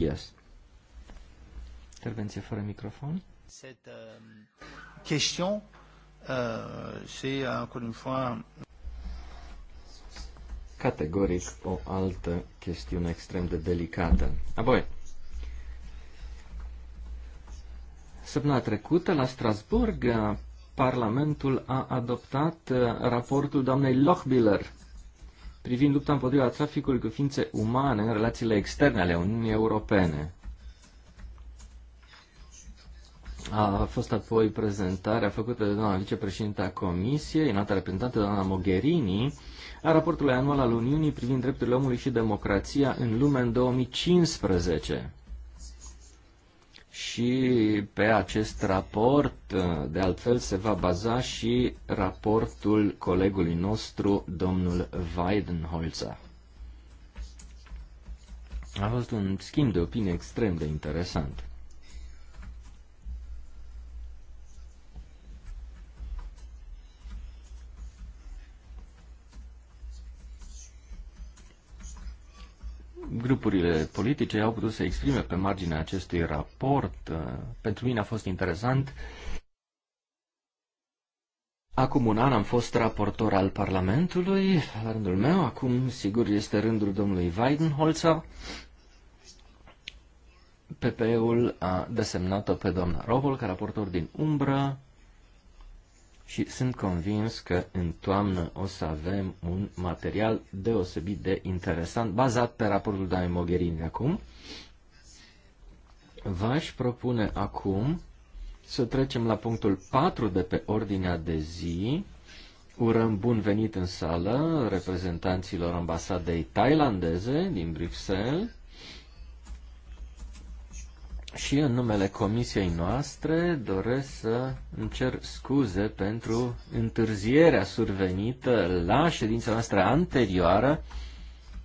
Yes. Intervenție fără microfon. Cette euh, question, euh, c'est euh, encore une fois categoric o altă chestiune extrem de delicată. Apoi, săptămâna trecută la Strasburg, Parlamentul a adoptat uh, raportul doamnei Lochbiller privind lupta împotriva traficului cu ființe umane în relațiile externe ale Uniunii Europene. A fost apoi prezentarea făcută de doamna vicepreședinta Comisiei, înaltă reprezentantă doamna Mogherini, a raportului anual al Uniunii privind drepturile omului și democrația în lume în 2015 și pe acest raport, uh, de altfel, se va baza și raportul colegului nostru, domnul Weidenholzer. A fost un schimb de opinie extrem de interesant. grupurile politice au putut să exprime pe marginea acestui raport. Uh, pentru mine a fost interesant. Acum un an am fost raportor al Parlamentului, la rândul meu, acum sigur este rândul domnului Weidenholzer. PPE-ul a desemnat-o pe doamna Robol ca raportor din umbră și sunt convins că în toamnă o să avem un material deosebit de interesant, bazat pe raportul Dai Mogherini acum. V-aș propune acum să trecem la punctul 4 de pe ordinea de zi. Urăm bun venit în sală reprezentanților ambasadei thailandeze din Bruxelles și în numele comisiei noastre doresc să încerc cer scuze pentru întârzierea survenită la ședința noastră anterioară.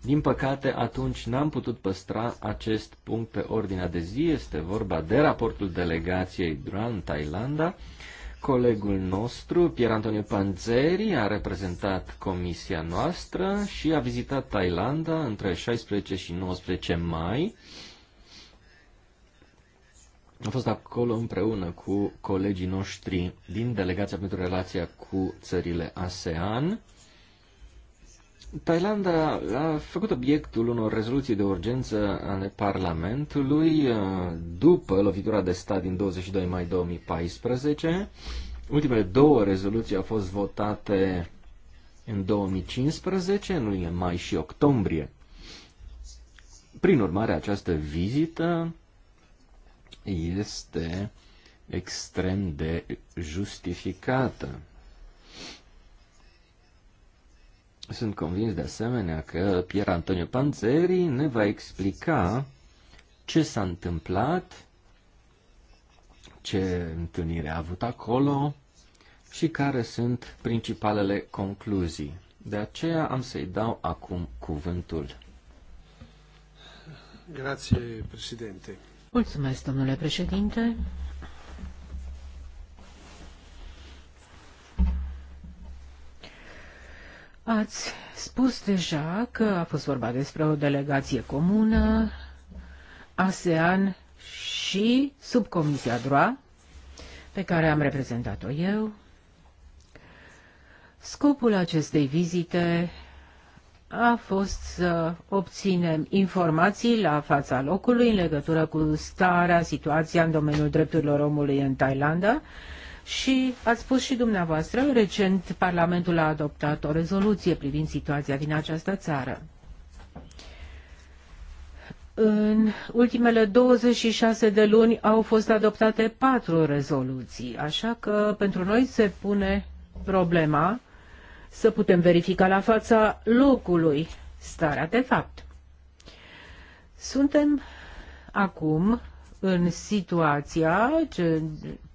Din păcate, atunci n-am putut păstra acest punct pe ordinea de zi. Este vorba de raportul delegației Duran, Thailanda. Colegul nostru, Pier Antonio Panzeri, a reprezentat comisia noastră și a vizitat Thailanda între 16 și 19 mai am fost acolo împreună cu colegii noștri din Delegația pentru Relația cu țările ASEAN. Thailanda a făcut obiectul unor rezoluții de urgență ale Parlamentului uh, după lovitura de stat din 22 mai 2014. Ultimele două rezoluții au fost votate în 2015, în lunie mai și octombrie. Prin urmare, această vizită este extrem de justificată. Sunt convins de asemenea că Pier Antonio Panzeri ne va explica ce s-a întâmplat, ce întâlnire a avut acolo și care sunt principalele concluzii. De aceea am să-i dau acum cuvântul. Grazie, președinte. Mulțumesc, domnule președinte. Ați spus deja că a fost vorba despre o delegație comună, ASEAN și subcomisia DROA, pe care am reprezentat-o eu. Scopul acestei vizite a fost să obținem informații la fața locului în legătură cu starea, situația în domeniul drepturilor omului în Thailanda și ați spus și dumneavoastră, recent Parlamentul a adoptat o rezoluție privind situația din această țară. În ultimele 26 de luni au fost adoptate patru rezoluții, așa că pentru noi se pune problema să putem verifica la fața locului starea de fapt. Suntem acum în situația ce,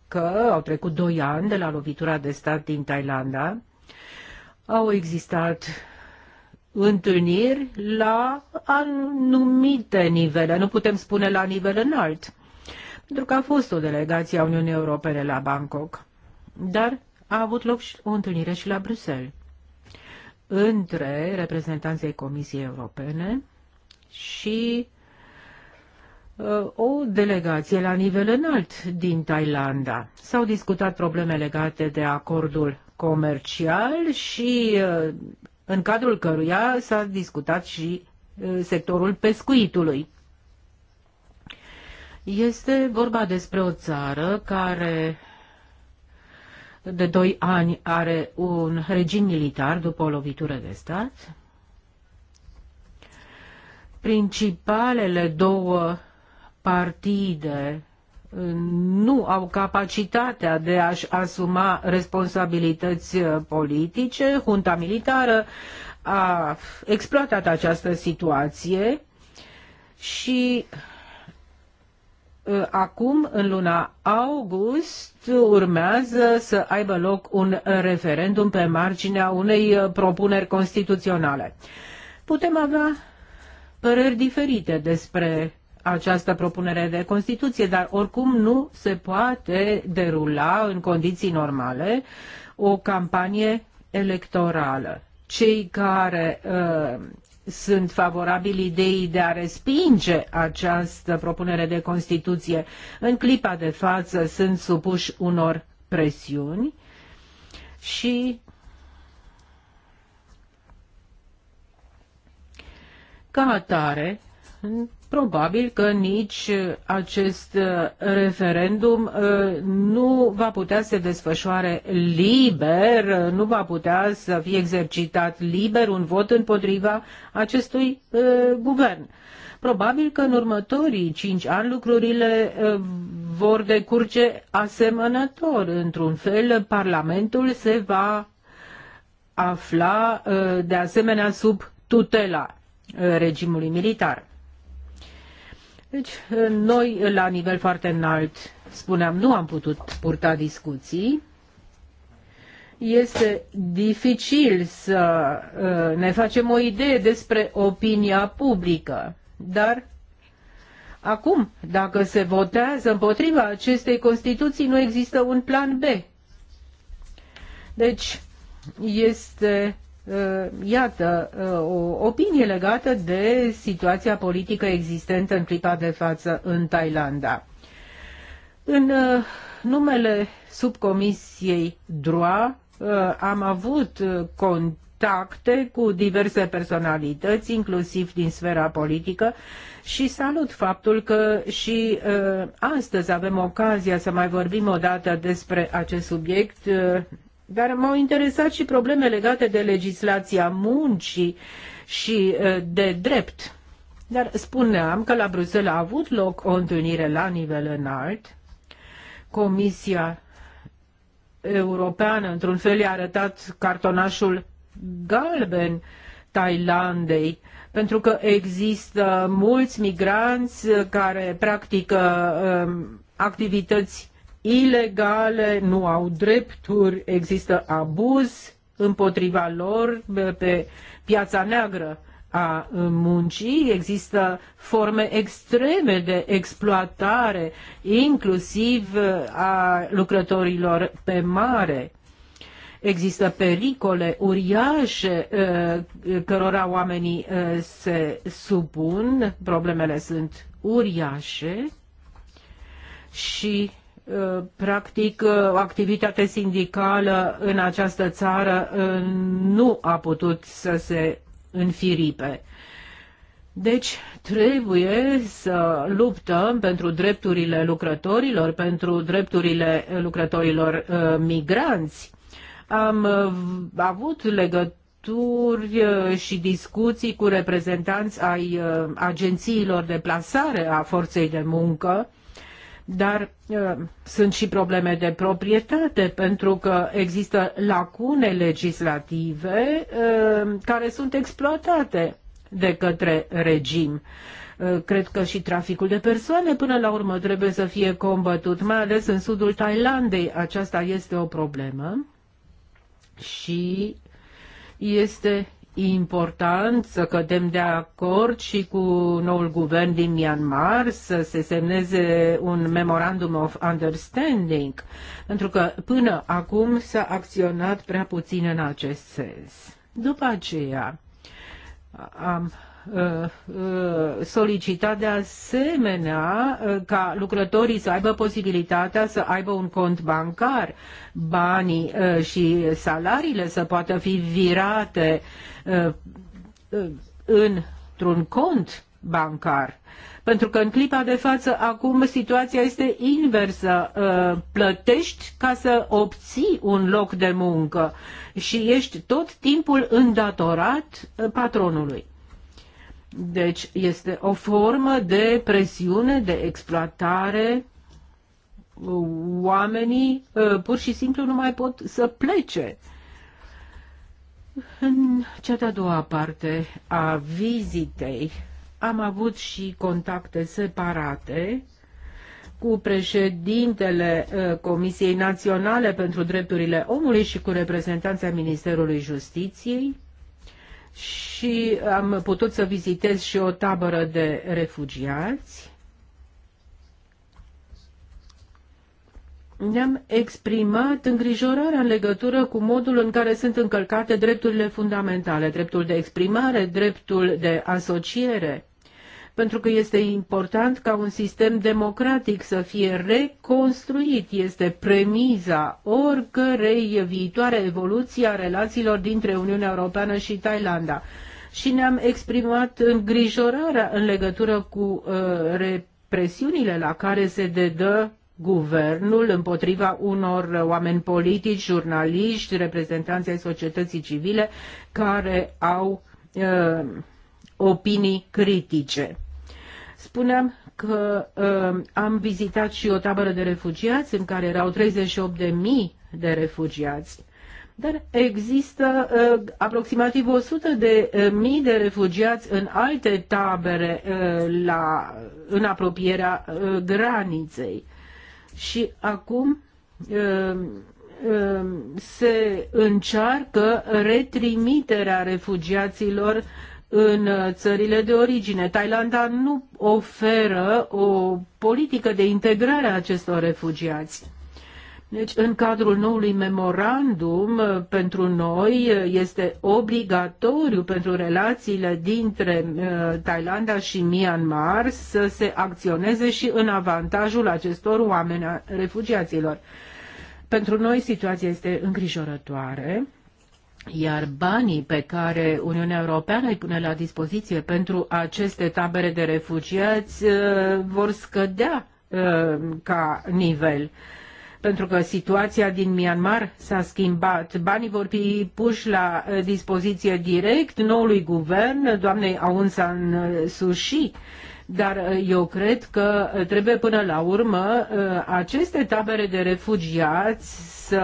că au trecut doi ani de la lovitura de stat din Thailanda, au existat întâlniri la anumite nivele, nu putem spune la nivel înalt, pentru că a fost o delegație a Uniunii Europene la Bangkok, dar a avut loc și o întâlnire și la Bruxelles între reprezentanții Comisiei Europene și uh, o delegație la nivel înalt din Thailanda. S-au discutat probleme legate de acordul comercial și uh, în cadrul căruia s-a discutat și uh, sectorul pescuitului. Este vorba despre o țară care de doi ani are un regim militar după o lovitură de stat. Principalele două partide uh, nu au capacitatea de a-și asuma responsabilități uh, politice. Junta militară a exploatat această situație și Uh, acum, în luna august, urmează să aibă loc un referendum pe marginea unei uh, propuneri constituționale. Putem avea păreri diferite despre această propunere de Constituție, dar oricum nu se poate derula în condiții normale o campanie electorală. Cei care uh, sunt favorabili ideii de a respinge această propunere de Constituție. În clipa de față sunt supuși unor presiuni și ca atare probabil că nici uh, acest uh, referendum uh, nu va putea să se desfășoare liber, nu va putea să fie exercitat liber un vot împotriva acestui guvern. Probabil că în următorii cinci ani lucrurile vor decurge asemănător. Într-un fel, Parlamentul se va afla de asemenea sub tutela regimului militar. Deci, noi, la nivel foarte înalt, spuneam, nu am putut purta discuții. Este dificil să uh, ne facem o idee despre opinia publică, dar acum, dacă se votează împotriva acestei Constituții, nu există un plan B. Deci, este Uh, iată, uh, o opinie legată de situația politică existentă în clipa de față în Thailanda. În uh, numele subcomisiei DROA am avut contacte cu diverse personalități, inclusiv din sfera politică, și salut faptul că și astăzi avem ocazia să mai vorbim o dată despre acest subiect dar m-au interesat și probleme legate de legislația muncii și de drept. Dar spuneam că la Bruxelles a avut loc o întâlnire la nivel înalt. Comisia Europeană, într-un fel, i-a arătat cartonașul galben Thailandei, pentru că există mulți migranți care practică um, activități ilegale, nu au drepturi, există abuz împotriva lor pe piața neagră a muncii, există forme extreme de exploatare, inclusiv a lucrătorilor pe mare. Există pericole uriașe eh, cărora oamenii eh, se supun, problemele sunt uriașe și Uh, practic o uh, activitate sindicală în această țară uh, nu a putut să se înfiripe. Deci trebuie să luptăm pentru drepturile lucrătorilor, pentru drepturile lucrătorilor migranți. Am avut legătură legături și discuții cu reprezentanți ai agențiilor de plasare a forței de muncă dar uh, sunt și probleme de proprietate, pentru că există lacune legislative uh, care sunt exploatate de către regim uh, cred că și traficul de persoane până la urmă trebuie să fie combătut, mai ales în sudul Thailandei. Aceasta este o problemă și este important să cădem de acord și cu noul guvern din Myanmar să se semneze un memorandum of understanding, pentru că până acum s-a acționat prea puțin în acest sens. După aceea am Uh, uh, solicitat de asemenea uh, ca lucrătorii să aibă posibilitatea să aibă un cont bancar, banii și salariile să poată fi virate într-un cont bancar. Pentru că în clipa de față, acum, situația este inversă. Plătești ca să obții un loc de muncă și ești tot timpul îndatorat patronului. Deci este o formă de presiune, de exploatare. Oamenii uh, pur și simplu nu mai pot să plece. În cea de-a doua parte a vizitei am avut și contacte separate cu președintele uh, Comisiei Naționale pentru Drepturile Omului și cu reprezentanța Ministerului Justiției și am putut să vizitez și o tabără de refugiați. Ne-am exprimat îngrijorarea în legătură cu modul în care sunt încălcate drepturile fundamentale, dreptul de exprimare, dreptul de asociere pentru că este important ca un sistem democratic să fie reconstruit. Este premiza oricărei viitoare evoluții a relațiilor dintre Uniunea Europeană și Thailanda. Și ne-am exprimat îngrijorarea în legătură cu uh, represiunile la care se dedă guvernul împotriva unor oameni politici, jurnaliști, reprezentanți ai societății civile care au uh, opinii critice spuneam că uh, am vizitat și o tabără de refugiați în care erau 38.000 de refugiați. Dar există uh, aproximativ 100 de uh, mii de refugiați în alte tabere uh, la, în apropierea uh, graniței. Și acum uh, uh, se încearcă retrimiterea refugiaților uh, în uh, țările de origine. Thailanda nu oferă o politică de integrare a acestor refugiați. Deci, în cadrul noului memorandum, uh, pentru noi uh, este obligatoriu pentru relațiile dintre Thailanda și Myanmar să se acționeze și în avantajul acestor oameni refugiaților. Pentru noi situația este îngrijorătoare iar banii pe care Uniunea Europeană îi pune la dispoziție pentru aceste tabere de refugiați uh, vor scădea uh, ca nivel. Pentru că situația din Myanmar s-a schimbat. Banii vor fi puși la uh, dispoziție direct noului guvern, doamnei Aung San Suu Kyi dar eu cred că trebuie până la urmă aceste tabere de refugiați să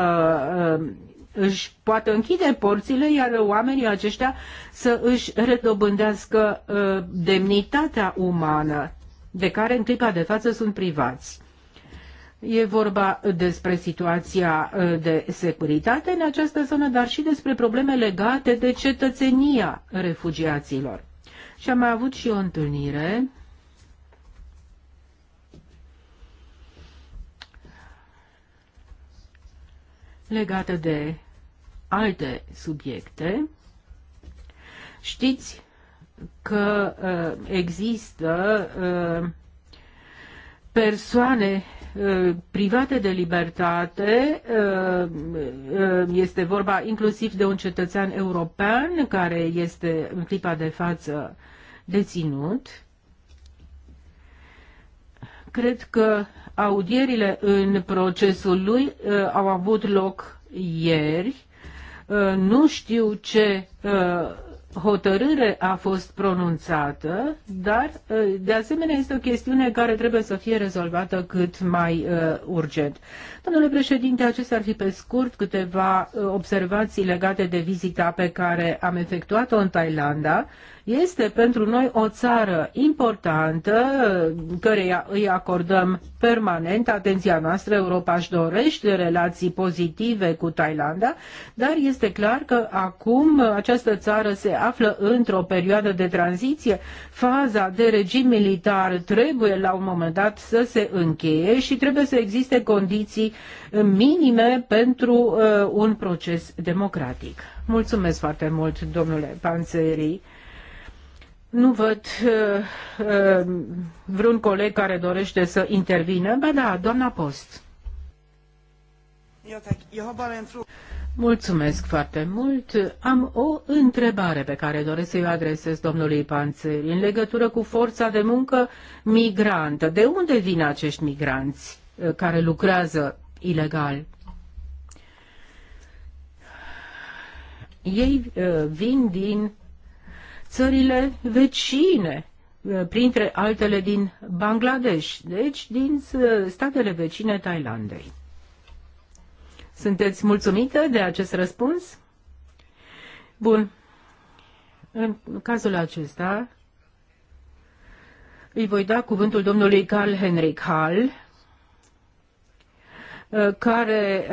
își poată închide porțile, iar oamenii aceștia să își redobândească uh, demnitatea umană, de care în clipa de față sunt privați. E vorba despre situația uh, de securitate în această zonă, dar și despre probleme legate de cetățenia refugiaților. Și am mai avut și o întâlnire legată de alte subiecte. Știți că uh, există uh, persoane uh, private de libertate, este vorba inclusiv de un cetățean european care este în clipa de față deținut. Cred că Audierile în procesul lui uh, au avut loc ieri. Uh, nu știu ce uh, hotărâre a fost pronunțată, dar de asemenea este o chestiune care trebuie să fie rezolvată cât mai uh, urgent. Domnule președinte, acestea ar fi pe scurt câteva observații legate de vizita pe care am efectuat-o în Thailanda este pentru noi o țară importantă, care îi acordăm permanent atenția noastră. Europa își dorește relații pozitive cu Thailanda, dar este clar că acum această țară se află într-o perioadă de tranziție. Faza de regim militar trebuie la un moment dat să se încheie și trebuie să existe condiții minime pentru uh, un proces democratic. Mulțumesc foarte mult, domnule Panțeri. Nu văd uh, uh, vreun coleg care dorește să intervină. Ba da, doamna Post. Mulțumesc foarte mult. Am o întrebare pe care doresc să-i adresez domnului Panțeri în legătură cu forța de muncă migrantă. De unde vin acești migranți uh, care lucrează ilegal? Ei uh, vin din țările vecine, uh, printre altele din Bangladesh, deci din uh, statele vecine Thailandei. Sunteți mulțumită de acest răspuns? Bun. În cazul acesta, îi voi da cuvântul domnului Carl Henrik Hall, uh, care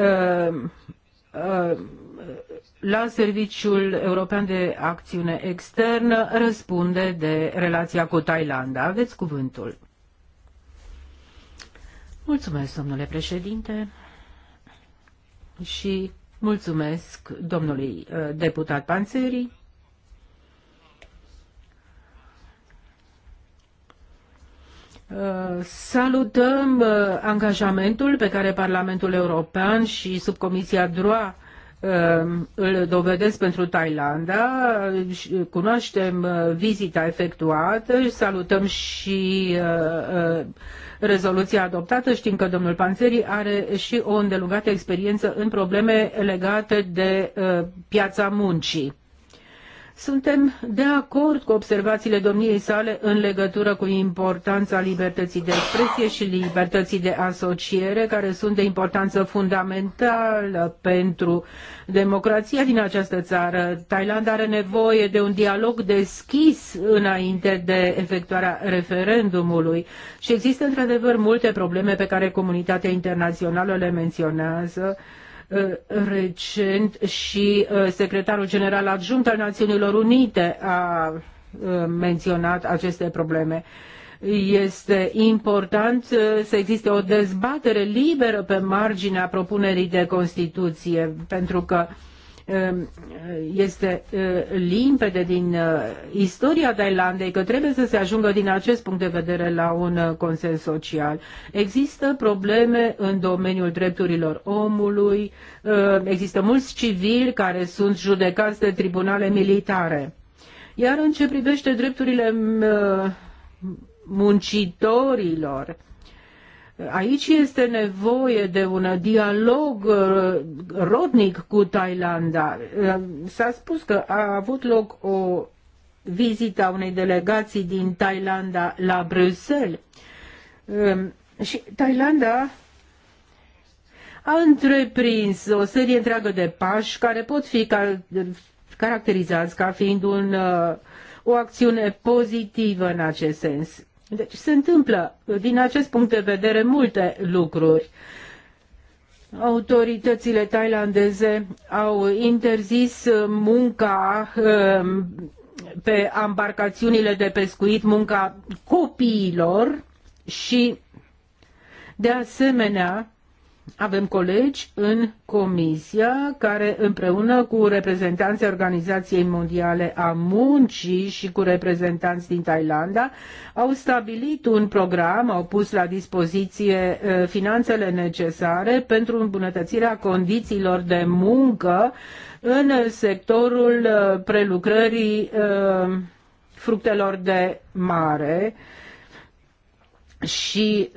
la Serviciul European de Acțiune Externă răspunde de relația cu Thailanda. Aveți cuvântul. Mulțumesc, domnule președinte, și mulțumesc domnului uh, deputat Panțerii. Uh, salutăm uh, angajamentul pe care Parlamentul European și subcomisia DROA Ehm, îl dovedesc pentru Thailanda. Cunoaștem uh, vizita efectuată, salutăm și uh, uh, rezoluția adoptată. Știm că domnul Panzeri are și o îndelungată experiență în probleme legate de piața muncii. Suntem de acord cu observațiile domniei sale în legătură cu importanța libertății de expresie și libertății de asociere, care sunt de importanță fundamentală pentru democrația din această țară. Thailanda are nevoie de un dialog deschis înainte de efectuarea referendumului și există într-adevăr multe probleme pe care comunitatea internațională le menționează. Uh, recent și uh, secretarul general adjunct al Națiunilor Unite a uh, menționat aceste probleme este important să existe o dezbatere liberă pe marginea propunerii de Constituție, pentru că uh, Um, este uh, limpede din uh, istoria Thailandei că trebuie să se ajungă din acest punct de vedere la un uh, consens social. Există probleme în domeniul drepturilor omului, există mulți civili care sunt judecați de tribunale militare. Iar în ce privește drepturile muncitorilor, Aici este nevoie de un dialog uh, rodnic cu Thailanda. Uh, s-a spus că a avut loc o vizită a unei delegații din Thailanda la Bruxelles. Um, și Thailanda a întreprins o serie întreagă de pași care pot fi caracterizați ca fiind un, uh, o acțiune pozitivă în acest sens. Deci se întâmplă din acest punct de vedere multe lucruri. Autoritățile thailandeze au interzis munca um, pe ambarcațiunile de pescuit, munca copiilor și, de asemenea, avem colegi în comisia care împreună cu reprezentanții Organizației Mondiale a Muncii și cu reprezentanți din Thailanda au stabilit un program, au pus la dispoziție uh, finanțele necesare pentru îmbunătățirea condițiilor de muncă în sectorul uh, prelucrării uh, fructelor de mare și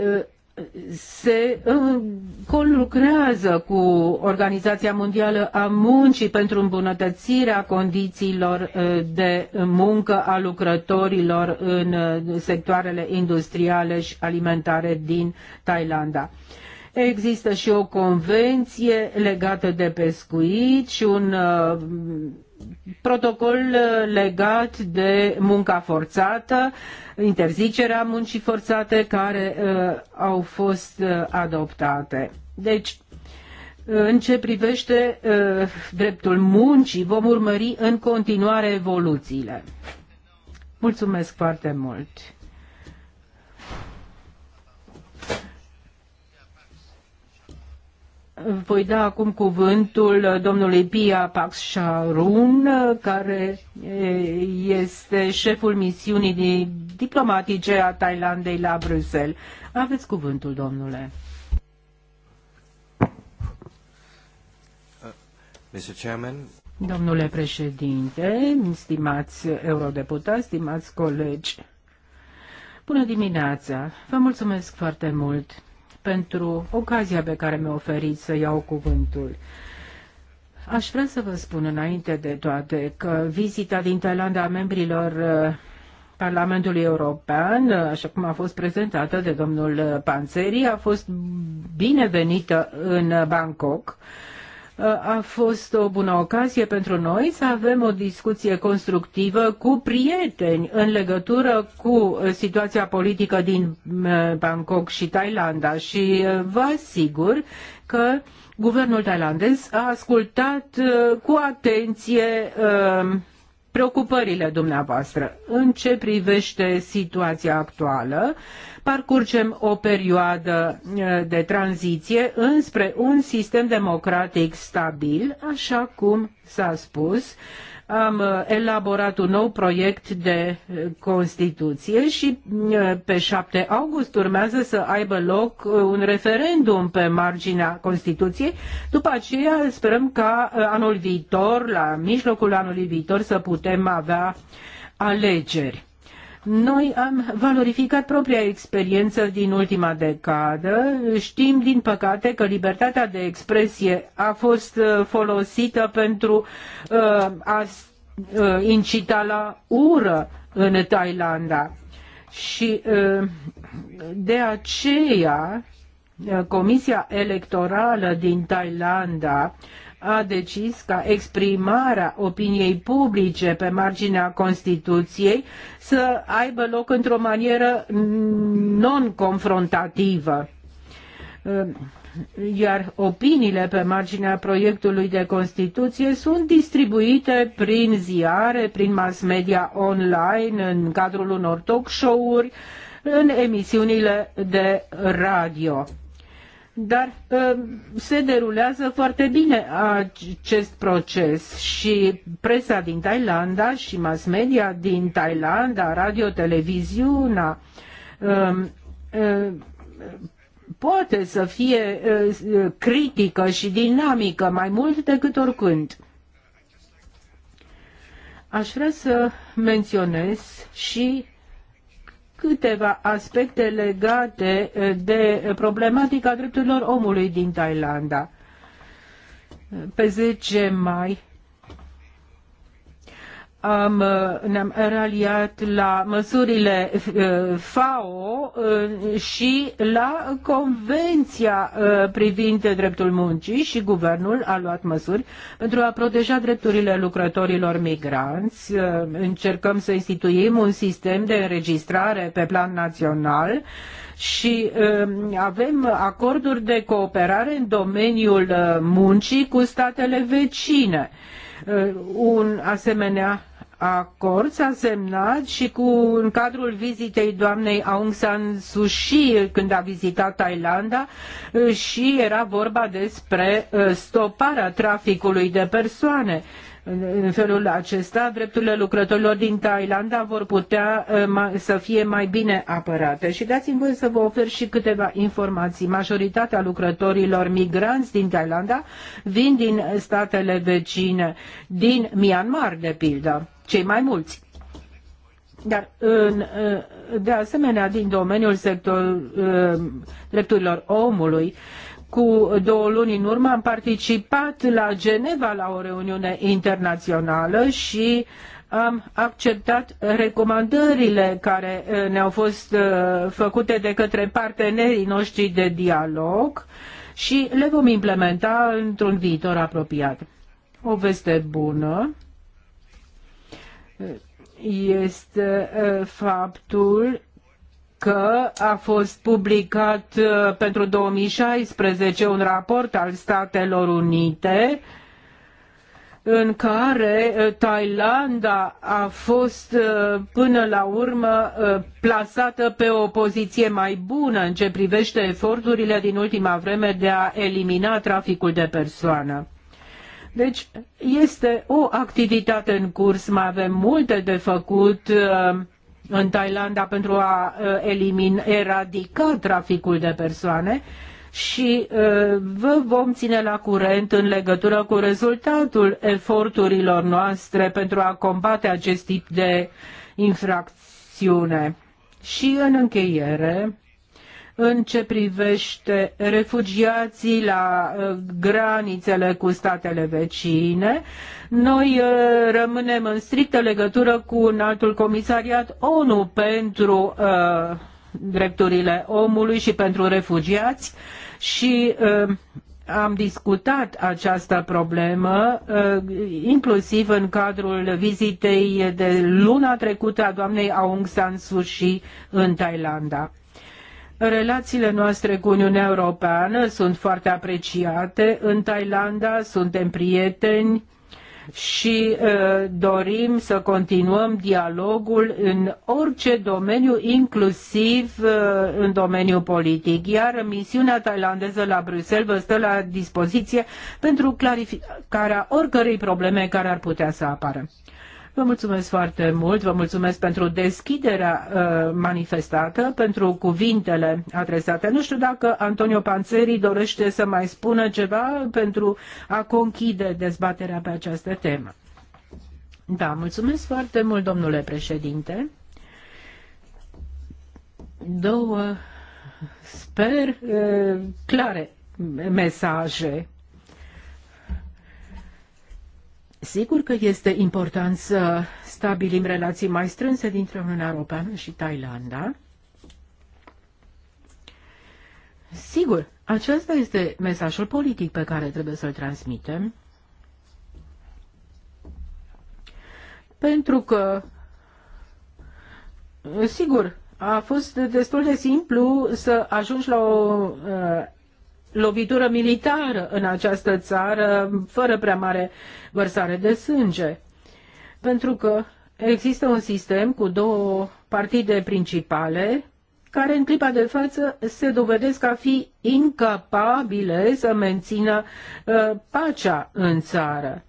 se uh, conlucrează cu Organizația Mondială a Muncii pentru îmbunătățirea condițiilor uh, de muncă a lucrătorilor în uh, sectoarele industriale și alimentare din Thailanda. Există și o convenție legată de pescuit și un protocol uh, legat de munca forțată, interzicerea muncii forțate care uh, au fost uh, adoptate. Deci, în ce privește dreptul muncii, vom urmări în continuare evoluțiile. Mulțumesc foarte mult! voi da acum cuvântul domnului Pia Paxarun, care este șeful misiunii diplomatice a Thailandei la Bruxelles. Aveți cuvântul, domnule. Uh, Mr. Chairman, Domnule președinte, stimați eurodeputați, stimați colegi, bună dimineața! Vă mulțumesc foarte mult pentru ocazia pe care mi-a oferit să iau cuvântul. Aș vrea să vă spun înainte de toate că vizita din Thailanda a membrilor uh, Parlamentului European, uh, așa cum a fost prezentată de domnul uh, Panzeri, a fost binevenită în Bangkok. Uh, a fost o bună ocazie pentru noi să avem o discuție constructivă cu prieteni în legătură cu uh, situația politică din uh, Bangkok și Thailanda și uh, vă asigur că guvernul thailandez a ascultat cu atenție preocupările dumneavoastră. În ce privește situația actuală, parcurgem o perioadă de tranziție înspre un sistem democratic stabil, așa cum s-a spus, am uh, elaborat un nou proiect de uh, Constituție și uh, pe 7 august urmează să aibă loc un referendum pe marginea Constituției. După aceea sperăm ca anul viitor, la mijlocul anului viitor, să putem avea alegeri. Noi am valorificat propria experiență din ultima decadă. Știm, din păcate, că libertatea de expresie a fost uh, folosită pentru uh, a uh, incita la ură în Thailanda. Și uh, de aceea uh, Comisia Electorală din Thailanda a decis ca exprimarea opiniei publice pe marginea Constituției să aibă loc într-o manieră non-confrontativă iar opiniile pe marginea proiectului de Constituție sunt distribuite prin ziare, prin mass media online, în cadrul unor talk show-uri, în emisiunile de radio dar uh, se derulează foarte bine acest proces și presa din Thailanda și mass media din Thailanda, radio, televiziunea, um, uh, poate să fie uh, critică și dinamică mai mult decât oricând. Aș vrea să menționez și câteva aspecte legate eh, de problematica drepturilor omului din Thailanda. Pe 10 mai am, uh, ne-am raliat la măsurile uh, FAO uh, și la Convenția privind dreptul muncii și guvernul a luat măsuri pentru a proteja drepturile lucrătorilor migranți. Încercăm să instituim un sistem de înregistrare pe plan național și um, avem acorduri de cooperare în domeniul muncii cu statele vecine un asemenea acord s-a semnat și cu în cadrul vizitei doamnei Aung San Suu Kyi când a vizitat Thailanda ă, și era vorba despre ă, stoparea traficului de persoane. În felul acesta, drepturile lucrătorilor din Thailanda vor putea ă, să fie mai bine apărate. Și dați-mi voie să vă ofer și câteva informații. Majoritatea lucrătorilor migranți din Thailanda vin din statele vecine, din Myanmar, de pildă cei mai mulți. Dar, în, de asemenea, din domeniul sector uh, drepturilor omului, cu două luni în urmă am participat la Geneva la o reuniune internațională și am acceptat recomandările care uh, ne-au fost uh, făcute de către partenerii noștri de dialog și le vom implementa într-un viitor apropiat. O veste bună este faptul că a fost publicat pentru 2016 un raport al Statelor Unite în care Thailanda a fost până la urmă plasată pe o poziție mai bună în ce privește eforturile din ultima vreme de a elimina traficul de persoană. Deci este o activitate în curs, mai avem multe de făcut uh, în Thailanda pentru a uh, elimina, eradica traficul de persoane și uh, vă vom ține la curent în legătură cu rezultatul eforturilor noastre pentru a combate acest tip de infracțiune. Și în încheiere, în ce privește refugiații la uh, granițele cu statele vecine. Noi uh, rămânem în strictă legătură cu un altul comisariat ONU pentru uh, drepturile omului și pentru refugiați și uh, am discutat această problemă uh, inclusiv în cadrul vizitei de luna trecută a doamnei Aung San Suu Kyi în Thailanda. Relațiile noastre cu Uniunea Europeană sunt foarte apreciate. În Thailanda suntem prieteni și uh, dorim să continuăm dialogul în orice domeniu, inclusiv uh, în domeniul politic. Iar misiunea thailandeză la Bruxelles vă stă la dispoziție pentru clarificarea oricărei probleme care ar putea să apară. Vă mulțumesc foarte mult, vă mulțumesc pentru deschiderea uh, manifestată, pentru cuvintele adresate. Nu știu dacă Antonio Panzeri dorește să mai spună ceva pentru a conchide dezbaterea pe această temă. Da, mulțumesc foarte mult, domnule președinte. Două, sper, uh, clare mesaje Sigur că este important să stabilim relații mai strânse dintre Uniunea Europeană și Thailanda. Sigur, acesta este mesajul politic pe care trebuie să-l transmitem. Pentru că, sigur, a fost destul de simplu să ajungi la o uh, lovitură militară în această țară, fără prea mare vărsare de sânge. Pentru că există un sistem cu două partide principale, care în clipa de față se dovedesc a fi incapabile să mențină uh, pacea în țară.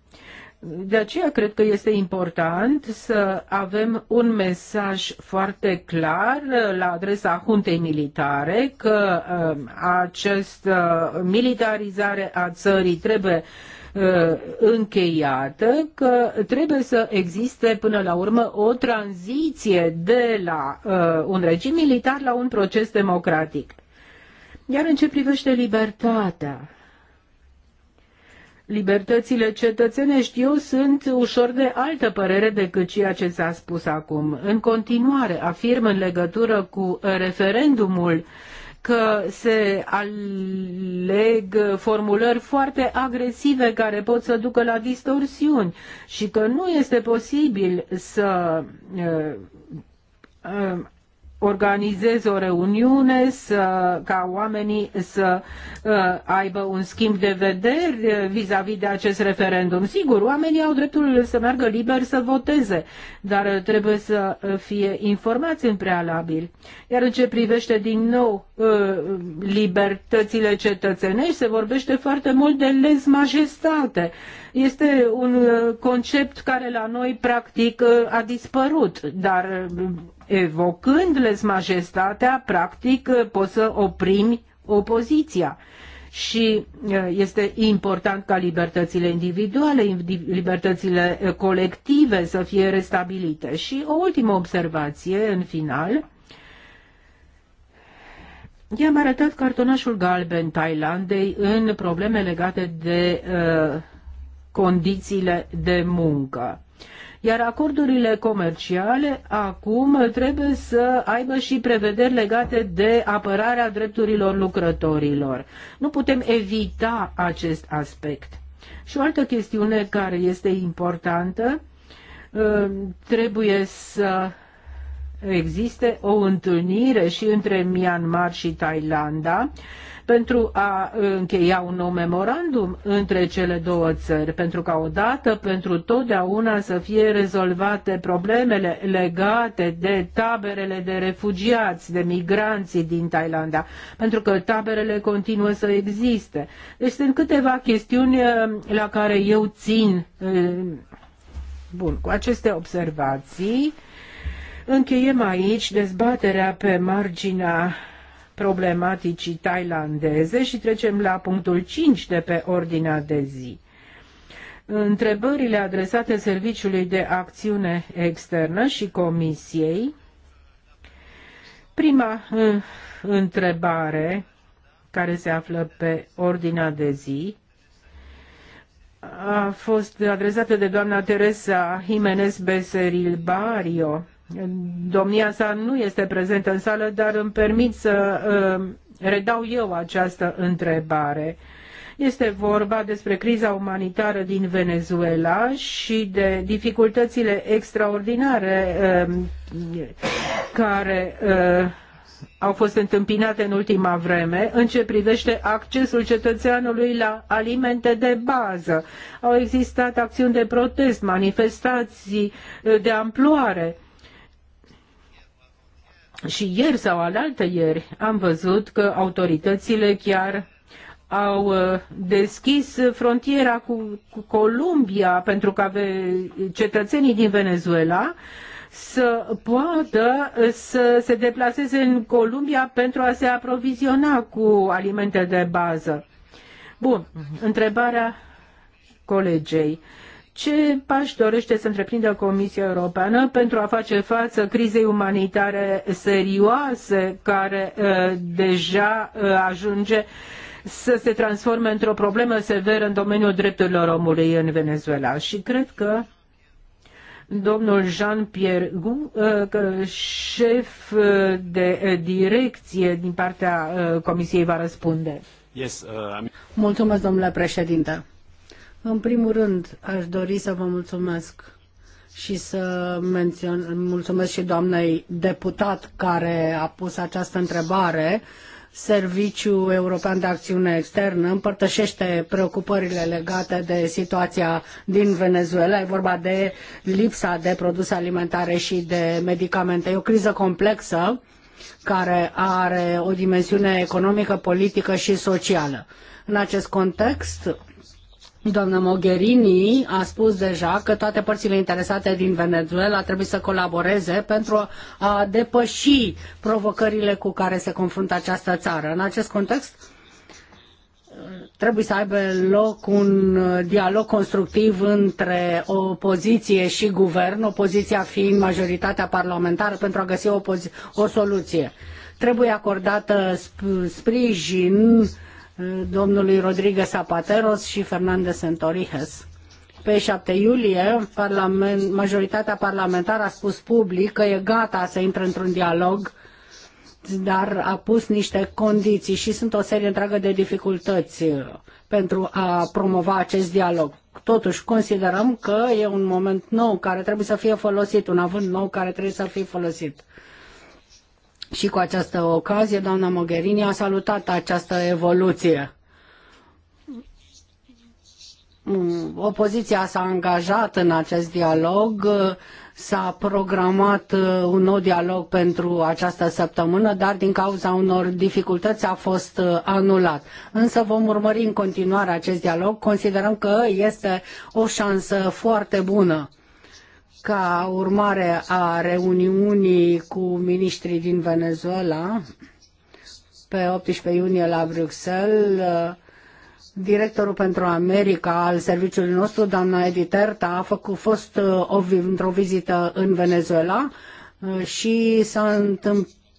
De aceea cred că este important să avem un mesaj foarte clar uh, la adresa juntei militare că uh, această militarizare a țării trebuie uh, încheiată, că trebuie să existe până la urmă o tranziție de la un regim militar la un proces democratic. Iar în ce privește libertatea, libertățile cetățenești. Eu sunt ușor de altă părere decât ceea ce s-a spus acum. În continuare, afirm în legătură cu referendumul că se aleg formulări foarte agresive care pot să ducă la distorsiuni și că nu este posibil să uh, uh, organizez o reuniune, să, ca oamenii să uh, aibă un schimb de vederi vis-a-vis -vis de acest referendum. Sigur, oamenii au dreptul să meargă liber să voteze, dar trebuie să fie informați în prealabil. Iar în ce privește din nou uh, libertățile cetățenești, se vorbește foarte mult de lez majestate. Este un uh, concept care la noi practic uh, a dispărut, dar uh, evocându-le majestatea, practic eh, poți să oprimi opoziția. Și eh, este important ca libertățile individuale, libertățile eh, colective să fie restabilite. Și o ultimă observație în final. I-am arătat cartonașul galben Thailandei în probleme legate de uh, condițiile de muncă. Iar acordurile comerciale acum trebuie să aibă și prevederi legate de apărarea drepturilor lucrătorilor. Nu putem evita acest aspect. Și o altă chestiune care este importantă, ă, trebuie să existe o întâlnire și între Myanmar și Thailanda pentru a încheia un nou memorandum între cele două țări, pentru ca odată pentru totdeauna să fie rezolvate problemele legate de taberele de refugiați, de migranții din Thailanda, pentru că taberele continuă să existe. Deci sunt câteva chestiuni eh, la care eu țin. Eh, bun, cu aceste observații, Încheiem aici dezbaterea pe marginea problematicii tailandeze și trecem la punctul 5 de pe ordinea de zi. Întrebările adresate Serviciului de Acțiune Externă și Comisiei. Prima ă, întrebare care se află pe ordinea de zi a fost adresată de doamna Teresa Jimenez Beseril Barrio Domnia sa nu este prezentă în sală, dar îmi permit să uh, redau eu această întrebare. Este vorba despre criza umanitară din Venezuela și de dificultățile extraordinare uh, care uh, au fost întâmpinate în ultima vreme în ce privește accesul cetățeanului la alimente de bază. Au existat acțiuni de protest, manifestații de amploare și ieri sau alaltă ieri am văzut că autoritățile chiar au uh, deschis frontiera cu, cu Columbia pentru că ave cetățenii din Venezuela să poată uh, să se deplaseze în Columbia pentru a se aproviziona cu alimente de bază. Bun, întrebarea colegei. Ce pași dorește să întreprindă Comisia Europeană pentru a face față crizei umanitare serioase care uh, deja uh, ajunge să se transforme într-o problemă severă în domeniul drepturilor omului în Venezuela? Și cred că domnul Jean-Pierre Gu, uh, șef de direcție din partea Comisiei, va răspunde. Yes, uh, Mulțumesc, domnule președinte. În primul rând, aș dori să vă mulțumesc și să mențion, mulțumesc și doamnei deputat care a pus această întrebare. Serviciul European de Acțiune Externă împărtășește preocupările legate de situația din Venezuela. E vorba de lipsa de produse alimentare și de medicamente. E o criză complexă care are o dimensiune economică, politică și socială. În acest context, Doamna Mogherini a spus deja că toate părțile interesate din Venezuela trebuie să colaboreze pentru a depăși provocările cu care se confruntă această țară. În acest context, trebuie să aibă loc un dialog constructiv între opoziție și guvern, opoziția fiind majoritatea parlamentară pentru a găsi o, o soluție. Trebuie acordată sprijin domnului Rodrigo Zapateros și Fernandez Santorijes. Pe 7 iulie, parlament, majoritatea parlamentară a spus public că e gata să intre într-un dialog, dar a pus niște condiții și sunt o serie întreagă de dificultăți uh, pentru a promova acest dialog. Totuși, considerăm că e un moment nou care trebuie să fie folosit, un avânt nou care trebuie să fie folosit. Și cu această ocazie, doamna Mogherini a salutat această evoluție. Mm, opoziția s-a angajat în acest dialog, s-a programat uh, un nou dialog pentru această săptămână, dar din cauza unor dificultăți a fost uh, anulat. Însă vom urmări în continuare acest dialog. Considerăm că este o șansă foarte bună ca urmare a reuniunii cu ministrii din Venezuela, pe 18 iunie la Bruxelles, directorul pentru America al serviciului nostru, doamna Editerta, a făcut, fost într-o vizită în Venezuela și s-a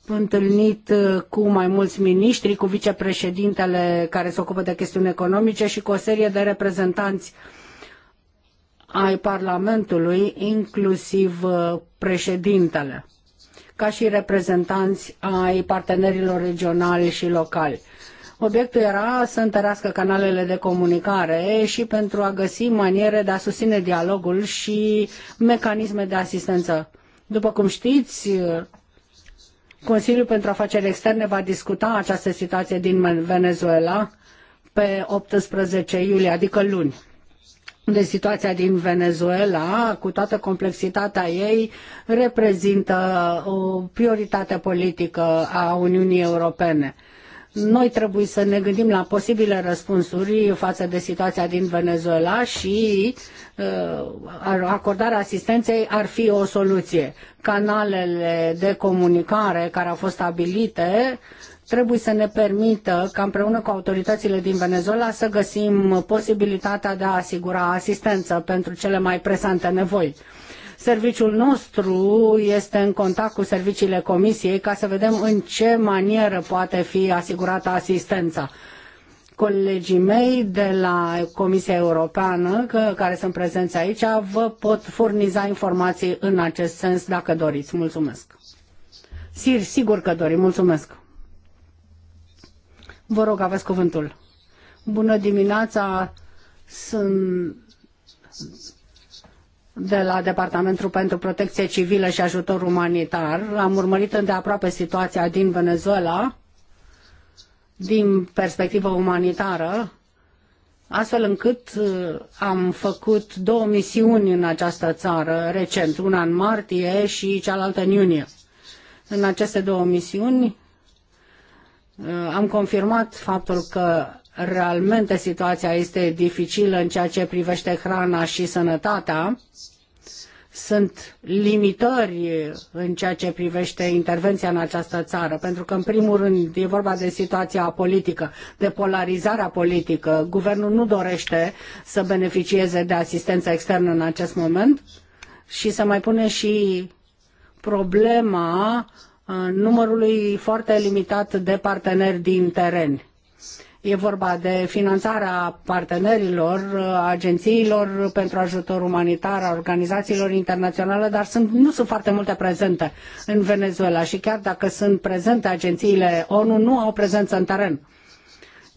întâlnit cu mai mulți miniștri, cu vicepreședintele care se ocupă de chestiuni economice și cu o serie de reprezentanți uh, ai Parlamentului, inclusiv uh, președintele, ca și reprezentanți ai partenerilor regionali și locali. Obiectul era să întărească canalele de comunicare și pentru a găsi maniere de a susține dialogul și mecanisme de asistență. După cum știți, Consiliul pentru Afaceri Externe va discuta această situație din Venezuela pe 18 iulie, adică luni de situația din Venezuela, cu toată complexitatea ei, reprezintă uh, o prioritate politică a Uniunii Europene. Noi trebuie să ne gândim la posibile răspunsuri față de situația din Venezuela și uh, acordarea asistenței ar fi o soluție. Canalele de comunicare care au fost stabilite uh, trebuie să ne permită ca împreună cu autoritățile din Venezuela să găsim posibilitatea de a asigura asistență pentru cele mai presante nevoi. Serviciul nostru este în contact cu serviciile Comisiei ca să vedem în ce manieră poate fi asigurată asistența colegii mei de la Comisia Europeană, că, care sunt prezenți aici, vă pot furniza informații în acest sens dacă doriți. Mulțumesc. Sir, sigur că dori. Mulțumesc. Vă rog, aveți cuvântul. Bună dimineața, sunt de la Departamentul pentru Protecție Civilă și Ajutor Umanitar. Am urmărit îndeaproape situația din Venezuela din perspectivă umanitară, astfel încât uh, am făcut două misiuni în această țară recent, una în martie și cealaltă în iunie. În aceste două misiuni Uh, am confirmat faptul că realmente situația este dificilă în ceea ce privește hrana și sănătatea. Sunt limitări în ceea ce privește intervenția în această țară, pentru că, în primul rând, e vorba de situația politică, de polarizarea politică. Guvernul nu dorește să beneficieze de asistență externă în acest moment și să mai pune și problema uh, numărului foarte limitat de parteneri din teren. E vorba de finanțarea partenerilor, agențiilor pentru ajutor umanitar, a organizațiilor internaționale, dar sunt, nu sunt foarte multe prezente în Venezuela și chiar dacă sunt prezente agențiile ONU, nu au prezență în teren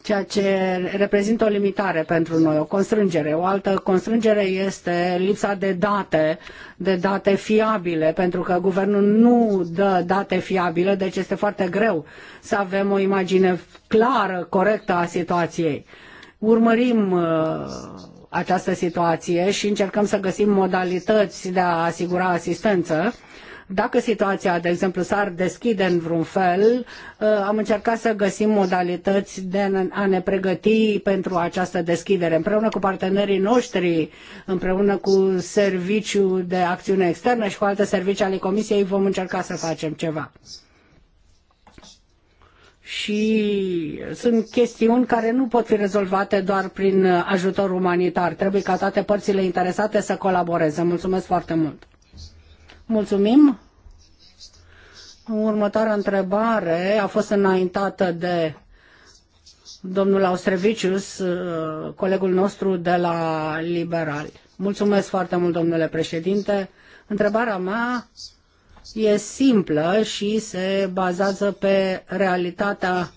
ceea ce reprezintă o limitare pentru noi, o constrângere. O altă constrângere este lipsa de date, de date fiabile, pentru că guvernul nu dă date fiabile, deci este foarte greu să avem o imagine clară, corectă a situației. Urmărim uh, această situație și încercăm să găsim modalități de a asigura asistență dacă situația, de exemplu, s-ar deschide în vreun fel, uh, am încercat să găsim modalități de a ne pregăti pentru această deschidere, împreună cu partenerii noștri, împreună cu Serviciul de Acțiune Externă și cu alte servicii ale Comisiei, vom încerca să facem ceva și sunt chestiuni care nu pot fi rezolvate doar prin ajutor umanitar. Trebuie ca toate părțile interesate să colaboreze. Mulțumesc foarte mult! Mulțumim. Următoarea întrebare a fost înaintată de domnul Austrevicius, uh, colegul nostru de la Liberal. Mulțumesc foarte mult, domnule președinte. Întrebarea mea e simplă și se bazează pe realitatea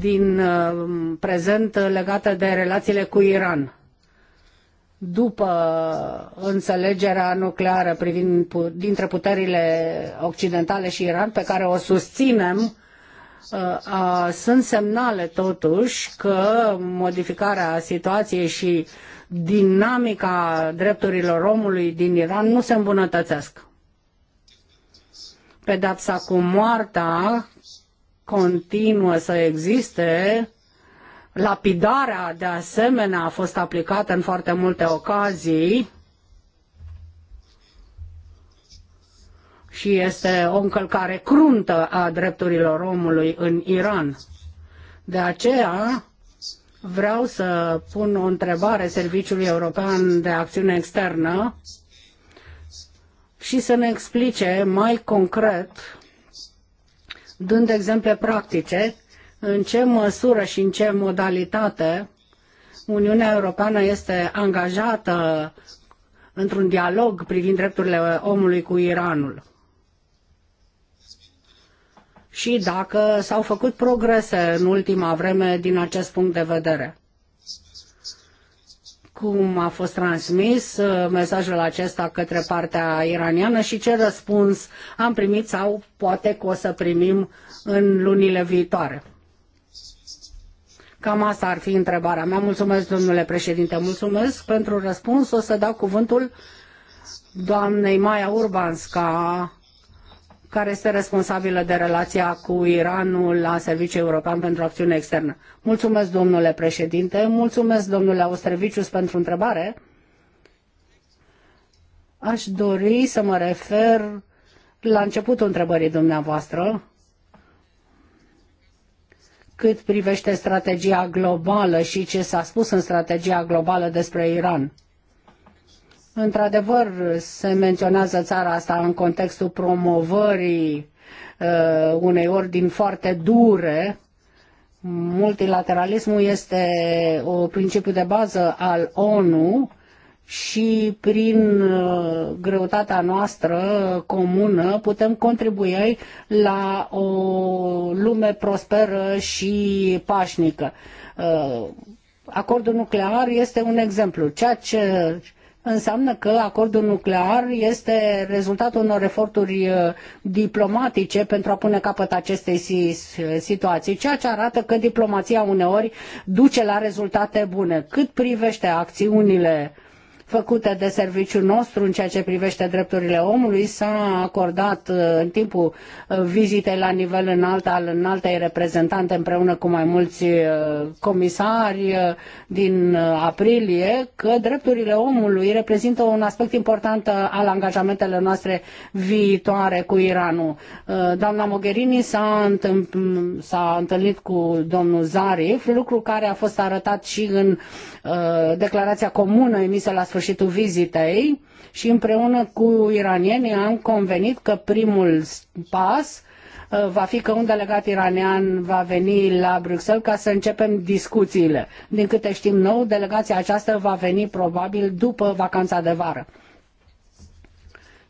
din uh, prezent legată de relațiile cu Iran după înțelegerea nucleară privind dintre puterile occidentale și Iran, pe care o susținem, uh, sunt semnale totuși că modificarea situației și dinamica drepturilor omului din Iran nu se îmbunătățesc. Pedapsa cu moartea continuă să existe Lapidarea, de asemenea, a fost aplicată în foarte multe ocazii și este o încălcare cruntă a drepturilor omului în Iran. De aceea, vreau să pun o întrebare Serviciului European de Acțiune Externă și să ne explice mai concret, dând exemple practice, în ce măsură și în ce modalitate Uniunea Europeană este angajată într-un dialog privind drepturile omului cu Iranul. Și dacă s-au făcut progrese în ultima vreme din acest punct de vedere. Cum a fost transmis uh, mesajul acesta către partea iraniană și ce răspuns am primit sau poate că o să primim în lunile viitoare. Cam asta ar fi întrebarea mea. Mulțumesc, domnule președinte, mulțumesc pentru răspuns. O să dau cuvântul doamnei Maia Urbanska, care este responsabilă de relația cu Iranul la Serviciul European pentru Acțiune Externă. Mulțumesc, domnule președinte, mulțumesc, domnule Austrevicius, pentru întrebare. Aș dori să mă refer la începutul întrebării dumneavoastră cât privește strategia globală și ce s-a spus în strategia globală despre Iran. Într-adevăr, se menționează țara asta în contextul promovării uh, unei ordini foarte dure. Multilateralismul este o principiu de bază al ONU și prin uh, greutatea noastră comună putem contribui la o lume prosperă și pașnică. Uh, acordul nuclear este un exemplu, ceea ce înseamnă că acordul nuclear este rezultatul unor eforturi uh, diplomatice pentru a pune capăt acestei situații, ceea ce arată că diplomația uneori duce la rezultate bune. Cât privește acțiunile uh, făcute de serviciul nostru în ceea ce privește drepturile omului s-a acordat uh, în timpul uh, vizitei la nivel înalt al înaltei reprezentante împreună cu mai mulți uh, comisari din aprilie că drepturile omului reprezintă un aspect important al angajamentelor noastre viitoare cu Iranul. Doamna Mogherini s-a, întâlnit cu domnul Zarif, lucru care a fost arătat și în declarația comună emisă la sfârșitul vizitei și împreună cu iranienii am convenit că primul pas uh, va fi că un delegat iranian va veni la Bruxelles ca să începem discuțiile. Din câte știm nou, delegația aceasta va veni probabil după vacanța de vară.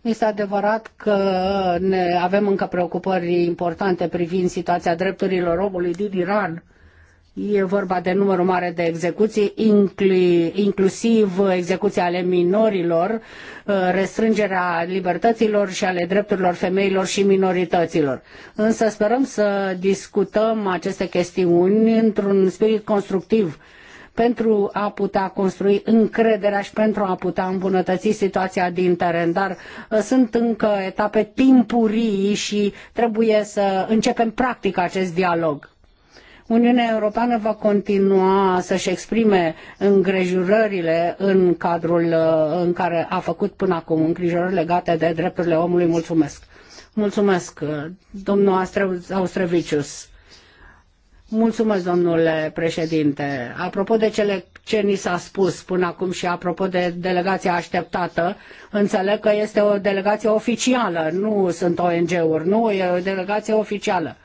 Este adevărat că ne avem încă preocupări importante privind situația drepturilor omului din Iran E vorba de numărul mare de execuții, inclusiv execuția ale minorilor, uh, restrângerea libertăților și ale drepturilor femeilor și minorităților. Însă sperăm să discutăm aceste chestiuni într-un spirit constructiv pentru a putea construi încrederea și pentru a putea îmbunătăți situația din teren. Dar uh, sunt încă etape timpurii și trebuie să începem practic acest dialog Uniunea Europeană va continua să-și exprime îngrijorările în cadrul uh, în care a făcut până acum îngrijorări legate de drepturile omului. Mulțumesc! Mulțumesc, uh, domnul Austrevicius. Mulțumesc, domnule președinte. Apropo de cele ce ni s-a spus până acum și apropo de delegația așteptată, înțeleg că este o delegație oficială, nu sunt ONG-uri, nu, e o delegație oficială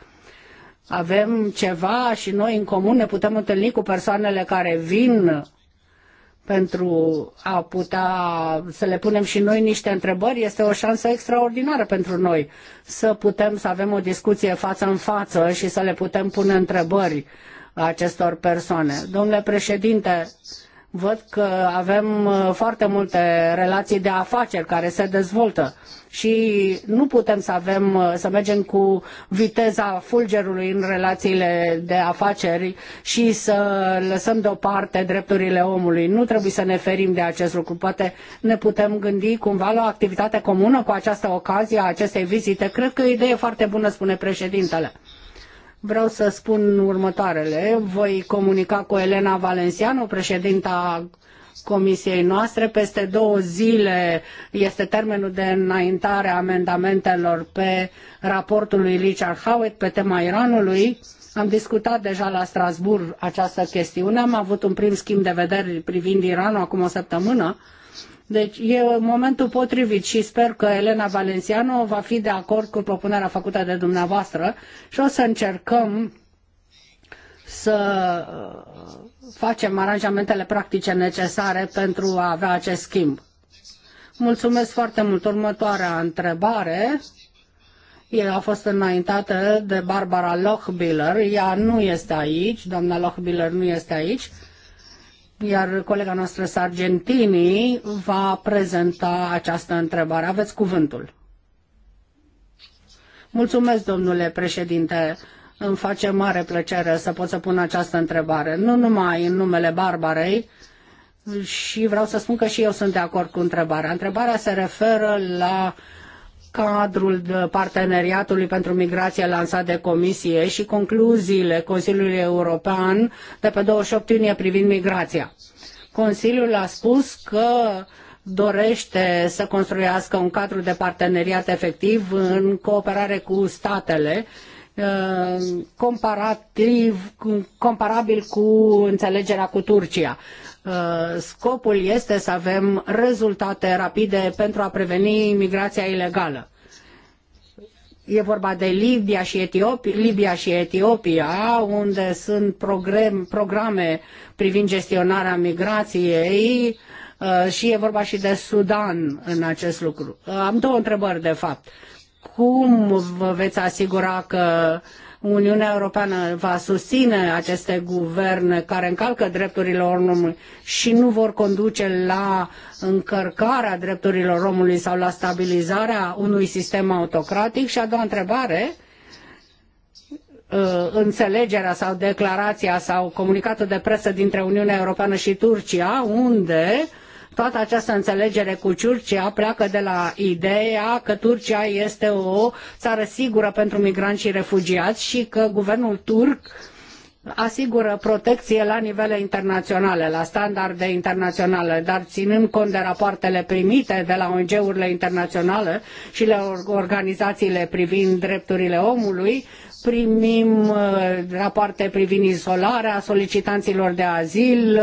avem ceva și noi în comun ne putem întâlni cu persoanele care vin pentru a putea să le punem și noi niște întrebări, este o șansă extraordinară pentru noi să putem să avem o discuție față în față și să le putem pune întrebări acestor persoane. Domnule președinte, văd că avem uh, foarte multe relații de afaceri care se dezvoltă și nu putem să avem uh, să mergem cu viteza fulgerului în relațiile de afaceri și să lăsăm deoparte drepturile omului. Nu trebuie să ne ferim de acest lucru. Poate ne putem gândi cumva la o activitate comună cu această ocazie a acestei vizite. Cred că e o idee foarte bună, spune președintele. Vreau să spun următoarele. Voi comunica cu Elena Valenciano, președinta comisiei noastre. Peste două zile este termenul de înaintare a amendamentelor pe raportul lui Richard Howitt pe tema Iranului. Am discutat deja la Strasbourg această chestiune, am avut un prim schimb de vederi privind Iranul acum o săptămână deci e momentul potrivit și sper că Elena Valenciano va fi de acord cu propunerea făcută de dumneavoastră și o să încercăm să uh, facem aranjamentele practice necesare pentru a avea acest schimb. Mulțumesc foarte mult. Următoarea întrebare a fost înaintată de Barbara Lochbiller. Ea nu este aici, doamna Lochbiller nu este aici iar colega noastră Sargentini va prezenta această întrebare. Aveți cuvântul. Mulțumesc, domnule președinte. Îmi face mare plăcere să pot să pun această întrebare, nu numai în numele Barbarei, și vreau să spun că și eu sunt de acord cu întrebarea. Întrebarea se referă la uh, cadrul parteneriatului pentru migrație lansat de Comisie și concluziile Consiliului European de pe 28 iunie privind migrația. Consiliul a spus că dorește să construiască un cadru de parteneriat efectiv în cooperare cu statele uh, comparativ, comparabil cu înțelegerea cu Turcia. Uh, scopul este să avem rezultate rapide pentru a preveni migrația ilegală. E vorba de Libia și Etiopia, Libia și Etiopia unde sunt programe privind gestionarea migrației uh, și e vorba și de Sudan în acest lucru. Uh, am două întrebări, de fapt. Cum vă veți asigura că uh, Uniunea Europeană va susține aceste guverne care încalcă drepturile omului și nu vor conduce la încărcarea drepturilor omului sau la stabilizarea unui sistem autocratic? Și a doua întrebare, uh, înțelegerea sau declarația sau comunicatul de presă dintre Uniunea Europeană și Turcia, unde Toată această înțelegere cu Turcia pleacă de la ideea că Turcia este o țară sigură pentru migranți și refugiați și că guvernul turc asigură protecție la nivele internaționale, la standarde internaționale, dar ținând cont de rapoartele primite de la ONG-urile internaționale și la organizațiile privind drepturile omului, primim uh, rapoarte privind izolarea solicitanților de azil,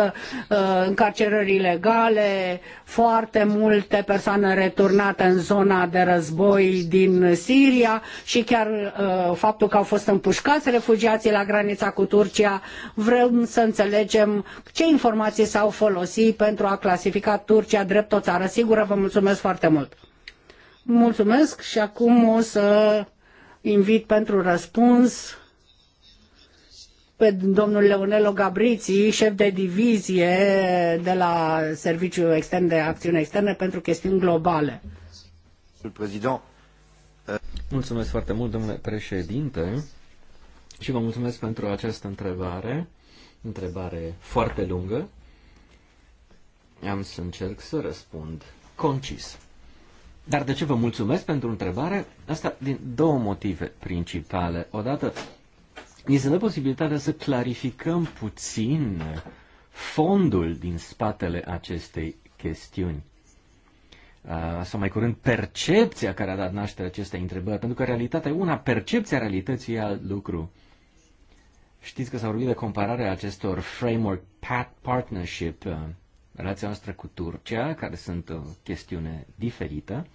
uh, încarcerări ilegale, foarte multe persoane returnate în zona de război din Siria și chiar uh, faptul că au fost împușcați refugiații la granița cu Turcia. Vrem să înțelegem ce informații s-au folosit pentru a clasifica Turcia drept o țară sigură. Vă mulțumesc foarte mult! Mulțumesc și acum o să invit pentru răspuns pe domnul Leonelo Gabriții, șef de divizie de la Serviciul Extern de Acțiune Externe pentru chestiuni globale. Mulțumesc foarte mult, domnule președinte, și vă mulțumesc pentru această întrebare, întrebare foarte lungă. Am să încerc să răspund concis. Dar de ce vă mulțumesc pentru întrebare? Asta din două motive principale. Odată, ni se dă posibilitatea să clarificăm puțin fondul din spatele acestei chestiuni. Uh, sau mai curând percepția care a dat naștere acestei întrebări, pentru că realitatea e una, percepția realității e alt lucru. Știți că s-a vorbit de compararea acestor framework partnership, relația noastră cu Turcia, care sunt o uh, chestiune diferită.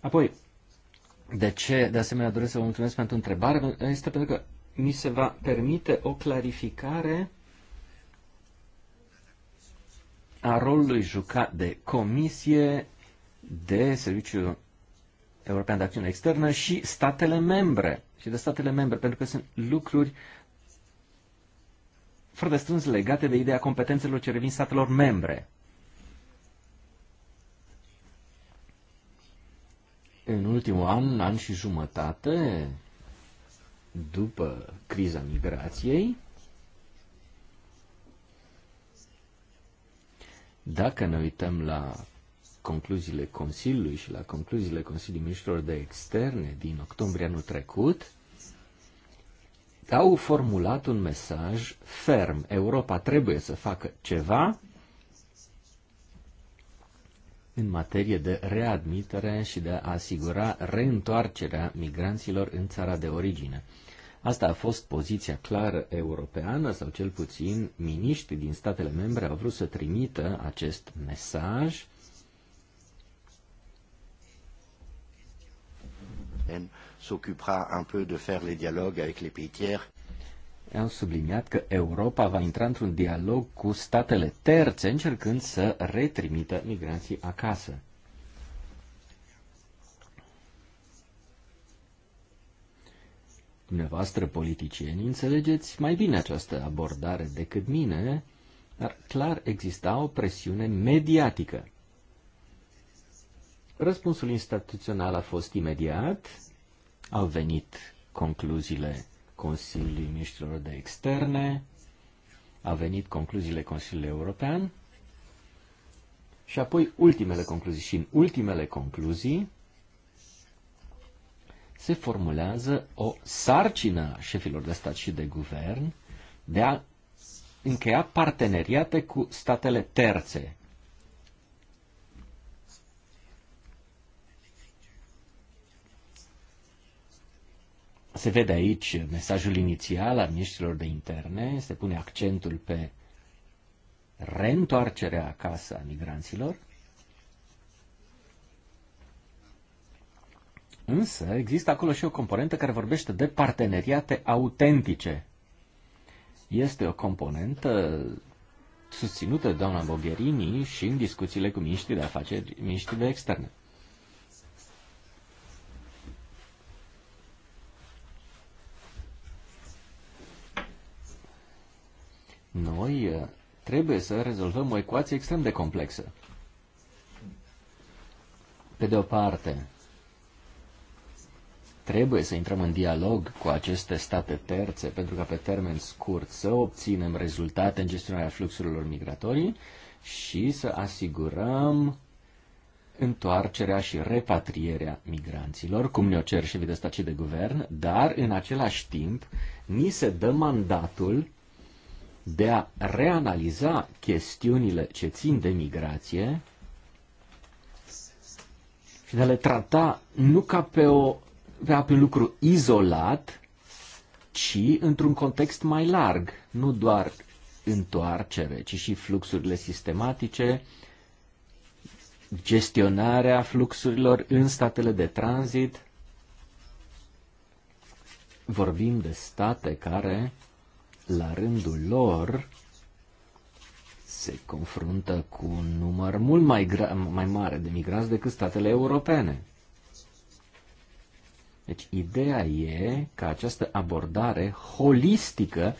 Apoi, de ce, de asemenea, doresc să vă mulțumesc pentru întrebare, este pentru că mi se va permite o clarificare a rolului jucat de Comisie, de serviciu European de Acțiune Externă și statele membre. Și de statele membre, pentru că sunt lucruri foarte strâns legate de ideea competențelor ce revin statelor membre. În ultimul an, an și jumătate, după criza migrației, dacă ne uităm la concluziile Consiliului și la concluziile Consiliului Ministrilor de Externe din octombrie anul trecut, au formulat un mesaj ferm. Europa trebuie să facă ceva în materie de readmitere și de a asigura reîntoarcerea migranților în țara de origine. Asta a fost poziția clară europeană, sau cel puțin miniștri din statele membre au vrut să trimită acest mesaj. And s'occupera un peu de faire les dialogues avec les pays tiers. Am subliniat că Europa va intra într-un dialog cu statele terțe, încercând să retrimită migranții acasă. Dumneavoastră, politicieni, înțelegeți mai bine această abordare decât mine, dar clar exista o presiune mediatică. Răspunsul instituțional a fost imediat, au venit concluziile Consiliului Ministrilor de Externe, au venit concluziile Consiliului European și apoi ultimele concluzii. Și în ultimele concluzii se formulează o sarcină a șefilor de stat și de guvern de a încheia parteneriate cu statele terțe Se vede aici mesajul inițial al miniștrilor de interne, se pune accentul pe reîntoarcerea acasă a migranților, Însă există acolo și o componentă care vorbește de parteneriate autentice. Este o componentă susținută de doamna Bogherini și în discuțiile cu miniștrii de afaceri, miniștrii de externe. Noi eh, trebuie să rezolvăm o ecuație extrem de complexă. Pe de o parte, trebuie să intrăm în dialog cu aceste state terțe pentru ca pe termen scurt să obținem rezultate în gestionarea fluxurilor migratorii și să asigurăm întoarcerea și repatrierea migranților, cum ne-o cer șefii de stat și de guvern, dar în același timp ni se dă mandatul de a reanaliza chestiunile ce țin de migrație și de a le trata nu ca pe, o, pe un lucru izolat, ci într-un context mai larg, nu doar întoarcere, ci și fluxurile sistematice, gestionarea fluxurilor în statele de tranzit. Vorbim de state care la rândul lor, se confruntă cu un număr mult mai, mai mare de migranți decât statele europene. Deci, ideea e că această abordare holistică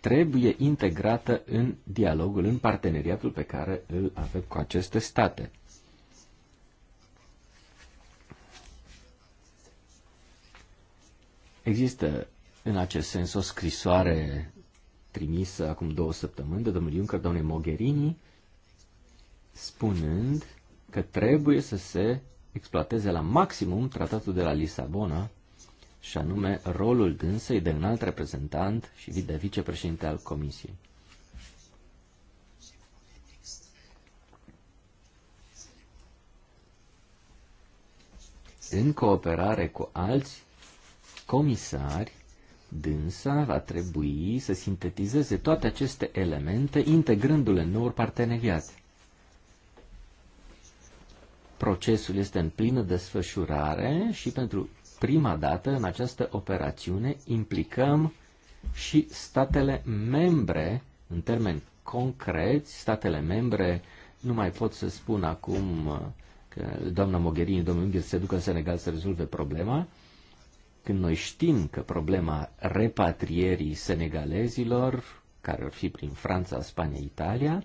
trebuie integrată în dialogul, în parteneriatul pe care îl avem cu aceste state. Există în acest sens o scrisoare trimisă acum două săptămâni de domnul Juncker, doamnei Mogherini, spunând că trebuie să se exploateze la maximum tratatul de la Lisabona, și anume rolul dânsei de înalt reprezentant și de vicepreședinte al Comisiei. În cooperare cu alți comisari, Dânsa va trebui să sintetizeze toate aceste elemente, integrându-le în nouă parteneriate. Procesul este în plină desfășurare și pentru prima dată în această operațiune implicăm și statele membre, în termeni concreți, statele membre, nu mai pot să spun acum uh, că doamna Mogherini, domnul Inghil, se ducă în Senegal să rezolve problema, când noi știm că problema repatrierii senegalezilor, care ar fi prin Franța, Spania, Italia,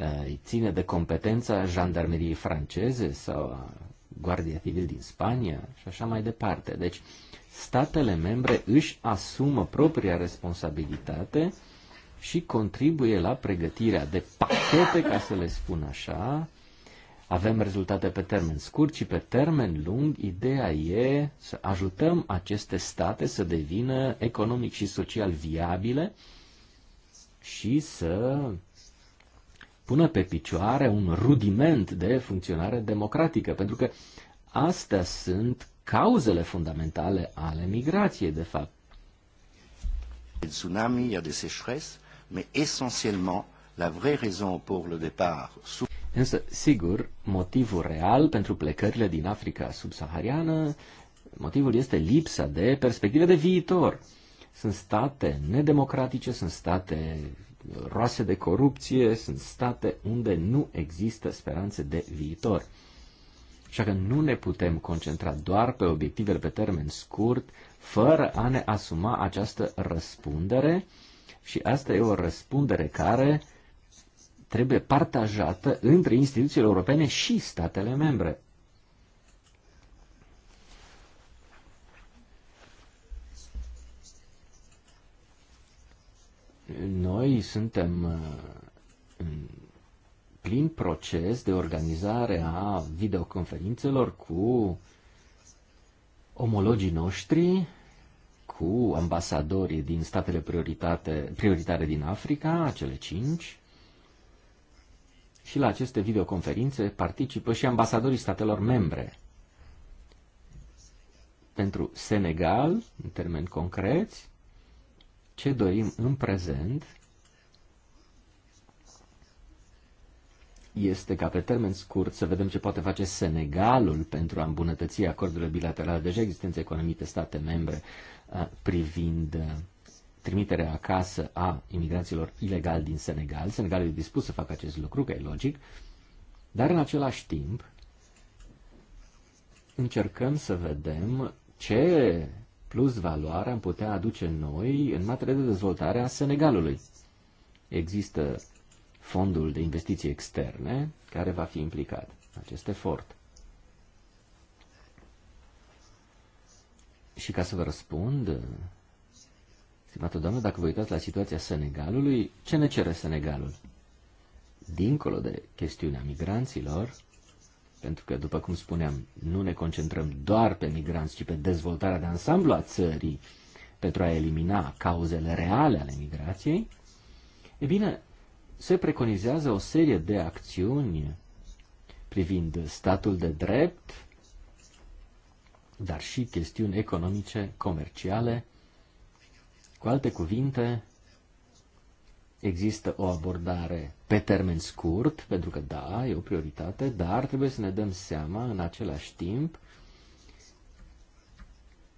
uh, ține de competența jandarmeriei franceze sau a Guardia Civil din Spania și așa mai departe. Deci, statele membre își asumă propria responsabilitate și contribuie la pregătirea de pachete, ca să le spun așa, avem rezultate pe termen scurt și pe termen lung, ideea e să ajutăm aceste state să devină economic și social viabile și să pună pe picioare un rudiment de funcționare democratică, pentru că astea sunt cauzele fundamentale ale migrației, de fapt. Il y a des tsunamis, il y a des sécheresses, mais essentiellement, la vraie raison pour le départ... Însă, sigur, motivul real pentru plecările din Africa subsahariană, motivul este lipsa de perspective de viitor. Sunt state nedemocratice, sunt state roase de corupție, sunt state unde nu există speranțe de viitor. Așa că nu ne putem concentra doar pe obiectivele pe termen scurt, fără a ne asuma această răspundere și asta e o răspundere care trebuie partajată între instituțiile europene și statele membre. Noi suntem uh, în plin proces de organizare a videoconferințelor cu omologii noștri, cu ambasadorii din statele prioritate, prioritare din Africa, cele cinci, și la aceste videoconferințe participă și ambasadorii statelor membre. Pentru Senegal, în termeni concreți, ce dorim în prezent este ca pe termen scurt să vedem ce poate face Senegalul pentru a îmbunătăți acordurile bilaterale deja existente cu anumite state membre uh, privind uh, trimiterea acasă a imigranților ilegali din Senegal. Senegalul e dispus să facă acest lucru, că e logic, dar în același timp încercăm să vedem ce plus valoare am putea aduce noi în materie de dezvoltare a Senegalului. Există fondul de investiții externe care va fi implicat în acest efort. Și ca să vă răspund Stimată doamnă, dacă vă uitați la situația Senegalului, ce ne cere Senegalul? Dincolo de chestiunea migranților, pentru că, după cum spuneam, nu ne concentrăm doar pe migranți, ci pe dezvoltarea de ansamblu a țării pentru a elimina cauzele reale ale migrației, e bine, se preconizează o serie de acțiuni privind statul de drept, dar și chestiuni economice, comerciale, cu alte cuvinte, există o abordare pe termen scurt, pentru că da, e o prioritate, dar trebuie să ne dăm seama în același timp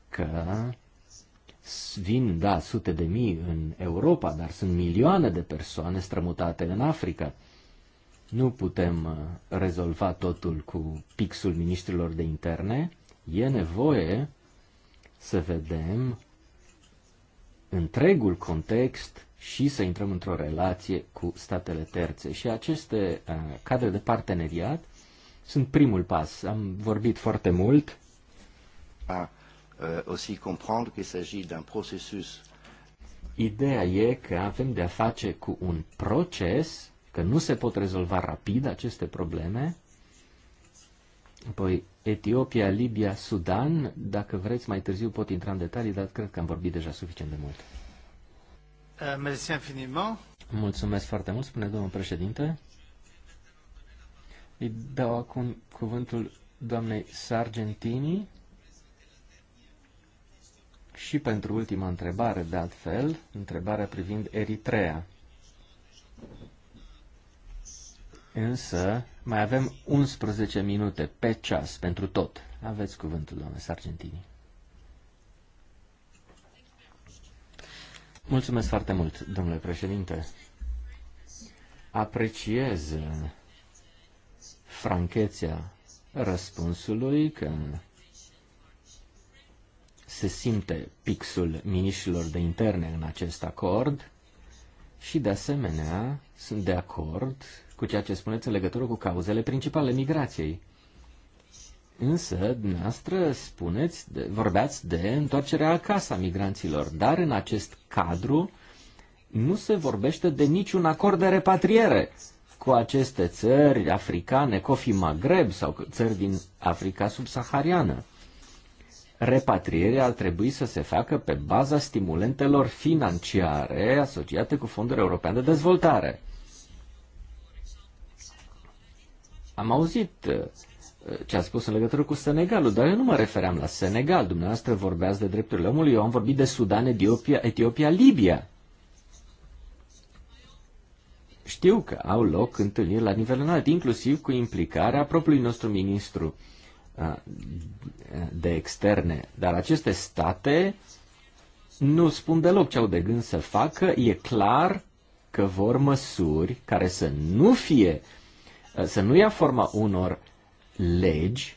că vin, da, sute de mii în Europa, dar sunt milioane de persoane strămutate în Africa. Nu putem uh, rezolva totul cu pixul ministrilor de interne. E nevoie să vedem întregul context și să intrăm într-o relație cu statele terțe. Și aceste uh, cadre de parteneriat sunt primul pas. Am vorbit foarte mult. A uh, aussi comprendre qu'il s'agit d'un processus. Ideea e că avem de a face cu un proces, că nu se pot rezolva rapid aceste probleme Apoi Etiopia, Libia, Sudan. Dacă vreți, mai târziu pot intra în detalii, dar cred că am vorbit deja suficient de mult. Uh, Mersi infiniment. Mulțumesc foarte mult, spune domnul președinte. Îi dau acum cuvântul doamnei Sargentini și pentru ultima întrebare, de altfel, întrebarea privind Eritrea. Însă mai avem 11 minute pe ceas pentru tot. Aveți cuvântul, domnule Sargentini. Mulțumesc foarte mult, domnule președinte. Apreciez uh, franchețea răspunsului că se simte pixul miniștilor de interne în acest acord și de asemenea, sunt de acord cu ceea ce spuneți în legătură cu cauzele principale migrației. Însă, dumneavoastră spuneți, de, vorbeați de întoarcerea acasă a migranților, dar în acest cadru nu se vorbește de niciun acord de repatriere cu aceste țări africane, cofi Maghreb sau țări din Africa subsahariană repatrierea ar trebui să se facă pe baza stimulentelor financiare asociate cu Fondul European de Dezvoltare. Am auzit uh, ce a spus în legătură cu Senegalul, dar eu nu mă refeream la Senegal. Dumneavoastră vorbeați de drepturile omului, eu am vorbit de Sudan, Etiopia, Etiopia Libia. Știu că au loc întâlniri la nivel înalt, inclusiv cu implicarea propriului nostru ministru Uh, de externe, dar aceste state nu spun deloc ce au de gând să facă. E clar că vor măsuri care să nu fie, uh, să nu ia forma unor legi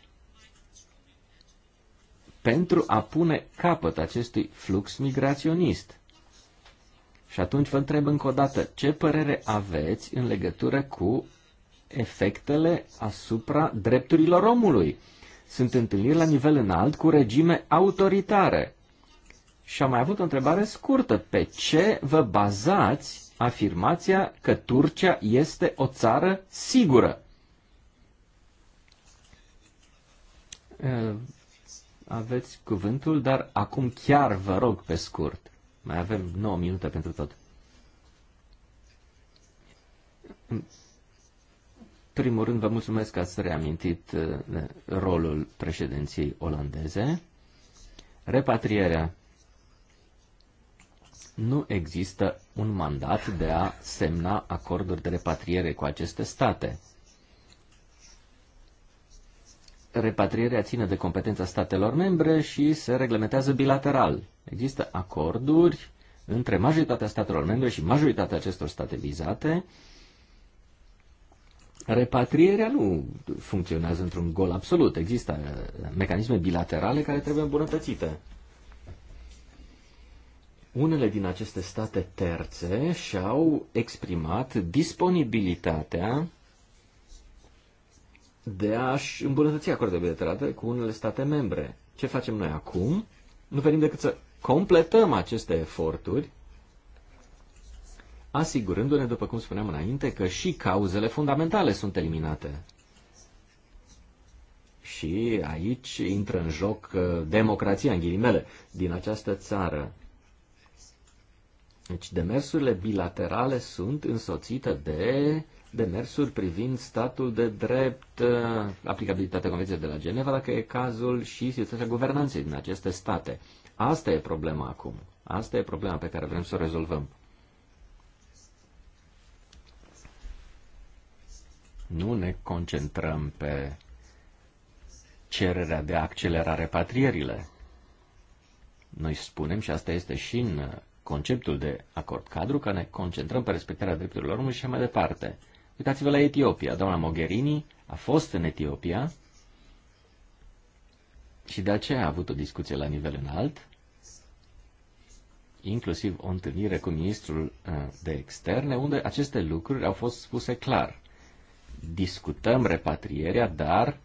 pentru a pune capăt acestui flux migraționist. Și atunci vă întreb încă o dată, ce părere aveți în legătură cu efectele asupra drepturilor omului? Sunt întâlniri la nivel înalt cu regime autoritare. Și am mai avut o întrebare scurtă. Pe ce vă bazați afirmația că Turcia este o țară sigură? Aveți cuvântul, dar acum chiar vă rog pe scurt. Mai avem 9 minute pentru tot primul rând, vă mulțumesc că ați reamintit uh, rolul președinției olandeze. Repatrierea. Nu există un mandat de a semna acorduri de repatriere cu aceste state. Repatrierea ține de competența statelor membre și se reglementează bilateral. Există acorduri între majoritatea statelor membre și majoritatea acestor state vizate uh, repatrierea nu funcționează într-un gol absolut. Există uh, mecanisme bilaterale care trebuie îmbunătățite. Unele din aceste state terțe și-au exprimat disponibilitatea de a-și îmbunătăți acordurile bilaterale cu unele state membre. Ce facem noi acum? Nu venim decât să completăm aceste eforturi asigurându-ne, după cum spuneam înainte, că și cauzele fundamentale sunt eliminate. Și aici intră în joc uh, democrația, în ghilimele, din această țară. Deci demersurile bilaterale sunt însoțite de demersuri privind statul de drept, uh, aplicabilitatea Convenției de la Geneva, dacă e cazul, și situația guvernanței din aceste state. Asta e problema acum. Asta e problema pe care vrem să o rezolvăm. nu ne concentrăm pe cererea de a accelera repatrierile. Noi spunem, și asta este și în conceptul de acord cadru, că ne concentrăm pe respectarea drepturilor omului și mai departe. Uitați-vă la Etiopia. Doamna Mogherini a fost în Etiopia și de aceea a avut o discuție la nivel înalt, inclusiv o întâlnire cu ministrul uh, de externe, unde aceste lucruri au fost spuse clar discutăm repatrierea, dar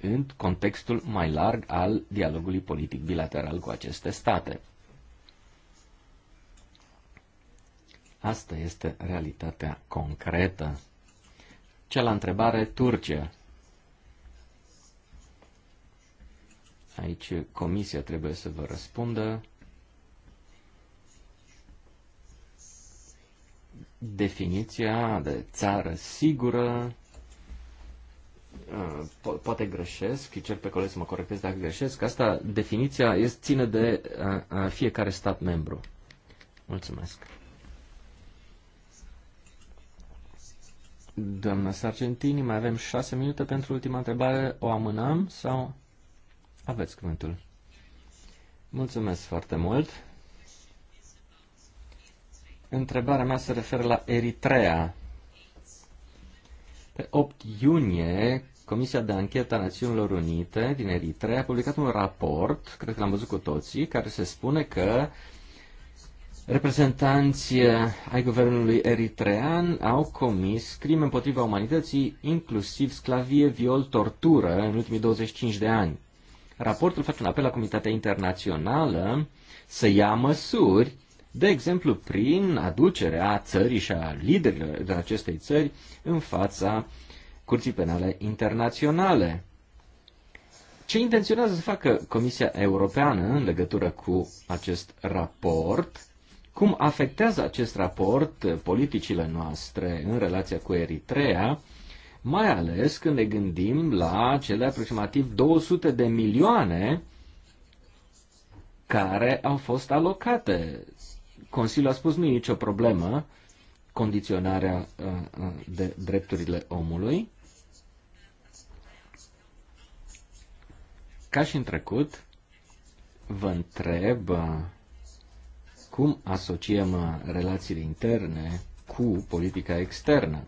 în contextul mai larg al dialogului politic bilateral cu aceste state. Asta este realitatea concretă. Ce la întrebare, Turcia. Aici comisia trebuie să vă răspundă. definiția de țară sigură, po poate greșesc, cer pe colegi să mă corectez dacă greșesc, asta definiția este, ține de a, a fiecare stat membru. Mulțumesc. Doamna Sargentini, mai avem șase minute pentru ultima întrebare. O amânăm sau aveți cuvântul? Mulțumesc foarte mult. Întrebarea mea se referă la Eritrea. Pe 8 iunie, Comisia de Anchetă a Națiunilor Unite din Eritrea a publicat un raport, cred că l-am văzut cu toții, care se spune că reprezentanții ai guvernului eritrean au comis crime împotriva umanității, inclusiv sclavie, viol, tortură în ultimii 25 de ani. Raportul face un apel la comunitatea internațională să ia măsuri de exemplu prin aducerea țării și a liderilor de acestei țări în fața Curții Penale Internaționale. Ce intenționează să facă Comisia Europeană în legătură cu acest raport? Cum afectează acest raport politicile noastre în relația cu Eritrea, mai ales când ne gândim la cele aproximativ 200 de milioane care au fost alocate Consiliul a spus nu e nicio problemă condiționarea uh, uh, de drepturile omului. Ca și în trecut, vă întreb uh, cum asociem relațiile interne cu politica externă.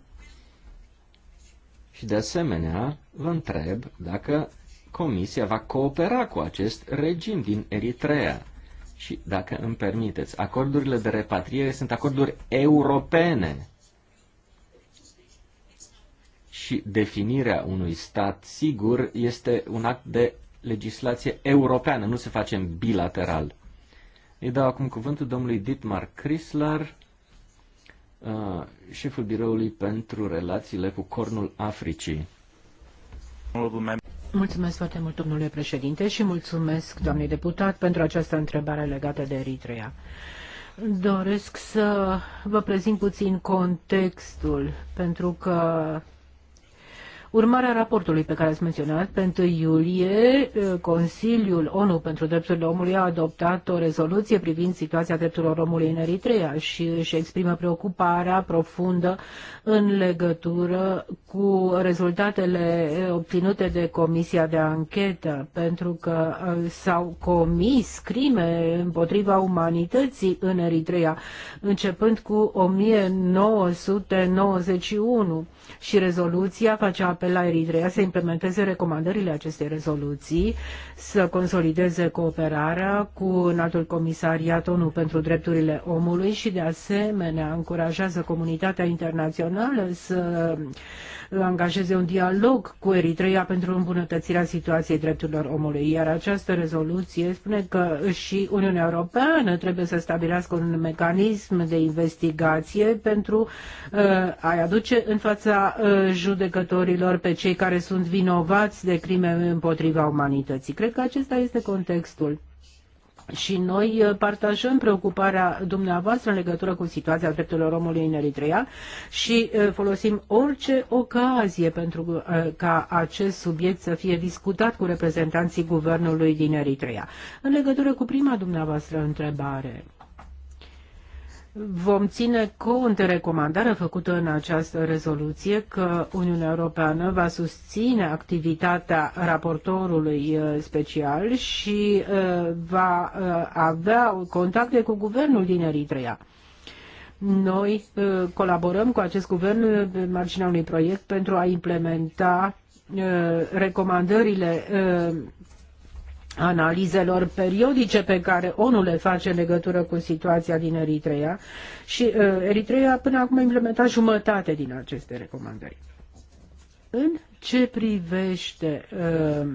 Și de asemenea, vă întreb dacă Comisia va coopera cu acest regim din Eritrea și, dacă îmi permiteți, acordurile de repatriere sunt acorduri europene. Și definirea unui stat sigur este un act de legislație europeană, nu se face în bilateral. Îi dau acum cuvântul domnului Dietmar Chrysler, uh, șeful biroului pentru relațiile cu Cornul Africii. Mulțumesc foarte mult, domnule președinte, și mulțumesc, doamnei deputat, pentru această întrebare legată de Eritrea. Doresc să vă prezint puțin contextul, pentru că urmarea raportului pe care ați menționat, pe 1 iulie, eh, Consiliul ONU pentru Drepturile Omului a adoptat o rezoluție privind situația drepturilor omului în Eritrea și își exprimă preocuparea profundă în legătură cu rezultatele eh, obținute de Comisia de Anchetă, pentru că eh, s-au comis crime împotriva umanității în Eritrea, începând cu 1991 și rezoluția face apel la Eritrea să implementeze recomandările acestei rezoluții, să consolideze cooperarea cu înaltul comisariat ONU pentru drepturile omului și de asemenea încurajează comunitatea internațională să angajeze un dialog cu Eritrea pentru îmbunătățirea situației drepturilor omului. Iar această rezoluție spune că și Uniunea Europeană trebuie să stabilească un mecanism de investigație pentru uh, a-i aduce în fața uh, judecătorilor lor pe cei care sunt vinovați de crime împotriva umanității. Cred că acesta este contextul. Și noi uh, partajăm preocuparea dumneavoastră în legătură cu situația drepturilor omului în Eritrea și uh, folosim orice ocazie pentru uh, ca acest subiect să fie discutat cu reprezentanții guvernului din Eritrea. În legătură cu prima dumneavoastră întrebare, vom ține cont de recomandarea făcută în această rezoluție că Uniunea Europeană va susține activitatea raportorului uh, special și uh, va uh, avea contacte cu guvernul din Eritrea. Noi colaborăm cu acest guvern pe marginea unui proiect pentru a implementa recomandările analizelor periodice pe care ONU le face în legătură cu situația din Eritrea și uh, Eritrea până acum a implementat jumătate din aceste recomandări. În ce privește uh,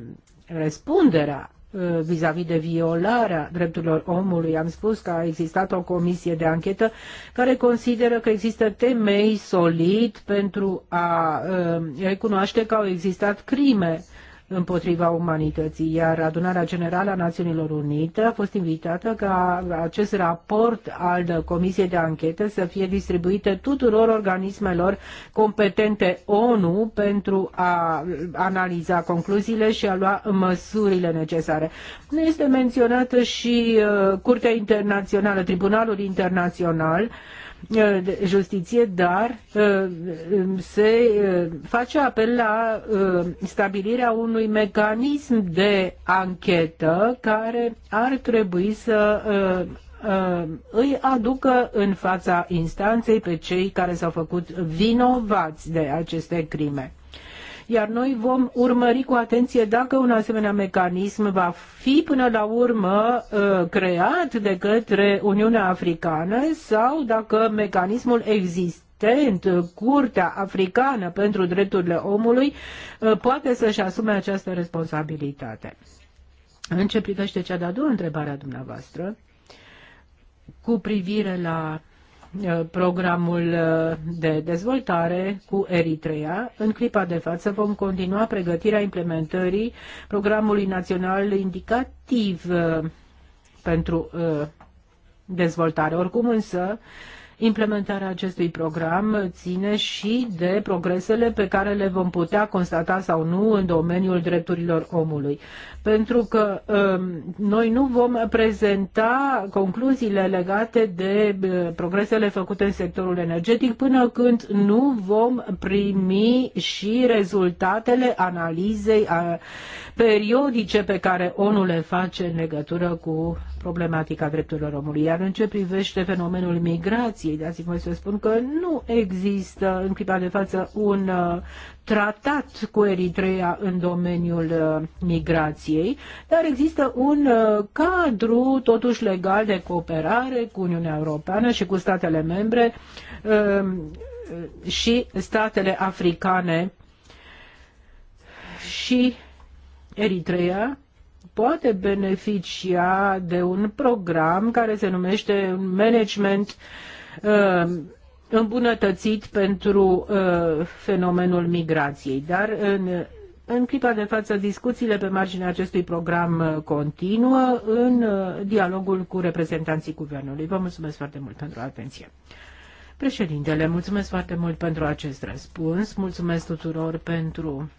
răspunderea uh, vis-a-vis -vis de violarea drepturilor omului. Am spus că a existat o comisie de anchetă care consideră că există temei solid pentru a uh, recunoaște că au existat crime împotriva umanității, iar adunarea generală a Națiunilor Unite a fost invitată ca acest raport al Comisiei de Anchetă să fie distribuite tuturor organismelor competente ONU pentru a analiza concluziile și a lua măsurile necesare. Nu este menționată și uh, Curtea Internațională, Tribunalul Internațional, Eh, justiție, dar eh, se eh, face apel la stabilirea unui mecanism de anchetă care ar trebui să îi aducă în fața instanței pe cei care s-au făcut vinovați de aceste crime iar noi vom urmări cu atenție dacă un asemenea mecanism va fi până la urmă uh, creat de către Uniunea Africană sau dacă mecanismul există uh, Curtea Africană pentru Drepturile Omului uh, poate să-și asume această responsabilitate. În ce privește cea de-a doua întrebare a dumneavoastră, cu privire la Uh, programul uh, de dezvoltare cu Eritrea. În clipa de față vom continua pregătirea implementării programului național indicativ uh, pentru dezvoltare. Oricum însă, implementarea acestui program ține și de progresele pe care le vom putea constata sau nu în domeniul drepturilor omului pentru că um, noi nu vom prezenta concluziile legate de uh, progresele făcute în sectorul energetic până când nu vom primi și rezultatele analizei periodice pe care ONU le face în legătură cu problematica drepturilor omului. Iar în ce privește fenomenul migrației, dați-mi să spun că nu există în clipa de față un uh, tratat cu Eritrea în domeniul uh, migrației, dar există un uh, cadru totuși legal de cooperare cu Uniunea Europeană și cu statele membre um, și statele africane și Eritrea poate beneficia de un program care se numește management um, îmbunătățit pentru uh, fenomenul migrației. Dar în, în clipa de față, discuțiile pe marginea acestui program uh, continuă în uh, dialogul cu reprezentanții guvernului. Vă mulțumesc foarte mult pentru atenție. Președintele, mulțumesc foarte mult pentru acest răspuns, mulțumesc tuturor pentru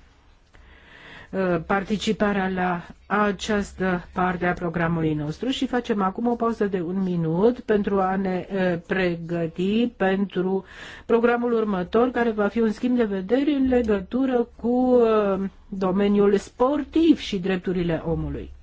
Uh, participarea la această parte a programului nostru și facem acum o pauză de un minut pentru a ne uh, pregăti pentru programul următor, care va fi un schimb de vederi în legătură cu uh, domeniul sportiv și drepturile omului.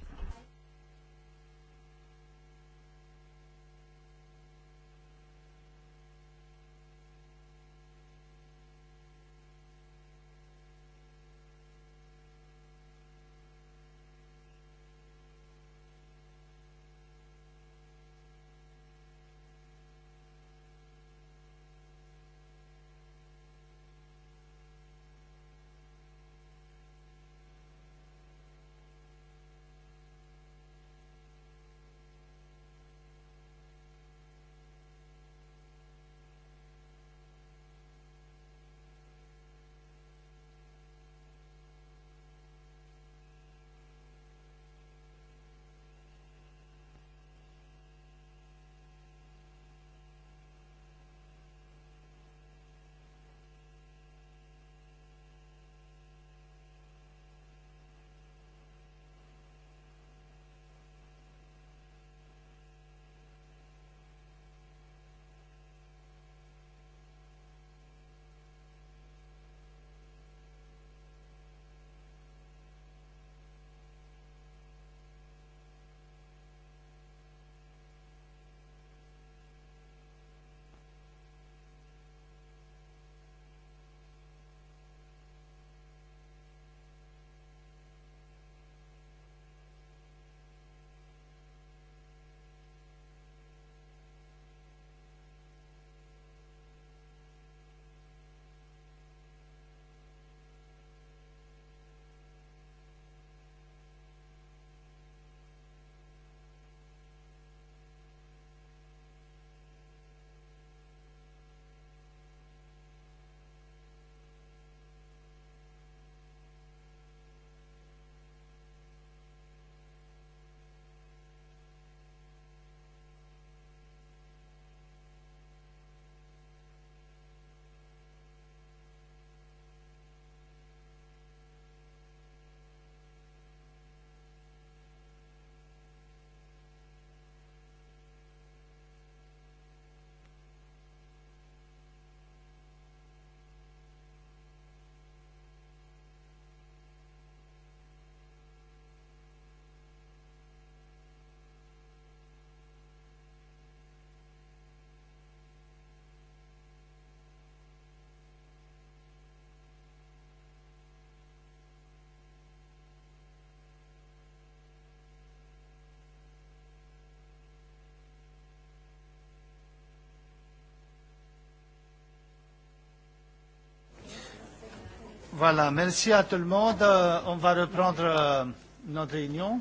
Voilà, merci à tout le monde. Euh, on va reprendre euh, notre réunion.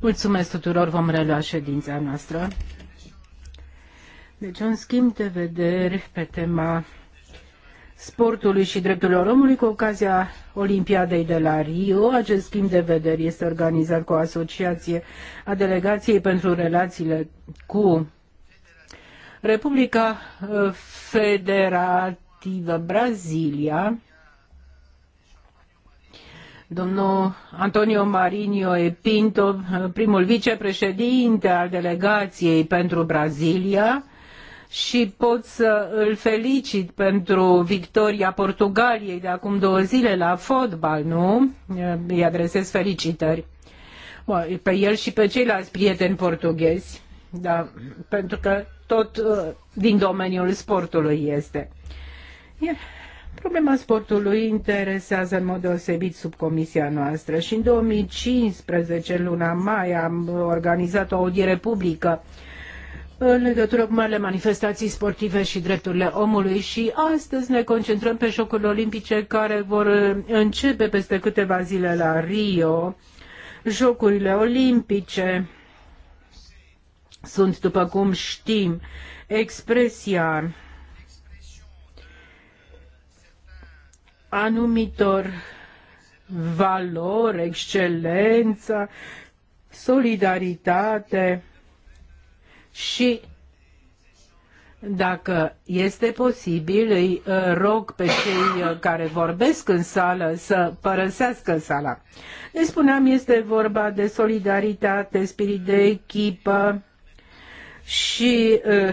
Mulțumesc tuturor, vom relua ședința noastră. Deci un schimb de vederi pe tema sportului și drepturilor omului cu ocazia Olimpiadei de la Rio. Acest schimb de vederi este organizat cu o asociație a Delegației pentru Relațiile cu Republica uh, Federat respectivă Brazilia, domnul Antonio Marinho E Pinto, primul vicepreședinte al delegației pentru Brazilia, și pot să îl felicit pentru victoria Portugaliei de acum două zile la fotbal, nu? Îi adresez felicitări pe el și pe ceilalți prieteni portughezi, da, pentru că tot uh, din domeniul sportului este. Problema sportului interesează în mod deosebit subcomisia noastră și în 2015, luna mai, am organizat o audiere publică în legătură cu marele manifestații sportive și drepturile omului și astăzi ne concentrăm pe Jocurile Olimpice care vor uh, începe peste câteva zile la Rio. Jocurile Olimpice sunt, după cum știm, expresia anumitor valori, excelență, solidaritate și dacă este posibil, îi uh, rog pe cei uh, care vorbesc în sală să părăsească sala. Le spuneam, este vorba de solidaritate, spirit de echipă și uh,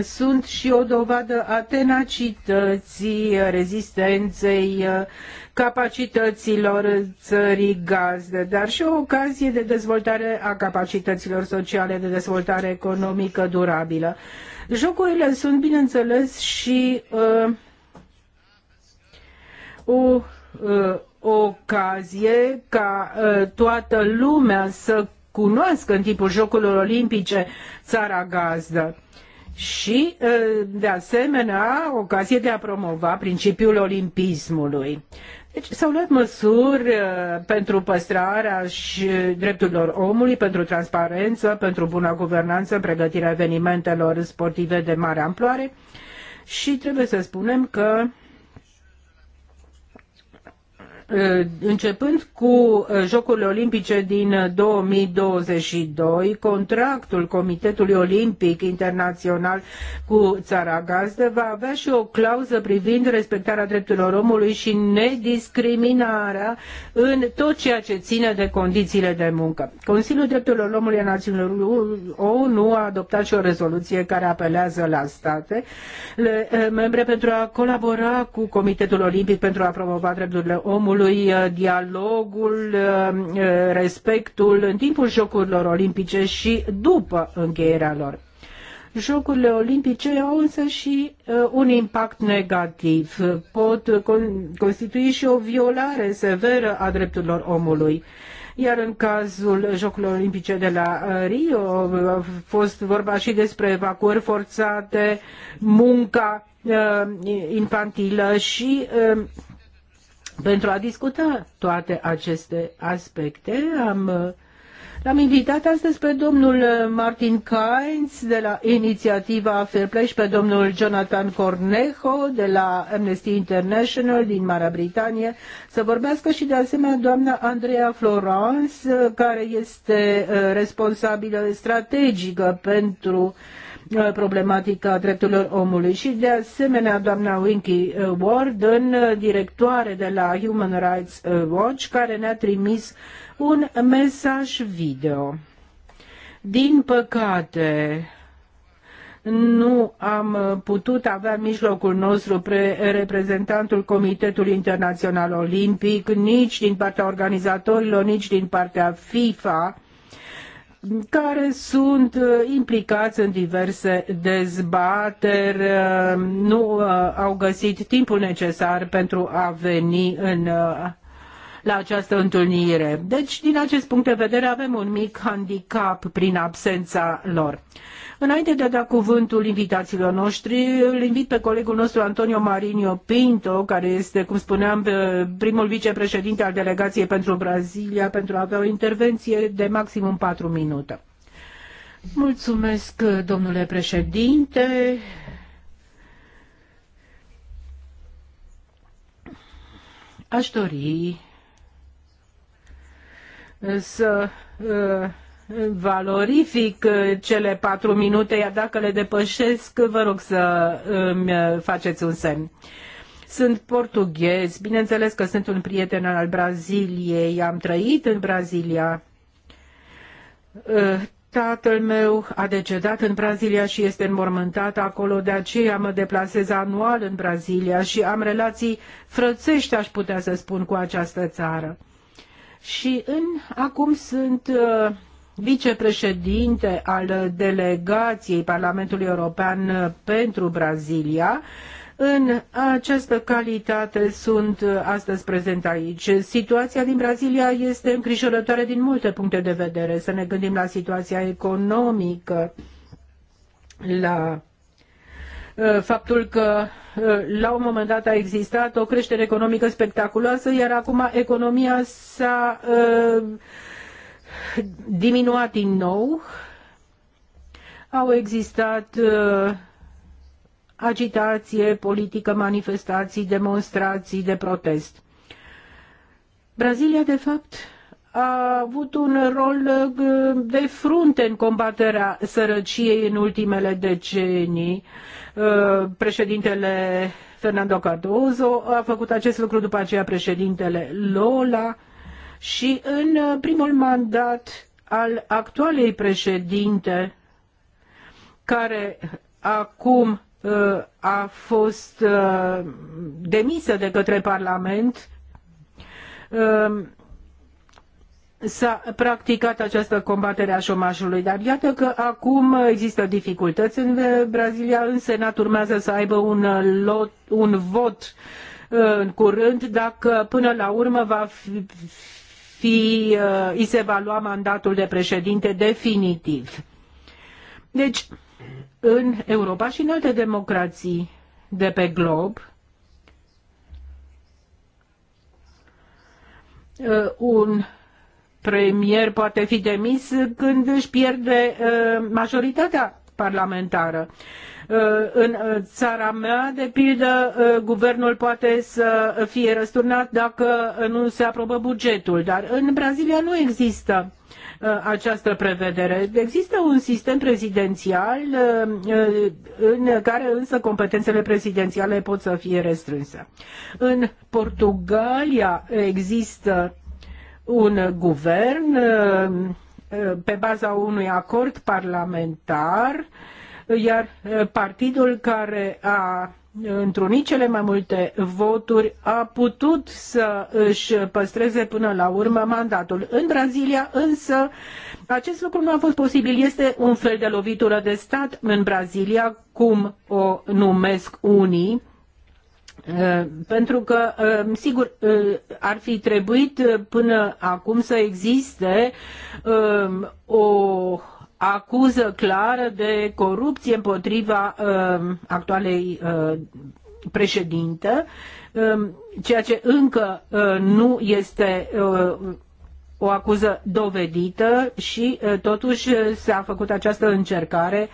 sunt și o dovadă a tenacității, rezistenței, capacităților țării gazdă, dar și o ocazie de dezvoltare a capacităților sociale, de dezvoltare economică durabilă. Jocurile sunt, bineînțeles, și uh, o uh, ocazie ca uh, toată lumea să cunoască în timpul Jocurilor Olimpice țara gazdă. Uh, și, de asemenea, ocazie de a promova principiul olimpismului. Deci s-au luat măsuri pentru păstrarea și drepturilor omului, pentru transparență, pentru buna guvernanță, pregătirea evenimentelor sportive de mare amploare și trebuie să spunem că Uh, începând cu uh, Jocurile Olimpice din 2022, uh, contractul Comitetului Olimpic Internațional cu țara gazdă va avea și o clauză privind respectarea drepturilor omului și nediscriminarea în tot ceea ce ține de condițiile de muncă. Consiliul Drepturilor Omului a Națiunilor ONU a adoptat și o rezoluție care apelează la state membre pentru a colabora cu Comitetul Olimpic pentru a promova drepturile omului omului, uh, dialogul, uh, uh, respectul în timpul Jocurilor Olimpice și după încheierea lor. Jocurile olimpice au însă și uh, un impact negativ. Pot con- constitui și o violare severă a drepturilor omului. Iar în cazul Jocurilor Olimpice de la Rio a fost vorba și despre evacuări forțate, munca uh, infantilă și uh, pentru a discuta toate aceste aspecte, am L-am invitat astăzi pe domnul Martin Kainz de la inițiativa Fair Play și pe domnul Jonathan Cornejo de la Amnesty International din Marea Britanie să vorbească și de asemenea doamna Andrea Florence, care este uh, responsabilă strategică pentru Uh, problematica drepturilor omului. Și de asemenea, doamna Winky uh, Warden, uh, directoare de la Human Rights Watch, care ne-a trimis un mesaj video. Din păcate, nu am putut avea mijlocul nostru pre reprezentantul Comitetului Internațional Olimpic, nici din partea organizatorilor, nici din partea FIFA, care sunt uh, implicați în diverse dezbateri, uh, nu uh, au găsit timpul necesar pentru a veni în la această întâlnire. Deci, din acest punct de vedere, avem un mic handicap prin absența lor. Înainte de a da cuvântul invitațiilor noștri, îl invit pe colegul nostru Antonio Marinho Pinto, care este, cum spuneam, primul vicepreședinte al delegației pentru Brazilia, pentru a avea o intervenție de maximum 4 minute. Mulțumesc, domnule președinte. Aș dori să uh, valorific uh, cele patru minute, iar dacă le depășesc, vă rog să îmi uh, faceți un semn. Sunt portughez, bineînțeles că sunt un prieten al Braziliei, am trăit în Brazilia. Uh, tatăl meu a decedat în Brazilia și este înmormântat acolo, de aceea mă deplasez anual în Brazilia și am relații frățești, aș putea să spun, cu această țară. Și în, acum sunt uh, vicepreședinte al delegației Parlamentului European pentru Brazilia. În această calitate sunt astăzi prezent aici. Situația din Brazilia este îngrijorătoare din multe puncte de vedere. Să ne gândim la situația economică, la uh, faptul că uh, la un moment dat a existat o creștere economică spectaculoasă, iar acum economia s-a uh, diminuat din nou. Au existat uh, agitație politică, manifestații, demonstrații de protest. Brazilia, de fapt, a avut un rol uh, de frunte în combaterea sărăciei în ultimele decenii. Uh, președintele Fernando Cardoso a făcut acest lucru, după aceea președintele Lola. Și în uh, primul mandat al actualei președinte, care acum uh, a fost uh, demisă de către Parlament, um, s-a practicat această combatere a șomajului, dar iată că acum există dificultăți în Brazilia, în Senat urmează să aibă un, lot, un vot în curând, dacă până la urmă va fi, fi, uh, îi se va lua mandatul de președinte definitiv. Deci, în Europa și în alte democrații de pe glob, uh, un premier poate fi demis când își pierde uh, majoritatea parlamentară. Uh, în uh, țara mea, de pildă, uh, guvernul poate să fie răsturnat dacă nu se aprobă bugetul, dar în Brazilia nu există această prevedere. Există un sistem prezidențial în care însă competențele prezidențiale pot să fie restrânse. În Portugalia există un guvern pe baza unui acord parlamentar uh, iar eh, partidul care a eh, întrunit cele mai multe voturi, a putut să își păstreze până la urmă mandatul. În Brazilia însă acest lucru nu a fost posibil. Este un fel de lovitură de stat în Brazilia, cum o numesc unii, eh, pentru că, sigur, ar fi trebuit până acum să existe o acuză clară de corupție împotriva uh, actualei uh, președinte, uh, um, ceea ce încă uh, nu este uh, o acuză dovedită și uh, totuși uh, s-a făcut această încercare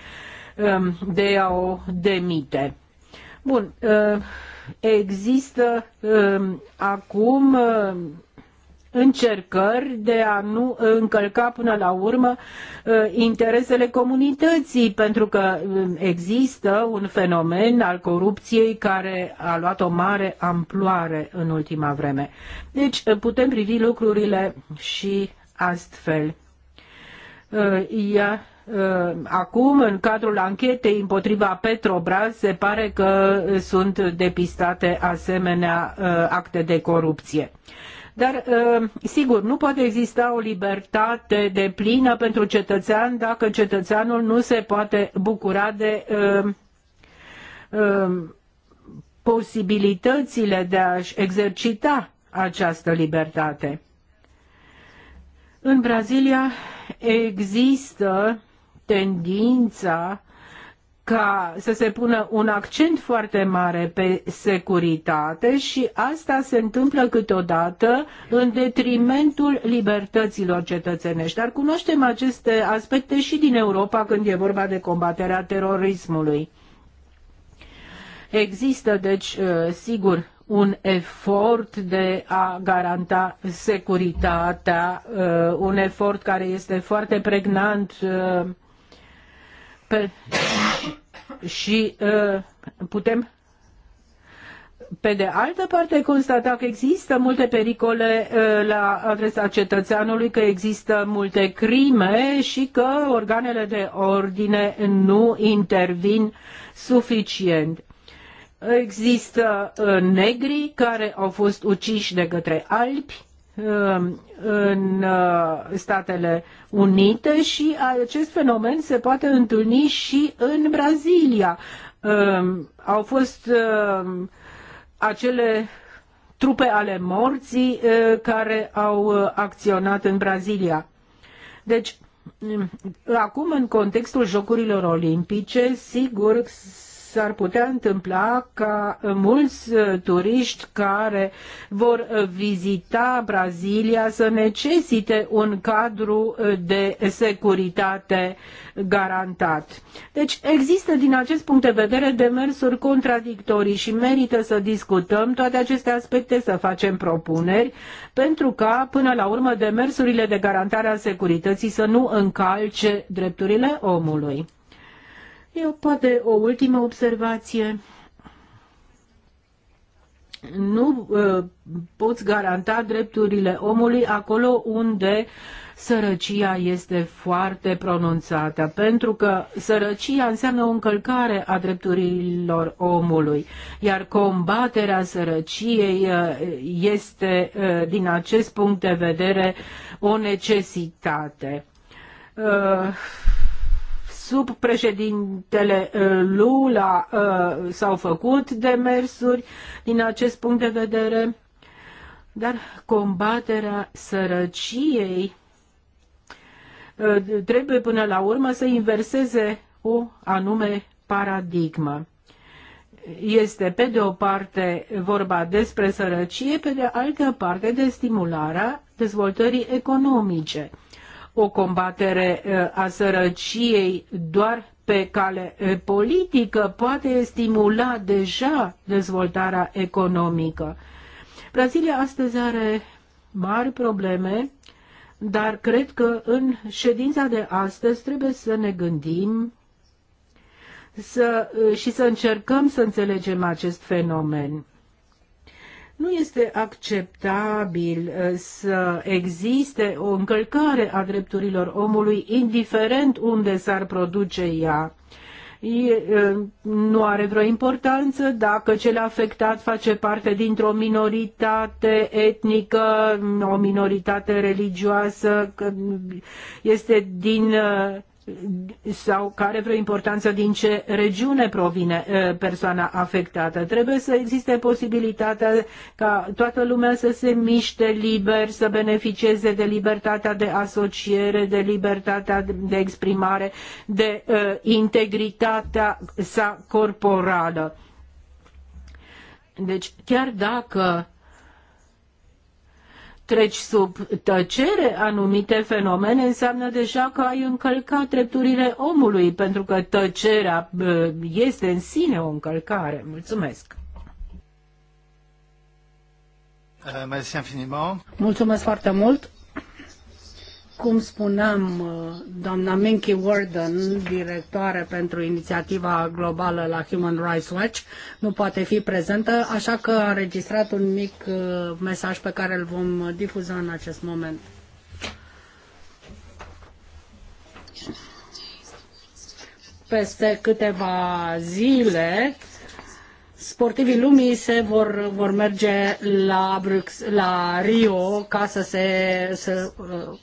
uh, de a o demite. Bun, uh, există uh, acum uh, încercări de a nu încălca până la urmă uh, interesele comunității, pentru că um, există un fenomen al corupției care a luat o mare amploare în ultima vreme. Deci uh, putem privi lucrurile și astfel. Uh, ia acum, în cadrul anchetei împotriva Petrobras, se pare că sunt depistate asemenea acte de corupție. Dar, uh, sigur, nu poate exista o libertate de plină pentru cetățean dacă cetățeanul nu se poate bucura de uh, uh, posibilitățile de a-și exercita această libertate. În Brazilia există tendința ca să se pună un accent foarte mare pe securitate și asta se întâmplă câteodată în detrimentul libertăților cetățenești. Dar cunoaștem aceste aspecte și din Europa când e vorba de combaterea terorismului. Există, deci, uh, sigur, un efort de a garanta securitatea, uh, un efort care este foarte pregnant uh, pe, și uh, putem pe de altă parte constata că există multe pericole uh, la adresa cetățeanului, că există multe crime și că organele de ordine nu intervin suficient. Există uh, negri care au fost uciși de către albi, Um, în uh, Statele Unite și acest fenomen se poate întâlni și în Brazilia. Um, au fost um, acele trupe ale morții uh, care au uh, acționat în Brazilia. Deci, acum, în contextul Jocurilor Olimpice, sigur s-ar putea întâmpla ca mulți uh, turiști care vor uh, vizita Brazilia să necesite un cadru uh, de securitate garantat. Deci există din acest punct de vedere demersuri contradictorii și merită să discutăm toate aceste aspecte, să facem propuneri, pentru ca până la urmă demersurile de garantare a securității să nu încalce drepturile omului. Eu poate o ultimă observație. Nu uh, poți garanta drepturile omului acolo unde sărăcia este foarte pronunțată, pentru că sărăcia înseamnă o încălcare a drepturilor omului, iar combaterea sărăciei ă, este, ă, din acest punct de vedere, o necesitate. Uh, sub președintele uh, Lula uh, s-au făcut demersuri din acest punct de vedere, dar combaterea sărăciei uh, trebuie până la urmă să inverseze o anume paradigmă este pe de o parte vorba despre sărăcie, pe de altă parte de stimularea dezvoltării economice o combatere uh, a sărăciei doar pe cale uh, politică poate stimula deja dezvoltarea economică. Brazilia astăzi are mari probleme, dar cred că în ședința de astăzi trebuie să ne gândim să, uh, și să încercăm să înțelegem acest fenomen. Nu este acceptabil uh, să existe o încălcare a drepturilor omului, indiferent unde s-ar produce ea. Uh, nu are vreo importanță dacă cel afectat face parte dintr-o minoritate etnică, o minoritate religioasă, este din uh, sau care vreo importanță din ce regiune provine persoana afectată. Trebuie să existe posibilitatea ca toată lumea să se miște liber, să beneficieze de libertatea de asociere, de libertatea de exprimare, de integritatea sa corporală. Deci, chiar dacă treci sub tăcere anumite fenomene, înseamnă deja că ai încălcat drepturile omului, pentru că tăcerea este în sine o încălcare. Mulțumesc! Uh, Mulțumesc foarte mult! Cum spuneam, uh, doamna Minky Warden, directoare pentru inițiativa globală la Human Rights Watch, nu poate fi prezentă, așa că a înregistrat un mic uh, mesaj pe care îl vom difuza în acest moment. Peste câteva zile, sportivii lumii se vor, vor merge la, Brux, la Rio ca să se să, uh,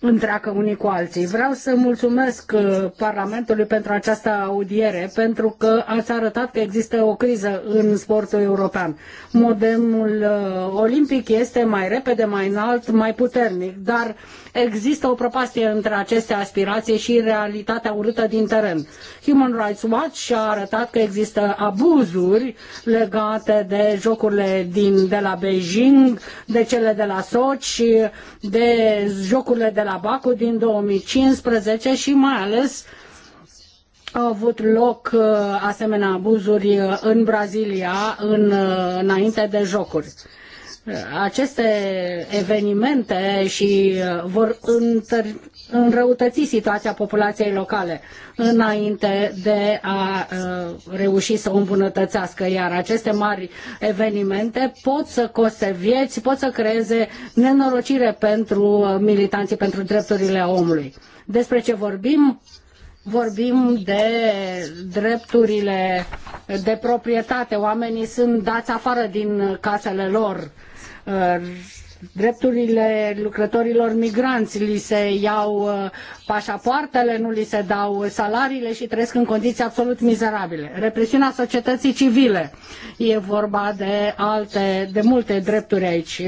întreacă unii cu alții. Vreau să mulțumesc uh, Parlamentului pentru această audiere, pentru că ați arătat că există o criză în sportul european. Modemul uh, olimpic este mai repede, mai înalt, mai puternic, dar există o propastie între aceste aspirații și realitatea urâtă din teren. Human Rights Watch a arătat că există abuzuri legate de jocurile din, de la Beijing, de cele de la Sochi, de jocurile de la Baku din 2015 și mai ales au avut loc uh, asemenea abuzuri uh, în Brazilia în, uh, înainte de jocuri aceste evenimente și uh, vor întări, înrăutăți situația populației locale înainte de a uh, reuși să o îmbunătățească. Iar aceste mari evenimente pot să coste vieți, pot să creeze nenorocire pentru uh, militanții pentru drepturile omului. Despre ce vorbim? vorbim de drepturile de proprietate. Oamenii sunt dați afară din casele lor Uh, drepturile lucrătorilor migranți li se iau uh, pașapoartele nu li se dau, salariile și trăiesc în condiții absolut mizerabile. Represiunea societății civile. E vorba de alte, de multe drepturi aici.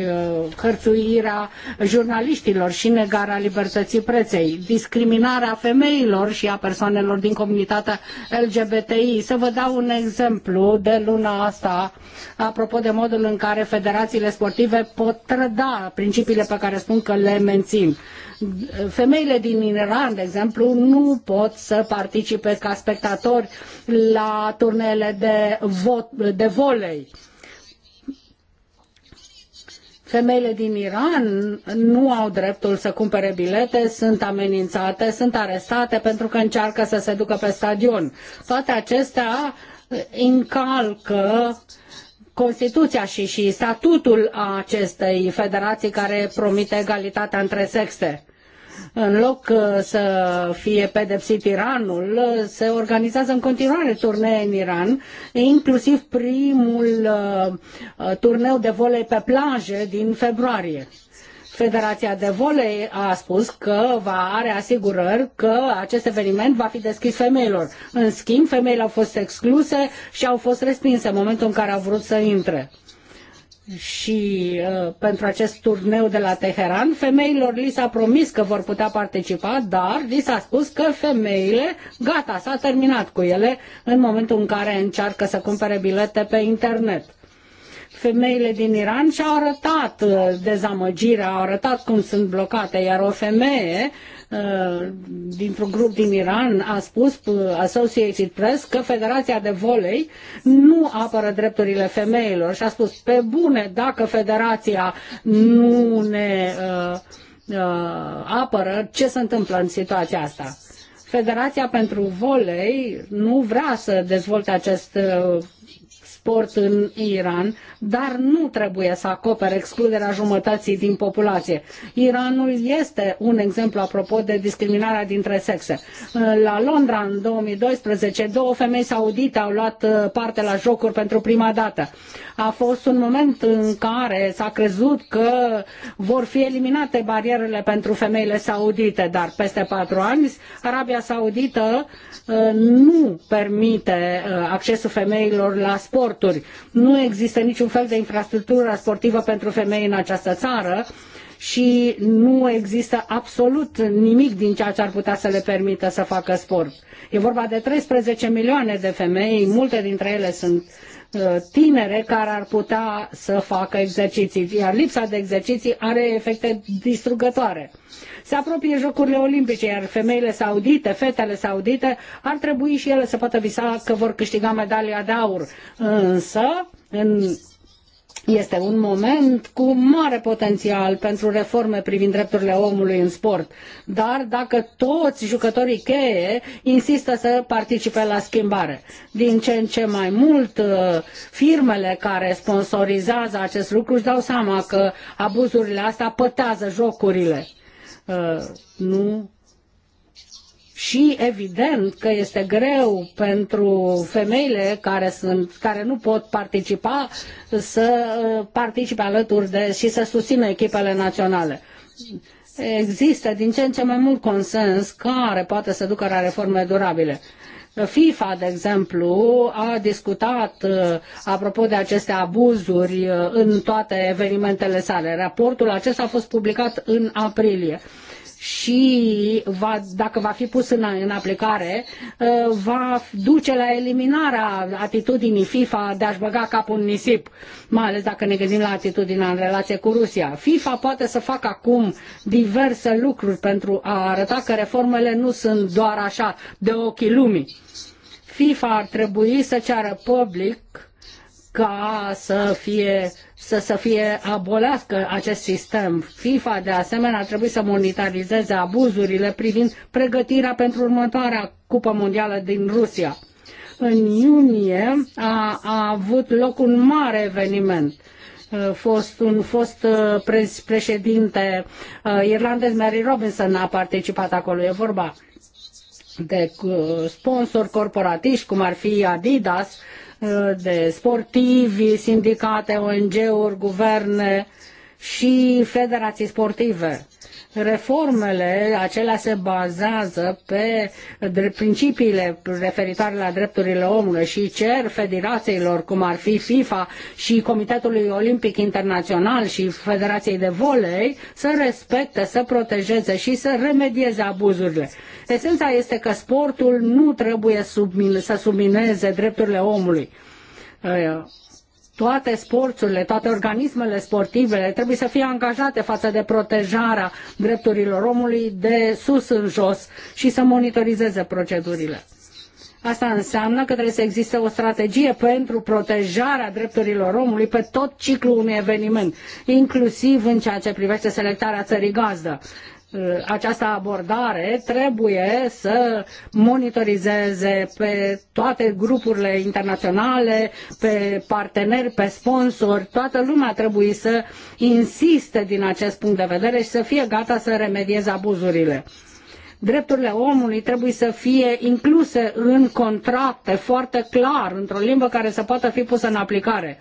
Hărțuirea jurnaliștilor și negarea libertății preței, discriminarea femeilor și a persoanelor din comunitatea LGBTI. Să vă dau un exemplu de luna asta, apropo de modul în care federațiile sportive pot trăda principiile pe care spun că le mențin. Femeile din Iran Iran, de exemplu, nu pot să participe ca spectatori la turnele de, vot, de volei. Femeile din Iran nu au dreptul să cumpere bilete, sunt amenințate, sunt arestate pentru că încearcă să se ducă pe stadion. Toate acestea încalcă Constituția și, și statutul acestei federații care promite egalitatea între sexe în loc uh, să fie pedepsit Iranul, uh, se organizează în continuare turnee în Iran, inclusiv primul uh, turneu de volei pe plaje din februarie. Federația de Volei a spus că va are asigurări că acest eveniment va fi deschis femeilor. În schimb, femeile au fost excluse și au fost respinse în momentul în care au vrut să intre și uh, pentru acest turneu de la Teheran, femeilor li s-a promis că vor putea participa, dar li s-a spus că femeile, gata, s-a terminat cu ele în momentul în care încearcă să cumpere bilete pe internet femeile din Iran și-au arătat uh, dezamăgirea, au arătat cum sunt blocate, iar o femeie uh, dintr-un grup din Iran a spus uh, Associated Press că Federația de Volei nu apără drepturile femeilor și a spus pe bune dacă Federația nu ne uh, uh, apără, ce se întâmplă în situația asta? Federația pentru Volei nu vrea să dezvolte acest export în Iran, dar nu trebuie să acopere excluderea jumătății din populație. Iranul este un exemplu apropo de discriminarea dintre sexe. La Londra, în 2012, două femei saudite au luat uh, parte la jocuri pentru prima dată. A fost un moment în care s-a crezut că vor fi eliminate barierele pentru femeile saudite, dar peste patru ani Arabia Saudită uh, nu permite uh, accesul femeilor la sport sporturi. Nu există niciun fel de infrastructură sportivă pentru femei în această țară și nu există absolut nimic din ceea ce ar putea să le permită să facă sport. E vorba de 13 milioane de femei, multe dintre ele sunt Uh, tinere care ar putea să facă exerciții, iar lipsa de exerciții are efecte distrugătoare. Se apropie Jocurile Olimpice, iar femeile saudite, fetele saudite, ar trebui și ele să poată visa că vor câștiga medalia de aur. Însă, în este un moment cu mare potențial pentru reforme privind drepturile omului în sport, dar dacă toți jucătorii cheie insistă să participe la schimbare. Din ce în ce mai mult, uh, firmele care sponsorizează acest lucru își dau seama că abuzurile astea pătează jocurile. Uh, nu și evident că este greu pentru femeile care, sunt, care nu pot participa să uh, participe alături de și să susțină echipele naționale. Există din ce în ce mai mult consens care poate să ducă la reforme durabile. FIFA, de exemplu, a discutat uh, apropo de aceste abuzuri uh, în toate evenimentele sale. Raportul acesta a fost publicat în aprilie și va, dacă va fi pus în, în aplicare, uh, va duce la eliminarea atitudinii FIFA de a-și băga capul în nisip, mai ales dacă ne gândim la atitudinea în relație cu Rusia. FIFA poate să facă acum diverse lucruri pentru a arăta că reformele nu sunt doar așa de ochii lumii. FIFA ar trebui să ceară public ca să fie, să, să fie abolească acest sistem. FIFA, de asemenea, ar trebui să monitorizeze abuzurile privind pregătirea pentru următoarea Cupă Mondială din Rusia. În iunie a, a avut loc un mare eveniment fost un fost președinte irlandez, Mary Robinson, a participat acolo. E vorba de sponsori corporatiști, cum ar fi Adidas, de sportivi, sindicate, ONG-uri, guverne și federații sportive. Reformele acelea se bazează pe principiile referitoare la drepturile omului și cer federațiilor, cum ar fi FIFA și Comitetului Olimpic Internațional și Federației de Volei, să respecte, să protejeze și să remedieze abuzurile. Esența este că sportul nu trebuie să submineze drepturile omului toate sporturile, toate organismele sportive trebuie să fie angajate față de protejarea drepturilor omului de sus în jos și să monitorizeze procedurile. Asta înseamnă că trebuie să existe o strategie pentru protejarea drepturilor omului pe tot ciclul unui eveniment, inclusiv în ceea ce privește selectarea țării gazdă. Uh, această abordare trebuie să monitorizeze pe toate grupurile internaționale, pe parteneri, pe sponsori. Toată lumea trebuie să insiste din acest punct de vedere și să fie gata să remedieze abuzurile drepturile omului trebuie să fie incluse în contracte foarte clar, într-o limbă care să poată fi pusă în aplicare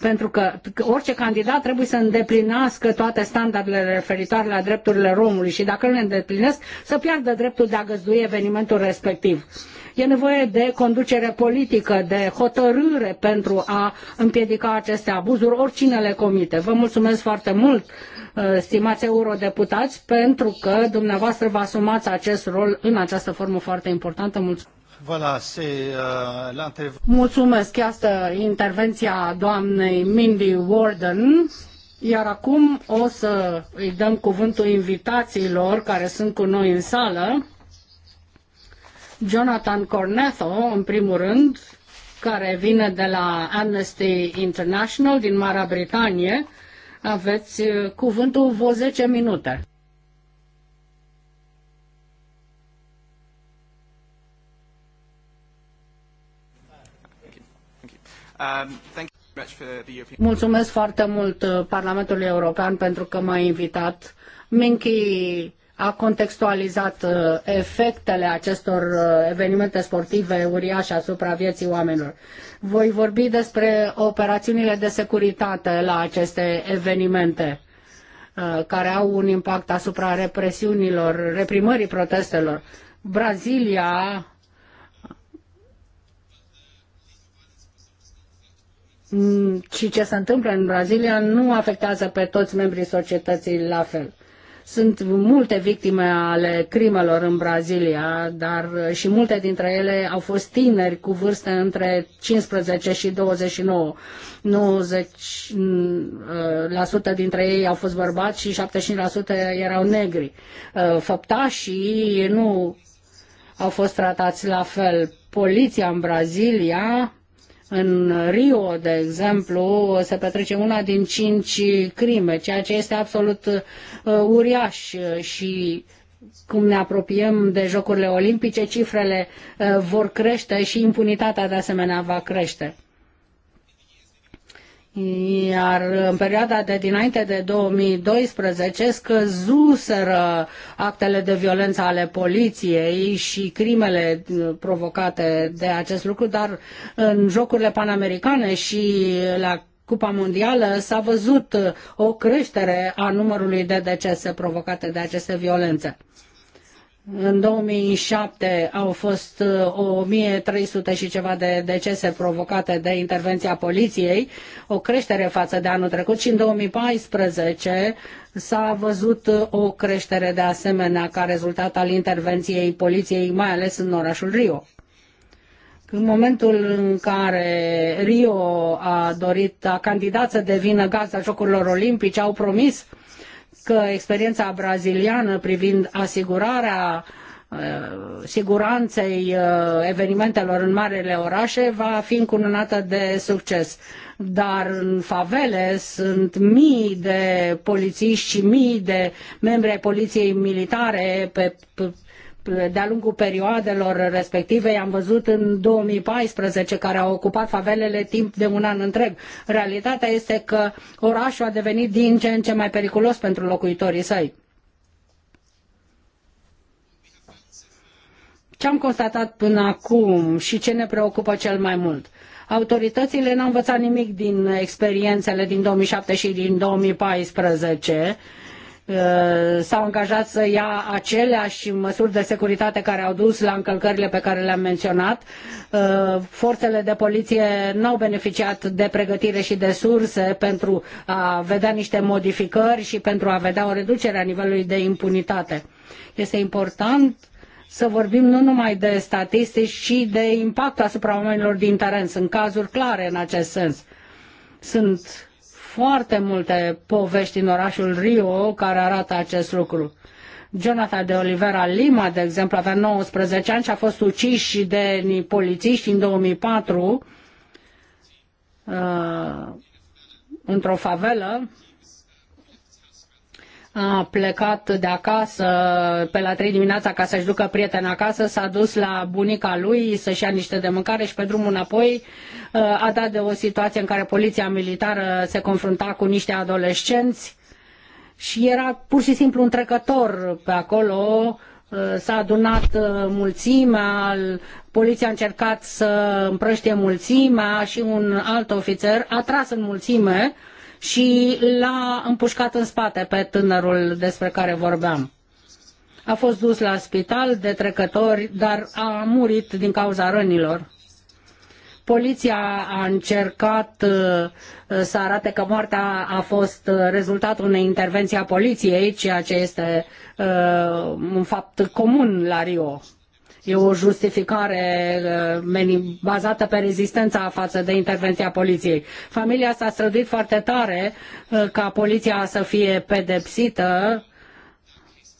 pentru că orice candidat trebuie să îndeplinească toate standardele referitoare la drepturile romului și dacă nu le îndeplinesc, să piardă dreptul de a găzdui evenimentul respectiv. E nevoie de conducere politică, de hotărâre pentru a împiedica aceste abuzuri, oricine le comite. Vă mulțumesc foarte mult, uh, stimați eurodeputați, pentru că dumneavoastră vă asumați acest rol în această formă foarte importantă. Mulțumesc! Euh, Mulțumesc, asta intervenția doamnei Mindy Warden. Iar acum o să îi dăm cuvântul invitațiilor care sunt cu noi în sală. Jonathan Cornetho, în primul rând, care vine de la Amnesty International din Marea Britanie. Aveți uh, cuvântul vă 10 minute. Um, Mulțumesc foarte mult uh, Parlamentului European pentru că m-a invitat. Minky a contextualizat uh, efectele acestor uh, evenimente sportive uriașe asupra vieții oamenilor. Voi vorbi despre operațiunile de securitate la aceste evenimente care au un impact asupra represiunilor, reprimării protestelor. Brazilia Mm, și ce se întâmplă în Brazilia nu afectează pe toți membrii societății la fel. Sunt multe victime ale crimelor în Brazilia, dar uh, și multe dintre ele au fost tineri cu vârste între 15 și 29. 90% mm, uh, dintre ei au fost bărbați și 75% erau negri. Uh, făptașii nu au fost tratați la fel. Poliția în Brazilia în Rio, de exemplu, se petrece una din cinci crime, ceea ce este absolut uh, uriaș și cum ne apropiem de Jocurile Olimpice, cifrele uh, vor crește și impunitatea de asemenea va crește iar în perioada de dinainte de 2012 scăzuseră actele de violență ale poliției și crimele uh, provocate de acest lucru, dar în jocurile panamericane și la Cupa Mondială s-a văzut uh, o creștere a numărului de decese provocate de aceste violențe. În 2007 au fost 1300 uh, și ceva de decese provocate de intervenția poliției, o creștere față de anul trecut și în 2014 s-a văzut uh, o creștere de asemenea ca rezultat al intervenției poliției, mai ales în orașul Rio. În momentul în care Rio a dorit, a candidat să devină gazda Jocurilor Olimpice, au promis uh, că experiența braziliană privind asigurarea uh, siguranței uh, evenimentelor în marele orașe va fi încununată de succes. Dar în favele sunt mii de polițiști și mii de membri ai poliției militare pe de-a lungul perioadelor respective, i am văzut în 2014, care au ocupat favelele timp de un an întreg. Realitatea este că orașul a devenit din ce în ce mai periculos pentru locuitorii săi. Ce am constatat până acum și ce ne preocupă cel mai mult? Autoritățile n-au învățat nimic din experiențele din 2007 și din 2014 Uh, s-au angajat să ia aceleași măsuri de securitate care au dus la încălcările pe care le-am menționat. Uh, forțele de poliție nu au beneficiat de pregătire și de surse pentru a vedea niște modificări și pentru a vedea o reducere a nivelului de impunitate. Este important să vorbim nu numai de statistici, ci de impactul asupra oamenilor din teren. Sunt cazuri clare în acest sens. Sunt foarte multe povești în orașul Rio care arată acest lucru. Jonathan de Oliveira Lima, de exemplu, avea 19 ani și a fost ucis de polițiști în 2004 uh, într-o favelă a plecat de acasă pe la 3 dimineața ca să-și ducă prieten acasă, s-a dus la bunica lui să-și ia niște de mâncare și pe drumul înapoi uh, a dat de o situație în care poliția militară se confrunta cu niște adolescenți și era pur și simplu un trecător pe acolo, uh, s-a adunat uh, mulțimea, poliția a încercat să împrăștie mulțimea și un alt ofițer a tras în mulțime și l-a împușcat în spate pe tânărul despre care vorbeam. A fost dus la spital de trecători, dar a murit din cauza rănilor. Poliția a încercat uh, să arate că moartea a fost uh, rezultatul unei intervenții a poliției, ceea ce este uh, un fapt comun la Rio. E o justificare uh, bazată pe rezistența față de intervenția poliției. Familia s-a străduit foarte tare uh, ca poliția să fie pedepsită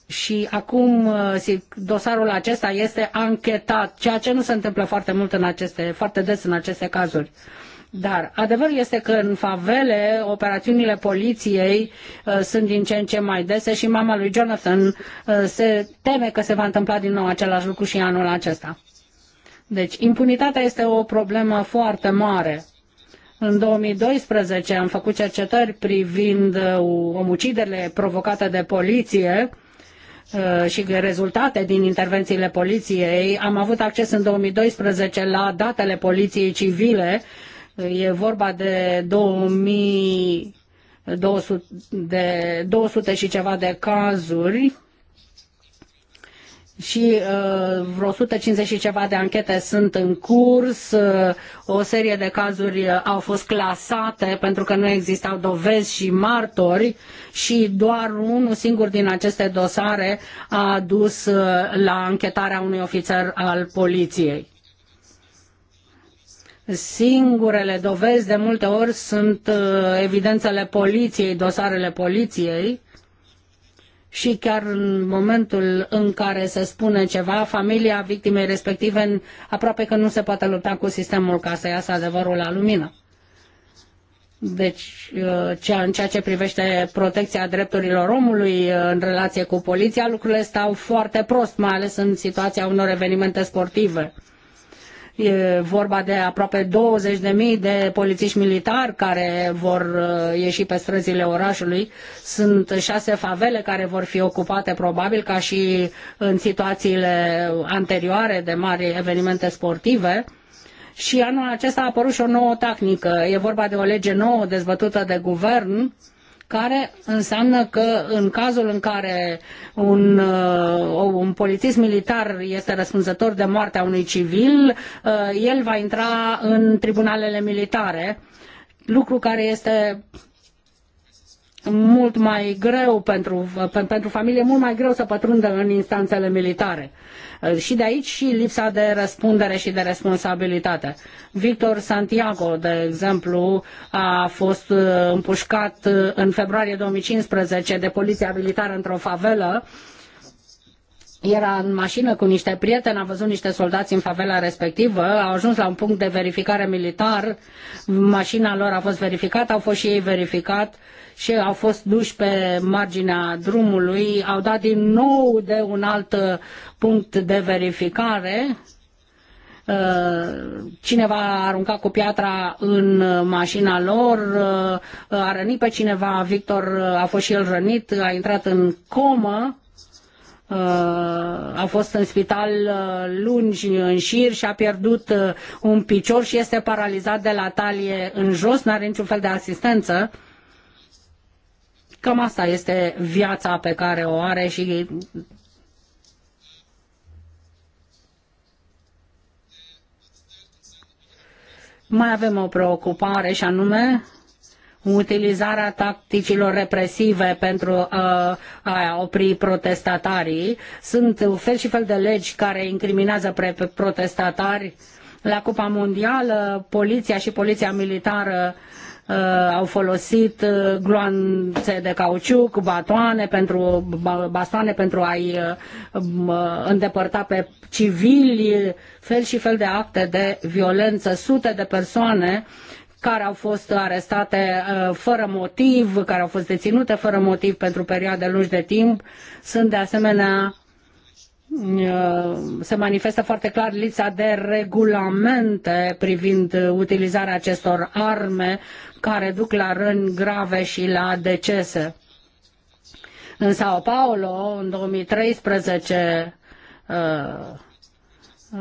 și acum uh, dosarul acesta este anchetat, ceea ce nu se întâmplă foarte mult în aceste, foarte des în aceste cazuri. Uh, dar adevărul este că în favele operațiunile poliției uh, sunt din ce în ce mai dese și mama lui Jonathan uh, se teme că se va întâmpla din nou același lucru și anul acesta. Deci impunitatea este o problemă foarte mare. În 2012 am făcut cercetări privind uh, omuciderile provocate de poliție uh, și rezultate din intervențiile poliției. Am avut acces în 2012 la datele poliției civile E vorba de 2.200 de 200 și ceva de cazuri și uh, vreo 150 și ceva de anchete sunt în curs, uh, o serie de cazuri uh, au fost clasate pentru că nu existau dovezi și martori și doar unul singur din aceste dosare a dus uh, la anchetarea unui ofițer al poliției. Singurele dovezi de multe ori sunt uh, evidențele poliției, dosarele poliției și chiar în momentul în care se spune ceva, familia victimei respective aproape că nu se poate lupta cu sistemul ca să iasă adevărul la lumină. Deci, uh, în ceea ce privește protecția drepturilor omului uh, în relație cu poliția, lucrurile stau foarte prost, mai ales în situația unor evenimente sportive E vorba de aproape 20.000 de polițiști militari care vor uh, ieși pe străzile orașului. Sunt șase favele care vor fi ocupate probabil ca și în situațiile anterioare de mari evenimente sportive. Și anul acesta a apărut și o nouă tehnică. E vorba de o lege nouă dezbătută de guvern uh, care înseamnă că în cazul în care un, uh, un polițist militar este răspunzător de moartea unui civil, uh, el va intra în tribunalele militare, lucru care este mult mai greu pentru, pentru familie, mult mai greu să pătrundă în instanțele militare. Uh, și de aici și lipsa de răspundere și de responsabilitate. Victor Santiago, de exemplu, a fost uh, împușcat uh, în februarie 2015 de poliția militară într-o favelă era în mașină cu niște prieteni, a văzut niște soldați în favela respectivă, au ajuns la un punct de verificare militar, mașina lor a fost verificată, au fost și ei verificat și au fost duși pe marginea drumului, au dat din nou de un alt punct de verificare, uh, cineva a aruncat cu piatra în mașina lor, uh, a rănit pe cineva, Victor uh, a fost și el rănit, a intrat în comă, Uh, a fost în spital uh, lungi în șir și a pierdut uh, un picior și este paralizat de la talie în jos, nu are niciun fel de asistență. Cam asta este viața pe care o are și mai avem o preocupare și anume utilizarea tacticilor represive pentru a, a opri protestatarii. Sunt fel și fel de legi care incriminează pre- protestatari. La Cupa Mondială, poliția și poliția militară uh, au folosit gloanțe de cauciuc, batoane pentru, bastoane pentru a-i uh, îndepărta pe civili, fel și fel de acte de violență, sute de persoane care au fost arestate uh, fără motiv, care au fost deținute fără motiv pentru perioade lungi de timp, sunt de asemenea uh, se manifestă foarte clar lipsa de regulamente privind utilizarea acestor arme care duc la răni grave și la decese. În Sao Paulo, în 2013, Uh,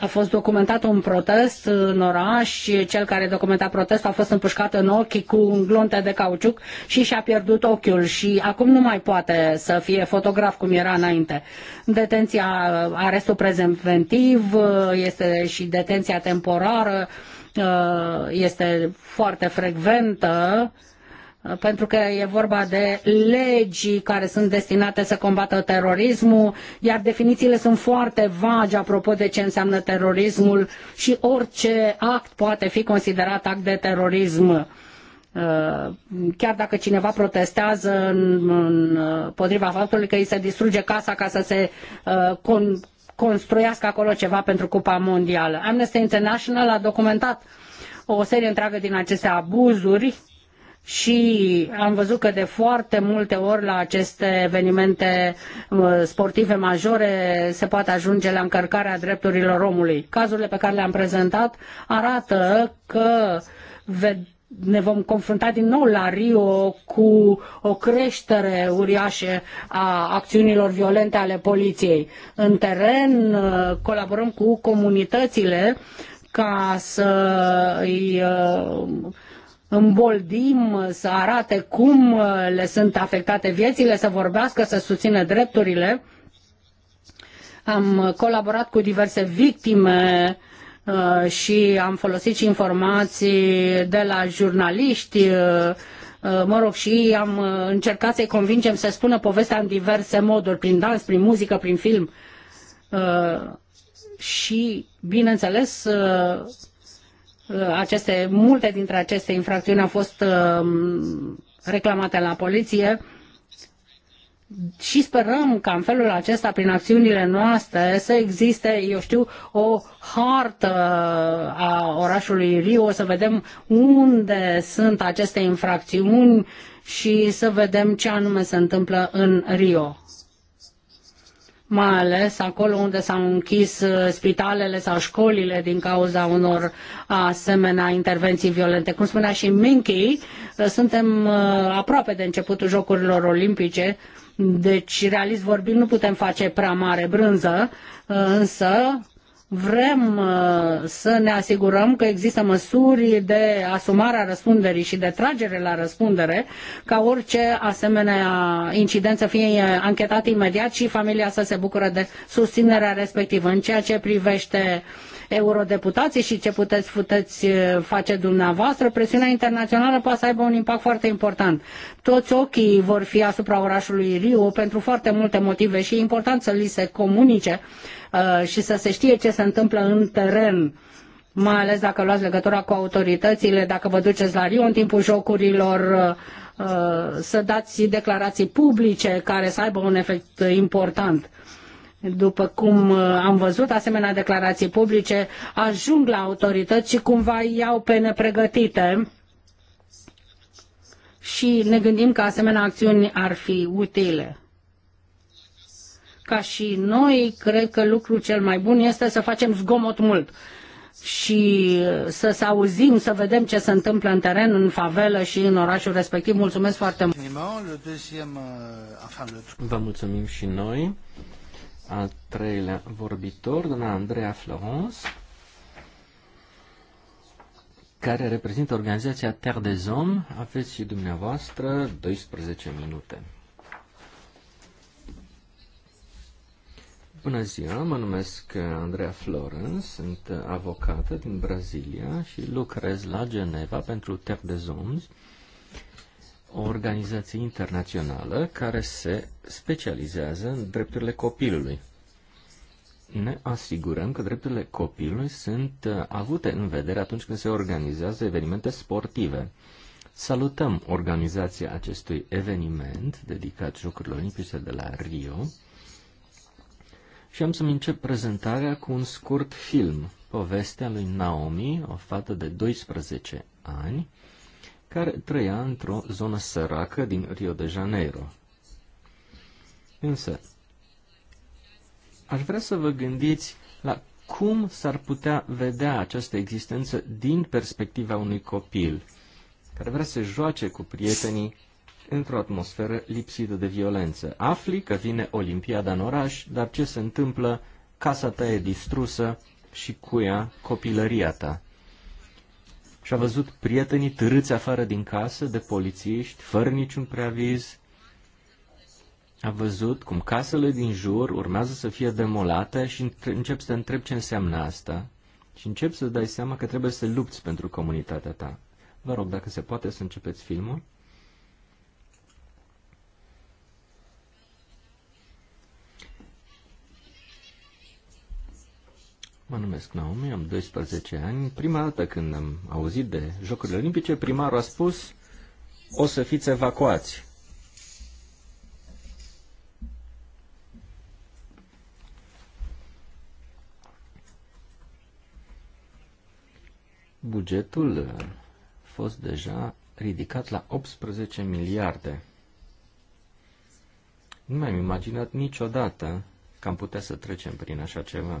a fost documentat un protest în oraș, cel care documenta protest a fost împușcat în ochi cu un glonte de cauciuc și și-a pierdut ochiul și acum nu mai poate să fie fotograf cum era înainte. Detenția, uh, arestul prezentiv uh, este și detenția temporară, este foarte frecventă pentru că e vorba de legi care sunt destinate să combată terorismul, iar definițiile sunt foarte vagi apropo de ce înseamnă terorismul și orice act poate fi considerat act de terorism uh, chiar dacă cineva protestează în, faptului că îi se distruge casa ca să se uh, construiască acolo ceva pentru Cupa Mondială. Amnesty International a documentat o serie întreagă din aceste abuzuri și am văzut că de foarte multe ori la aceste evenimente uh, sportive majore se poate ajunge la încărcarea drepturilor omului. Cazurile pe care le-am prezentat arată că ne vom confrunta din nou la Rio cu o creștere uriașă a acțiunilor violente ale poliției. În teren uh, colaborăm cu comunitățile ca să îi uh, îmboldim, să arate cum uh, le sunt afectate viețile, să vorbească, să susțină drepturile. Am colaborat cu diverse victime uh, și am folosit și informații de la jurnaliști, uh, mă rog, și am încercat să-i convingem să spună povestea în diverse moduri, prin dans, prin muzică, prin film. Și, bineînțeles, Uh, aceste, multe dintre aceste infracțiuni au fost uh, reclamate la poliție și sperăm că în felul acesta, prin acțiunile noastre, să existe, eu știu, o hartă a orașului Rio, să vedem unde sunt aceste infracțiuni și să vedem ce anume se întâmplă în Rio mai ales acolo unde s-au închis uh, spitalele sau școlile din cauza unor asemenea intervenții violente. Cum spunea și Minky, uh, suntem uh, aproape de începutul Jocurilor Olimpice, deci realist vorbind nu putem face prea mare brânză, însă Vrem uh, să ne asigurăm că există măsuri de asumare a răspunderii și de tragere la răspundere, ca orice asemenea incident să fie anchetat imediat și familia să se bucure de susținerea respectivă. În ceea ce privește eurodeputații și ce puteți, puteți uh, face dumneavoastră, presiunea internațională poate să aibă un impact foarte important. Toți ochii vor fi asupra orașului Rio pentru foarte multe motive și e important să li se comunice Uh, și să se știe ce se întâmplă în teren mai ales dacă luați legătura cu autoritățile, dacă vă duceți la Rio în timpul jocurilor, uh, uh, să dați declarații publice care să aibă un efect important. După cum am văzut, asemenea declarații publice ajung la autorități și cumva iau pe nepregătite și ne gândim că asemenea acțiuni ar fi utile ca și noi, cred că lucrul cel mai bun este să facem zgomot mult și uh, să, să auzim, să vedem ce se întâmplă în teren, în favelă și în orașul respectiv. Mulțumesc foarte mult! Vă mulțumim și noi. Al treilea vorbitor, doamna Andrea Florence, care reprezintă organizația Terre des Hommes. Aveți și dumneavoastră 12 minute. Bună ziua, mă numesc Andrea Florence, sunt avocată din Brazilia și lucrez la Geneva pentru Terre de Zoms, o organizație internațională care se specializează în drepturile copilului. Ne asigurăm că drepturile copilului sunt uh, avute în vedere atunci când se organizează evenimente sportive. Salutăm organizația acestui eveniment dedicat Jocurilor Olimpice de la Rio, și am să-mi încep prezentarea cu un scurt film, povestea lui Naomi, o fată de 12 ani, care trăia într-o zonă săracă din Rio de Janeiro. Însă, aș vrea să vă gândiți la cum s-ar putea vedea această existență din perspectiva unui copil care vrea să joace cu prietenii într-o atmosferă lipsită de violență. Afli că vine Olimpiada în oraș, dar ce se întâmplă? Casa ta e distrusă și cu ea copilăria ta. Și-a văzut prietenii târâți afară din casă de polițiști, fără niciun preaviz. A văzut cum casele din jur urmează să fie demolate și încep să te întreb ce înseamnă asta. Și încep să dai seama că trebuie să lupți pentru comunitatea ta. Vă rog, dacă se poate, să începeți filmul. Mă numesc Naomi, am 12 ani. Prima dată când am auzit de Jocurile Olimpice, primarul a spus o să fiți evacuați. Bugetul a fost deja ridicat la 18 miliarde. Nu mi-am imaginat niciodată că am putea să trecem prin așa ceva.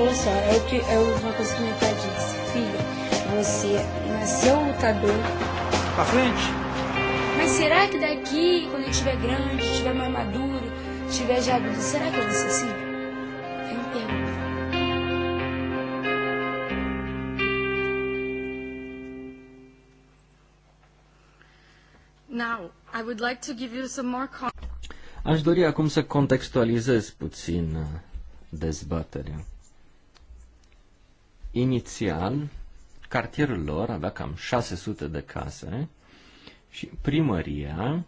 falou assim, o que é uma coisa que meu pai disse, filho, você nasceu lutador. Pra frente. Mas será que daqui, quando eu estiver grande, estiver mais maduro, estiver já adulto, será que eu vou ser assim? Now, I would like to give you some more context. Aș dori acum să contextualizez puțin uh, dezbaterea. Inițial, cartierul lor avea cam 600 de case și primăria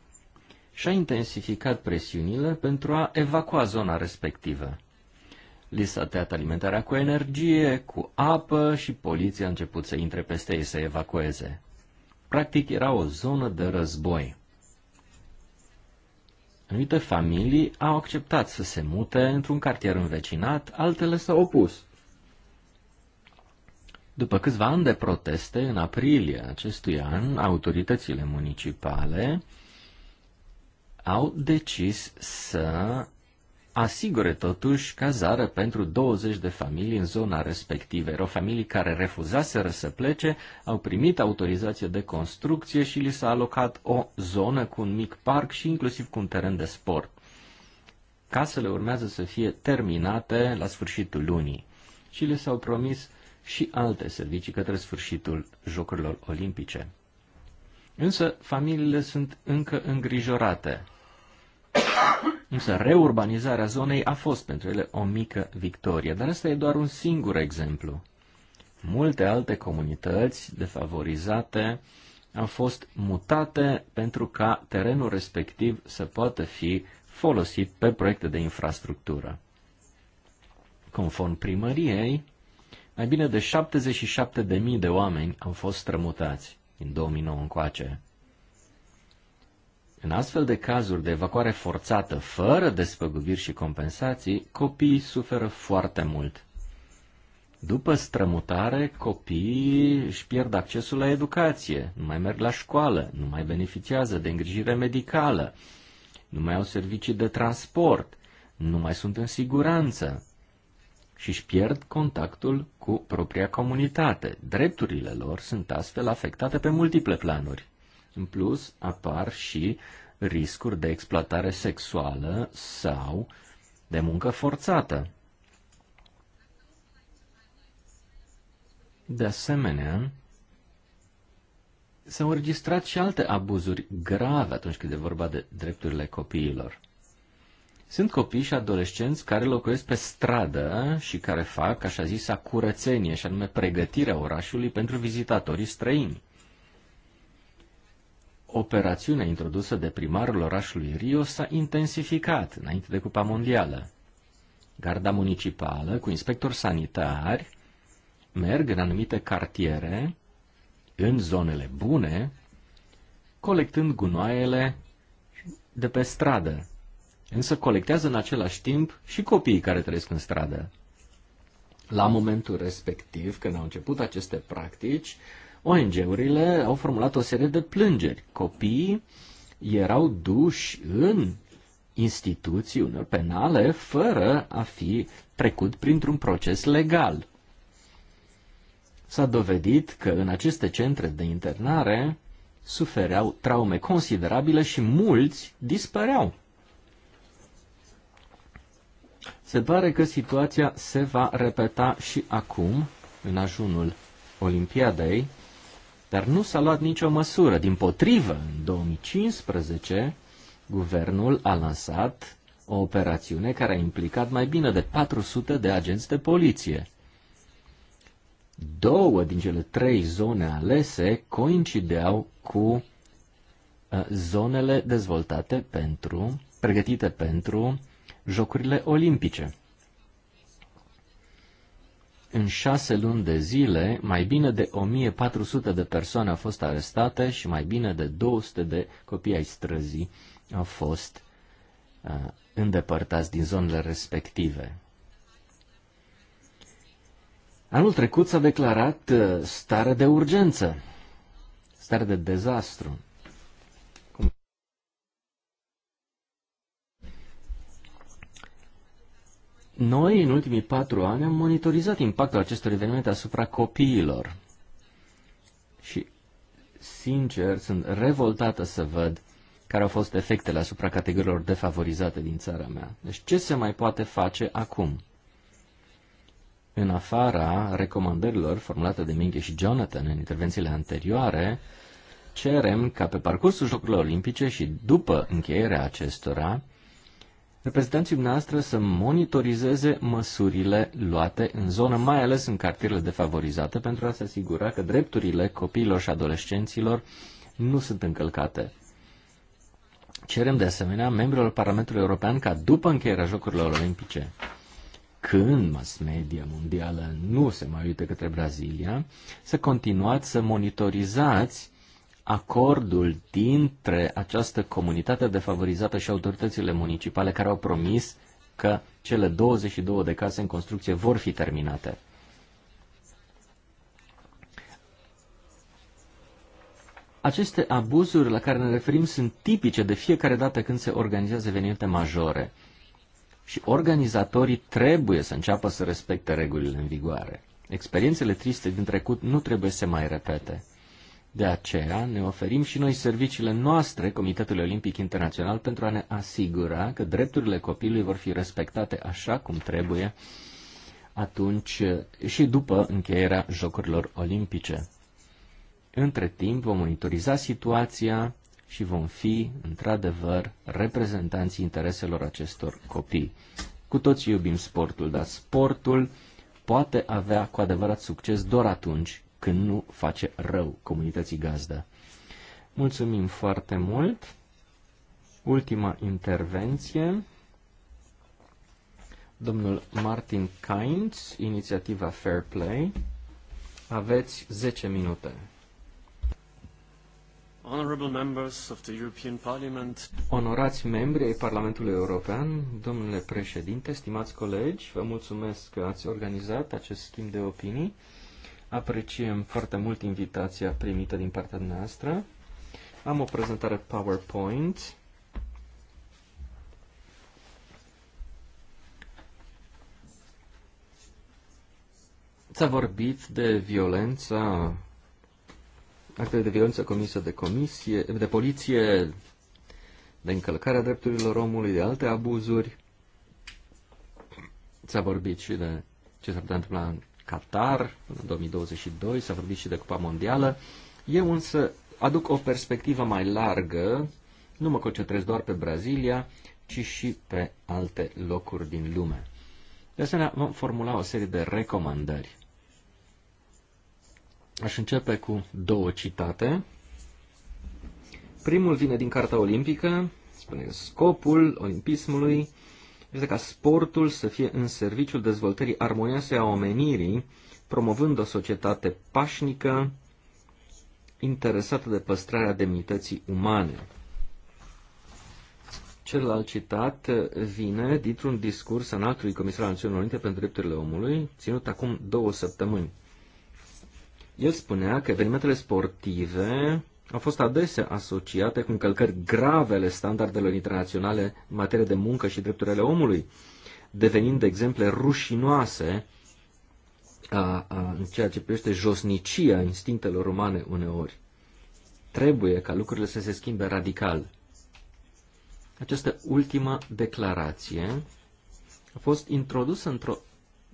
și-a intensificat presiunile pentru a evacua zona respectivă. Li s-a tăiat alimentarea cu energie, cu apă și poliția a început să intre peste ei să evacueze. Practic era o zonă de război. Anumite familii au acceptat să se mute într-un cartier învecinat, altele s-au opus. După câțiva ani de proteste, în aprilie acestui an, autoritățile municipale au decis să asigure totuși cazare pentru 20 de familii în zona respectivă. Erau familii care refuzaseră să plece, au primit autorizație de construcție și li s-a alocat o zonă cu un mic parc și inclusiv cu un teren de sport. Casele urmează să fie terminate la sfârșitul lunii și le s-au promis și alte servicii către sfârșitul Jocurilor Olimpice. Însă familiile sunt încă îngrijorate. Însă reurbanizarea zonei a fost pentru ele o mică victorie, dar asta e doar un singur exemplu. Multe alte comunități defavorizate au fost mutate pentru ca terenul respectiv să poată fi folosit pe proiecte de infrastructură. Conform primăriei, mai bine de 77.000 de oameni au fost strămutați din 2009 încoace. În astfel de cazuri de evacuare forțată, fără despăgubiri și compensații, copiii suferă foarte mult. După strămutare, copiii își pierd accesul la educație, nu mai merg la școală, nu mai beneficiază de îngrijire medicală, nu mai au servicii de transport, nu mai sunt în siguranță și își pierd contactul cu propria comunitate. Drepturile lor sunt astfel afectate pe multiple planuri. În plus, apar și riscuri de exploatare sexuală sau de muncă forțată. De asemenea, s-au înregistrat și alte abuzuri grave atunci când e vorba de drepturile copiilor. Sunt copii și adolescenți care locuiesc pe stradă și care fac, așa zisa, curățenie, și anume pregătirea orașului pentru vizitatorii străini. Operațiunea introdusă de primarul orașului Rio s-a intensificat înainte de Cupa Mondială. Garda municipală cu inspectori sanitari merg în anumite cartiere, în zonele bune, colectând gunoaiele de pe stradă însă colectează în același timp și copiii care trăiesc în stradă. La momentul respectiv, când au început aceste practici, ONG-urile au formulat o serie de plângeri. Copiii erau duși în instituții unor penale fără a fi trecut printr-un proces legal. S-a dovedit că în aceste centre de internare sufereau traume considerabile și mulți dispăreau. Se pare că situația se va repeta și acum, în ajunul Olimpiadei, dar nu s-a luat nicio măsură. Din potrivă, în 2015, guvernul a lansat o operațiune care a implicat mai bine de 400 de agenți de poliție. Două din cele trei zone alese coincideau cu uh, zonele dezvoltate pentru, pregătite pentru Jocurile Olimpice. În șase luni de zile, mai bine de 1400 de persoane au fost arestate și mai bine de 200 de copii ai străzii au fost uh, îndepărtați din zonele respective. Anul trecut s-a declarat uh, stare de urgență, stare de dezastru. Noi, în ultimii patru ani, am monitorizat impactul acestor evenimente asupra copiilor. Și, sincer, sunt revoltată să văd care au fost efectele asupra categoriilor defavorizate din țara mea. Deci ce se mai poate face acum? În afara recomandărilor formulate de Minghe și Jonathan în intervențiile anterioare, cerem ca pe parcursul Jocurilor Olimpice și după încheierea acestora reprezentanții noastre să monitorizeze măsurile luate în zonă, mai ales în cartierele defavorizate, pentru a se asigura că drepturile copiilor și adolescenților nu sunt încălcate. Cerem de asemenea membrilor Parlamentului European ca după încheierea Jocurilor Olimpice, când mass media mondială nu se mai uită către Brazilia, să continuați să monitorizați acordul dintre această comunitate defavorizată și autoritățile municipale care au promis că cele 22 de case în construcție vor fi terminate. Aceste abuzuri la care ne referim sunt tipice de fiecare dată când se organizează evenimente majore și organizatorii trebuie să înceapă să respecte regulile în vigoare. Experiențele triste din trecut nu trebuie să se mai repete. De aceea ne oferim și noi serviciile noastre Comitetului Olimpic Internațional pentru a ne asigura că drepturile copilului vor fi respectate așa cum trebuie atunci și după încheierea Jocurilor Olimpice. Între timp vom monitoriza situația și vom fi, într-adevăr, reprezentanții intereselor acestor copii. Cu toți iubim sportul, dar sportul poate avea cu adevărat succes doar atunci când nu face rău comunității gazdă. Mulțumim foarte mult! Ultima intervenție, domnul Martin Kainz, inițiativa Fair Play. Aveți 10 minute. Honorable members of the European Parliament. Onorați membri ai Parlamentului European, domnule președinte, stimați colegi, vă mulțumesc că ați organizat acest schimb de opinii. Apreciem foarte mult invitația primită din partea noastră. Am o prezentare PowerPoint. S-a vorbit de violența, actele de violență comise de comisie, de poliție, de încălcarea drepturilor omului, de alte abuzuri. S-a vorbit și de ce s-ar putea întâmpla în Qatar în 2022, s-a vorbit și de Cupa Mondială. Eu însă aduc o perspectivă mai largă, nu mă concentrez doar pe Brazilia, ci și pe alte locuri din lume. De asemenea, vom formula o serie de recomandări. Aș începe cu două citate. Primul vine din Carta Olimpică, spune scopul olimpismului este ca sportul să fie în serviciul dezvoltării armonioase a omenirii, promovând o societate pașnică, interesată de păstrarea demnității umane. Celălalt citat vine dintr-un discurs al altului comisar al Națiunilor Unite pentru Drepturile Omului, ținut acum două săptămâni. El spunea că evenimentele sportive au fost adesea asociate cu încălcări grave ale standardelor internaționale în materie de muncă și drepturile omului, devenind exemple rușinoase a, a, în ceea ce privește josnicia instinctelor umane uneori. Trebuie ca lucrurile să se schimbe radical. Această ultima declarație a fost introdusă într-o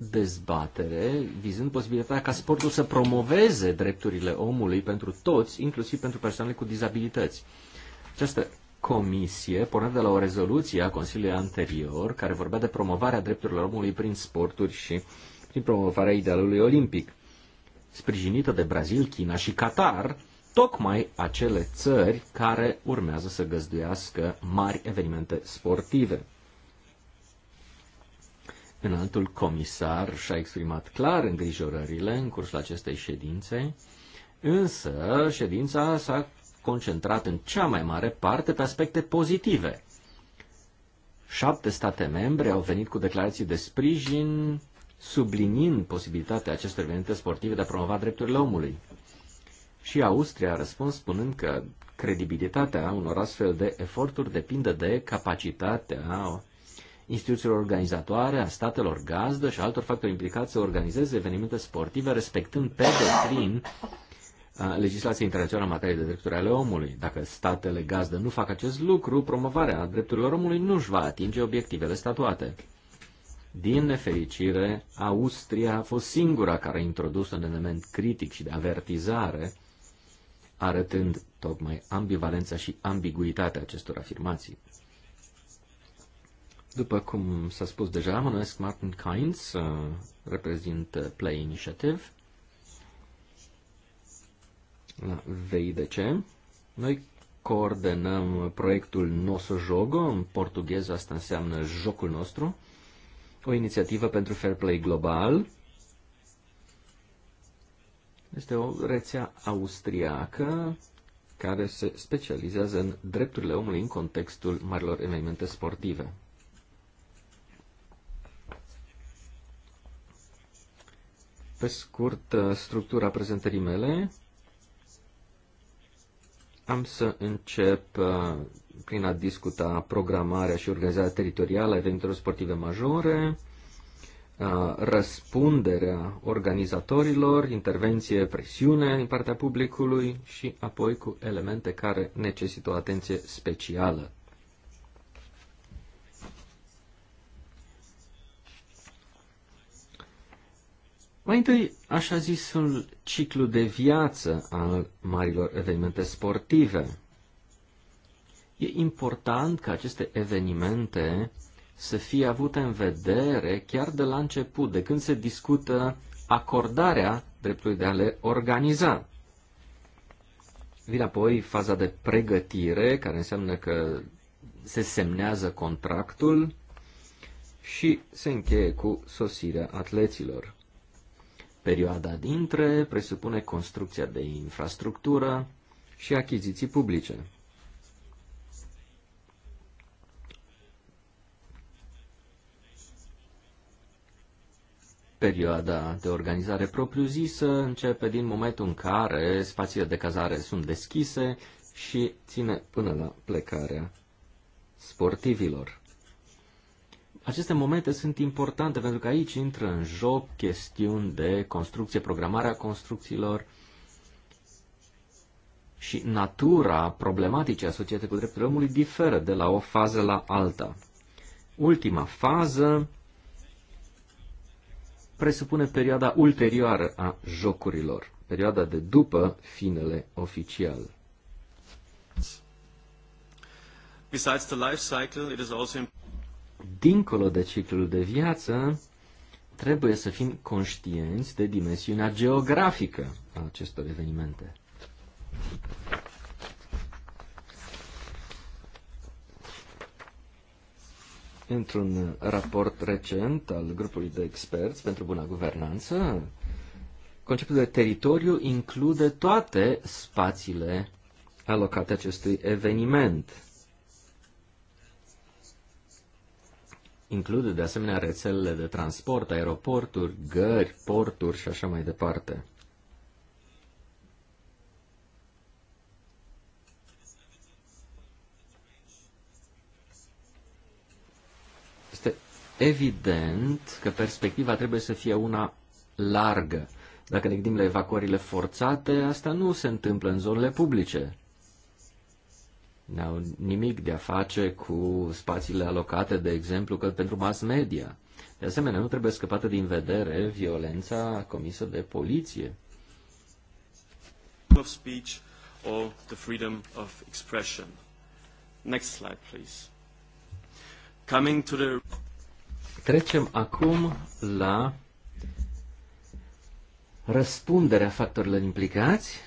dezbatere vizând posibilitatea ca sportul să promoveze drepturile omului pentru toți, inclusiv pentru persoanele cu dizabilități. Această comisie, pornind de la o rezoluție a Consiliului anterior, care vorbea de promovarea drepturilor omului prin sporturi și prin promovarea idealului olimpic, sprijinită de Brazil, China și Qatar, tocmai acele țări care urmează să găzduiască mari evenimente sportive. Înaltul comisar și-a exprimat clar îngrijorările în cursul acestei ședințe, însă ședința s-a concentrat în cea mai mare parte pe aspecte pozitive. Șapte state membre au venit cu declarații de sprijin, sublinind posibilitatea acestor evenimente sportive de a promova drepturile omului. Și Austria a răspuns spunând că credibilitatea unor astfel de eforturi depinde de capacitatea instituțiilor organizatoare, a statelor gazdă și altor factori implicați să organizeze evenimente sportive respectând pe deplin legislația internațională în materie de drepturi ale omului. Dacă statele gazdă nu fac acest lucru, promovarea drepturilor omului nu își va atinge obiectivele statuate. Din nefericire, Austria a fost singura care a introdus un element critic și de avertizare, arătând tocmai ambivalența și ambiguitatea acestor afirmații. După cum s-a spus deja, mă numesc Martin uh, reprezint Play Initiative la VIDC. Noi coordonăm proiectul Nosso Jogo, în portughez asta înseamnă jocul nostru, o inițiativă pentru fair play global. Este o rețea austriacă care se specializează în drepturile omului în contextul marilor evenimente sportive. pe scurt uh, structura prezentării mele. Am să încep uh, prin a discuta programarea și organizarea teritorială a evenimentelor sportive majore, uh, răspunderea organizatorilor, intervenție, presiune din partea publicului și apoi cu elemente care necesită o atenție specială. Mai întâi, așa zisul ciclu de viață al marilor evenimente sportive. E important ca aceste evenimente să fie avute în vedere chiar de la început, de când se discută acordarea dreptului de a le organiza. Vine apoi faza de pregătire, care înseamnă că se semnează contractul și se încheie cu sosirea atleților. Perioada dintre presupune construcția de infrastructură și achiziții publice. Perioada de organizare propriu-zisă începe din momentul în care spațiile de cazare sunt deschise și ține până la plecarea sportivilor. Aceste momente sunt importante pentru că aici intră în joc chestiuni de construcție, programarea construcțiilor și natura problematice asociate cu drepturile omului diferă de la o fază la alta. Ultima fază presupune perioada ulterioară a jocurilor, perioada de după finele oficial. Besides the life cycle, it is also important dincolo de ciclul de viață, trebuie să fim conștienți de dimensiunea geografică a acestor evenimente. Într-un raport recent al grupului de experți pentru buna guvernanță, conceptul de teritoriu include toate spațiile alocate acestui eveniment. include de asemenea rețelele de transport, aeroporturi, gări, porturi și așa mai departe. Este evident că perspectiva trebuie să fie una largă. Dacă ne gândim la evacuările forțate, asta nu se întâmplă în zonele publice n-au nimic de a face cu spațiile alocate, de exemplu, că pentru mass media. De asemenea, nu trebuie scăpată din vedere violența comisă de poliție. Of speech or the freedom of expression. Next slide, please. Coming to the... Trecem acum la răspunderea factorilor implicați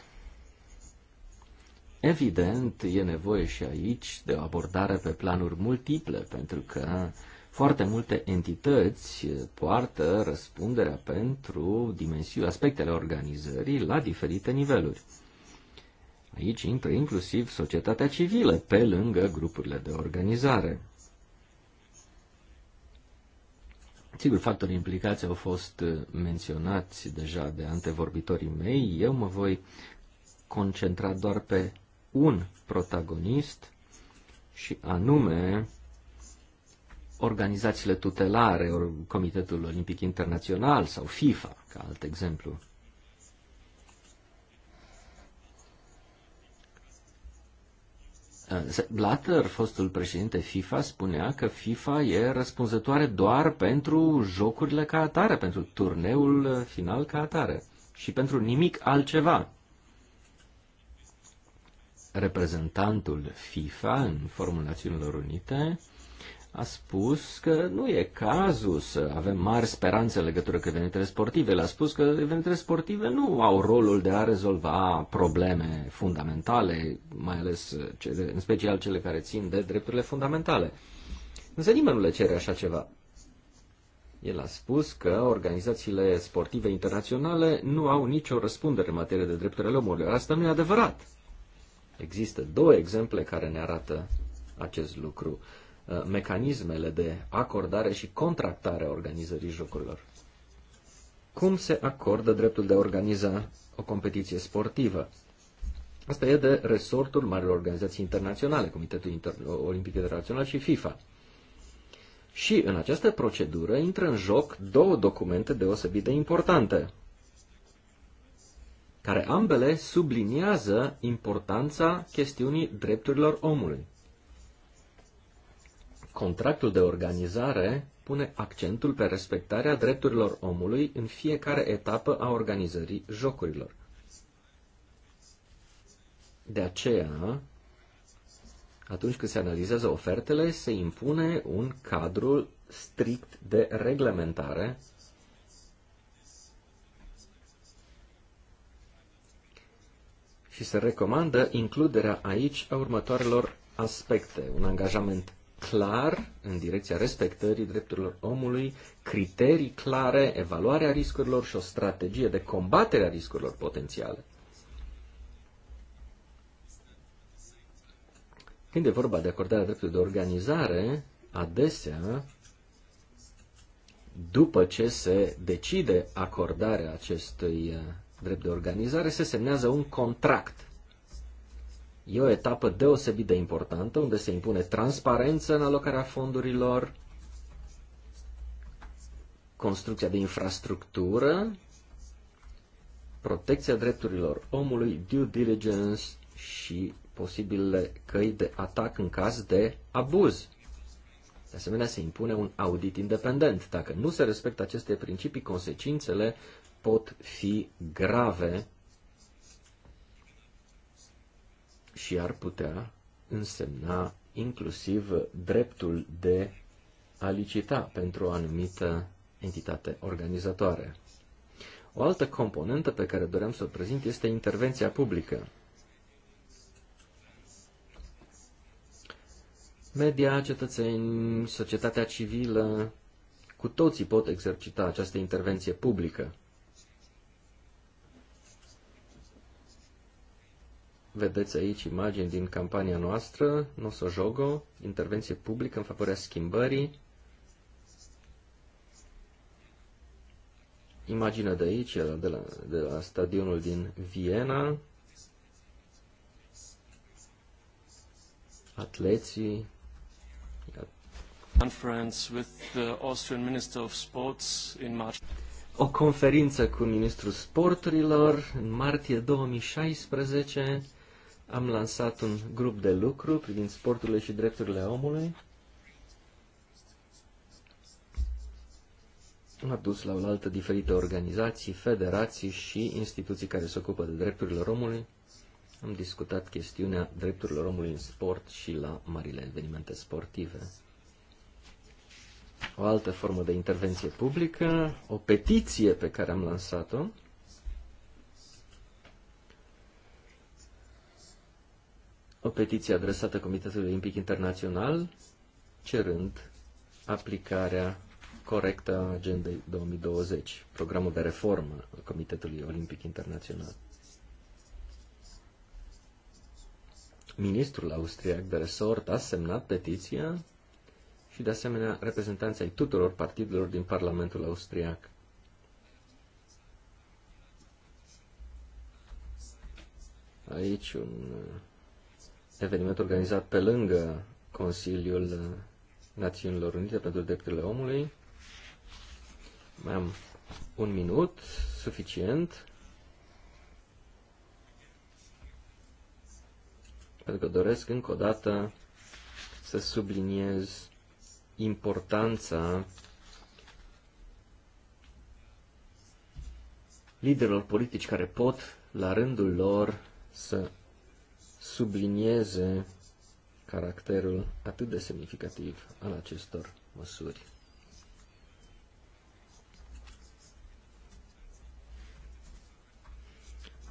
Evident, e nevoie și aici de o abordare pe planuri multiple, pentru că foarte multe entități poartă răspunderea pentru dimensiunea aspectele organizării la diferite niveluri. Aici intră inclusiv societatea civilă, pe lângă grupurile de organizare. Sigur, factorii implicați au fost menționați deja de antevorbitorii mei. Eu mă voi concentra doar pe un protagonist și anume organizațiile tutelare, or, Comitetul Olimpic Internațional sau FIFA, ca alt exemplu. Blatter, fostul președinte FIFA, spunea că FIFA e răspunzătoare doar pentru jocurile ca atare, pentru turneul final ca atare și pentru nimic altceva reprezentantul FIFA în Formul Națiunilor Unite a spus că nu e cazul să avem mari speranțe în legătură cu evenimentele sportive. El a spus că evenimentele sportive nu au rolul de a rezolva probleme fundamentale, mai ales cele, în special cele care țin de drepturile fundamentale. Însă nimeni nu le cere așa ceva. El a spus că organizațiile sportive internaționale nu au nicio răspundere în materie de drepturile omului. Asta nu e adevărat. Există două exemple care ne arată acest lucru. Uh, mecanismele de acordare și contractare a organizării jocurilor. Cum se acordă dreptul de a organiza o competiție sportivă? Asta e de resortul marilor organizații internaționale, Comitetul Inter- Olimpic Internațional și FIFA. Și în această procedură intră în joc două documente deosebit de importante care ambele subliniază importanța chestiunii drepturilor omului. Contractul de organizare pune accentul pe respectarea drepturilor omului în fiecare etapă a organizării jocurilor. De aceea, atunci când se analizează ofertele, se impune un cadru strict de reglementare și se recomandă includerea aici a următoarelor aspecte. Un angajament clar în direcția respectării drepturilor omului, criterii clare, evaluarea riscurilor și o strategie de combatere a riscurilor potențiale. Când e vorba de acordarea dreptului de organizare, adesea, după ce se decide acordarea acestui drept de organizare, se semnează un contract. E o etapă deosebit de importantă unde se impune transparență în alocarea fondurilor, construcția de infrastructură, protecția drepturilor omului, due diligence și posibile căi de atac în caz de abuz. De asemenea, se impune un audit independent. Dacă nu se respectă aceste principii, consecințele pot fi grave și ar putea însemna inclusiv dreptul de a licita pentru o anumită entitate organizatoare. O altă componentă pe care doream să o prezint este intervenția publică. Media, cetățeni, societatea civilă, cu toții pot exercita această intervenție publică. Vedeți aici imagini din campania noastră, Jogo, intervenție publică în favoarea schimbării. Imaginea de aici, de la, de la stadionul din Viena. Atleții. Conference with the Austrian Minister of Sports in March o conferință cu ministrul sporturilor în martie 2016 am lansat un grup de lucru privind sporturile și drepturile omului. Am dus la o altă diferite organizații, federații și instituții care se ocupă de drepturile omului. Am discutat chestiunea drepturilor omului în sport și la marile evenimente sportive. O altă formă de intervenție publică, o petiție pe care am lansat-o, o petiție adresată Comitetului Olimpic Internațional cerând aplicarea corectă a Agendei 2020, programul de reformă al Comitetului Olimpic Internațional. Ministrul austriac de resort a semnat petiția și, de asemenea, reprezentanții ai tuturor partidelor din Parlamentul austriac. Aici un eveniment organizat pe lângă Consiliul Națiunilor Unite pentru Drepturile Omului. Mai am un minut, suficient. Pentru că doresc încă o dată să subliniez importanța liderilor politici care pot, la rândul lor, să sublinieze caracterul atât de semnificativ al acestor măsuri.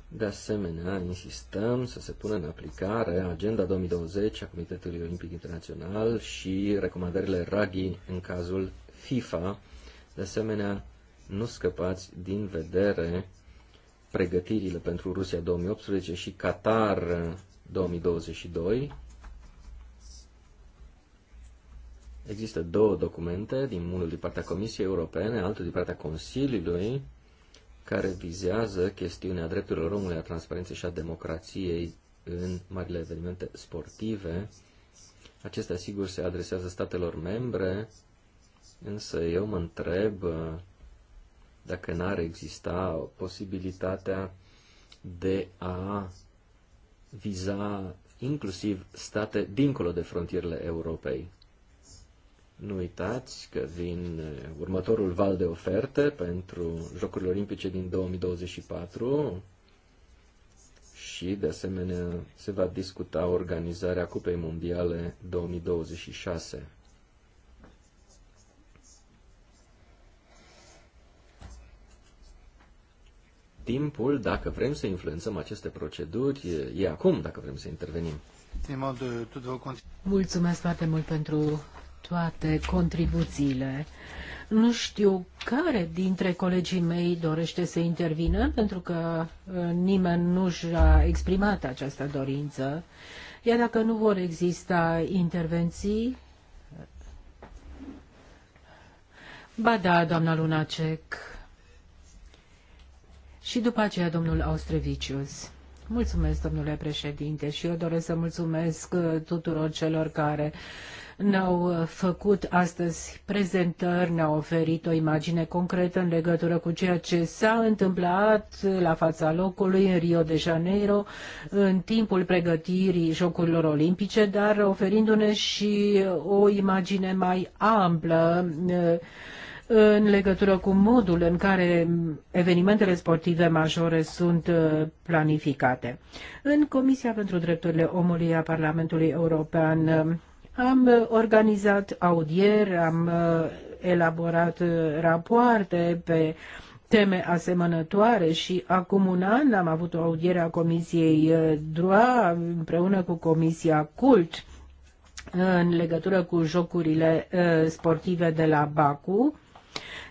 De asemenea, insistăm să se pună în aplicare Agenda 2020 a Comitetului Olimpic Internațional și recomandările RAGI în cazul FIFA. De asemenea, nu scăpați din vedere pregătirile pentru Rusia 2018 și Qatar 2022. Există două documente, din unul din partea Comisiei Europene, altul din partea Consiliului, care vizează chestiunea drepturilor omului, a transparenței și a democrației în marile evenimente sportive. Acestea, sigur, se adresează statelor membre, însă eu mă întreb uh, dacă n-ar exista posibilitatea de a viza inclusiv state dincolo de frontierele Europei. Nu uitați că vin eh, următorul val de oferte pentru Jocurile Olimpice din 2024 și, de asemenea, se va discuta organizarea Cupei Mondiale 2026. timpul, dacă vrem să influențăm aceste proceduri, e, acum, dacă vrem să intervenim. Mulțumesc foarte mult pentru toate contribuțiile. Nu știu care dintre colegii mei dorește să intervină, pentru că uh, nimeni nu și-a exprimat această dorință. Iar dacă nu vor exista intervenții, Ba da, doamna Lunacek, și după aceea domnul Austrevicius. Mulțumesc, domnule președinte, și eu doresc să mulțumesc uh, tuturor celor care ne-au uh, făcut astăzi prezentări, ne-au oferit o imagine concretă în legătură cu ceea ce s-a întâmplat la fața locului în Rio de Janeiro în timpul pregătirii Jocurilor Olimpice, dar oferindu-ne și o imagine mai amplă uh, în legătură cu modul în care evenimentele sportive majore sunt uh, planificate. În Comisia pentru Drepturile Omului a Parlamentului European uh, am organizat audieri, am uh, elaborat rapoarte pe teme asemănătoare și acum un an am avut o audiere a Comisiei DROA împreună cu Comisia CULT în legătură cu jocurile sportive de la Baku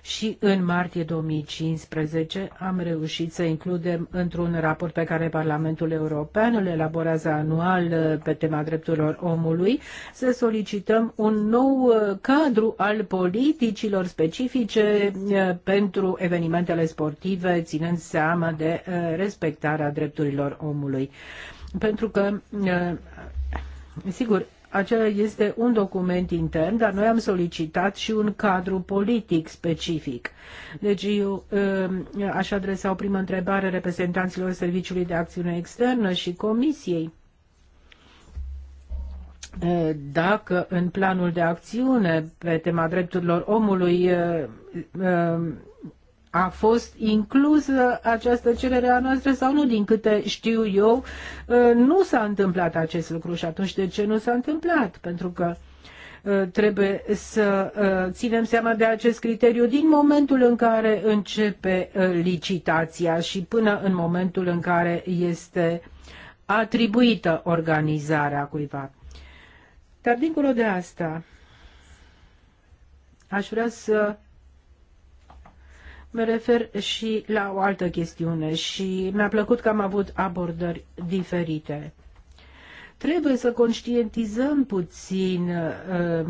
și în martie 2015 am reușit să includem într-un raport pe care Parlamentul European îl elaborează anual uh, pe tema drepturilor omului, să solicităm un nou uh, cadru al politicilor specifice uh, pentru evenimentele sportive, ținând seama de respectarea drepturilor omului. Pentru că Sigur, acela este un document intern, dar noi am solicitat și un cadru politic specific. Deci eu um, aș adresa o primă întrebare reprezentanților Serviciului de Acțiune Externă și Comisiei. Uh, dacă în planul de acțiune pe tema drepturilor omului uh, um, a fost inclusă această cerere a noastră sau nu, din câte știu eu, uh, nu s-a întâmplat acest lucru și atunci de ce nu s-a întâmplat? Pentru că uh, trebuie să uh, ținem seama de acest criteriu din momentul în care începe licitația și până în momentul în care este atribuită organizarea cuiva. Dar dincolo de asta, aș vrea să Mă refer și la o altă chestiune și mi-a plăcut că am avut abordări diferite. Trebuie să conștientizăm puțin uh,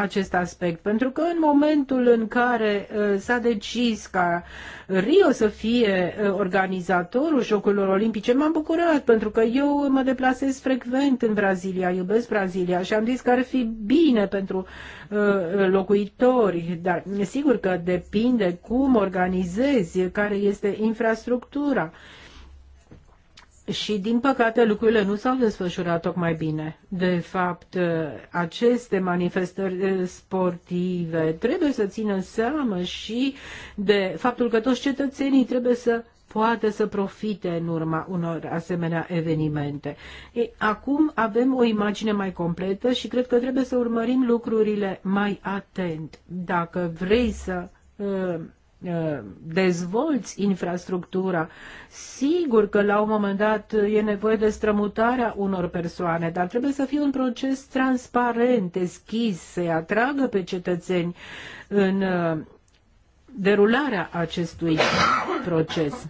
acest aspect, pentru că în momentul în care uh, s-a decis ca Rio să fie uh, organizatorul Jocurilor Olimpice, m-am bucurat, pentru că eu mă deplasez frecvent în Brazilia, iubesc Brazilia și am zis că ar fi bine pentru uh, locuitori, dar sigur că depinde cum organizezi, care este infrastructura. Uh, și, din păcate, lucrurile nu s-au desfășurat tocmai bine. De fapt, uh, aceste manifestări uh, sportive trebuie să țină seamă și de faptul că toți cetățenii trebuie să poată să profite în urma unor asemenea evenimente. E, acum avem o imagine mai completă și cred că trebuie să urmărim lucrurile mai atent. Dacă vrei să uh, dezvolți infrastructura, sigur că la un moment dat e nevoie de strămutarea unor persoane, dar trebuie să fie un proces transparent, deschis, să-i atragă pe cetățeni în uh, derularea acestui proces.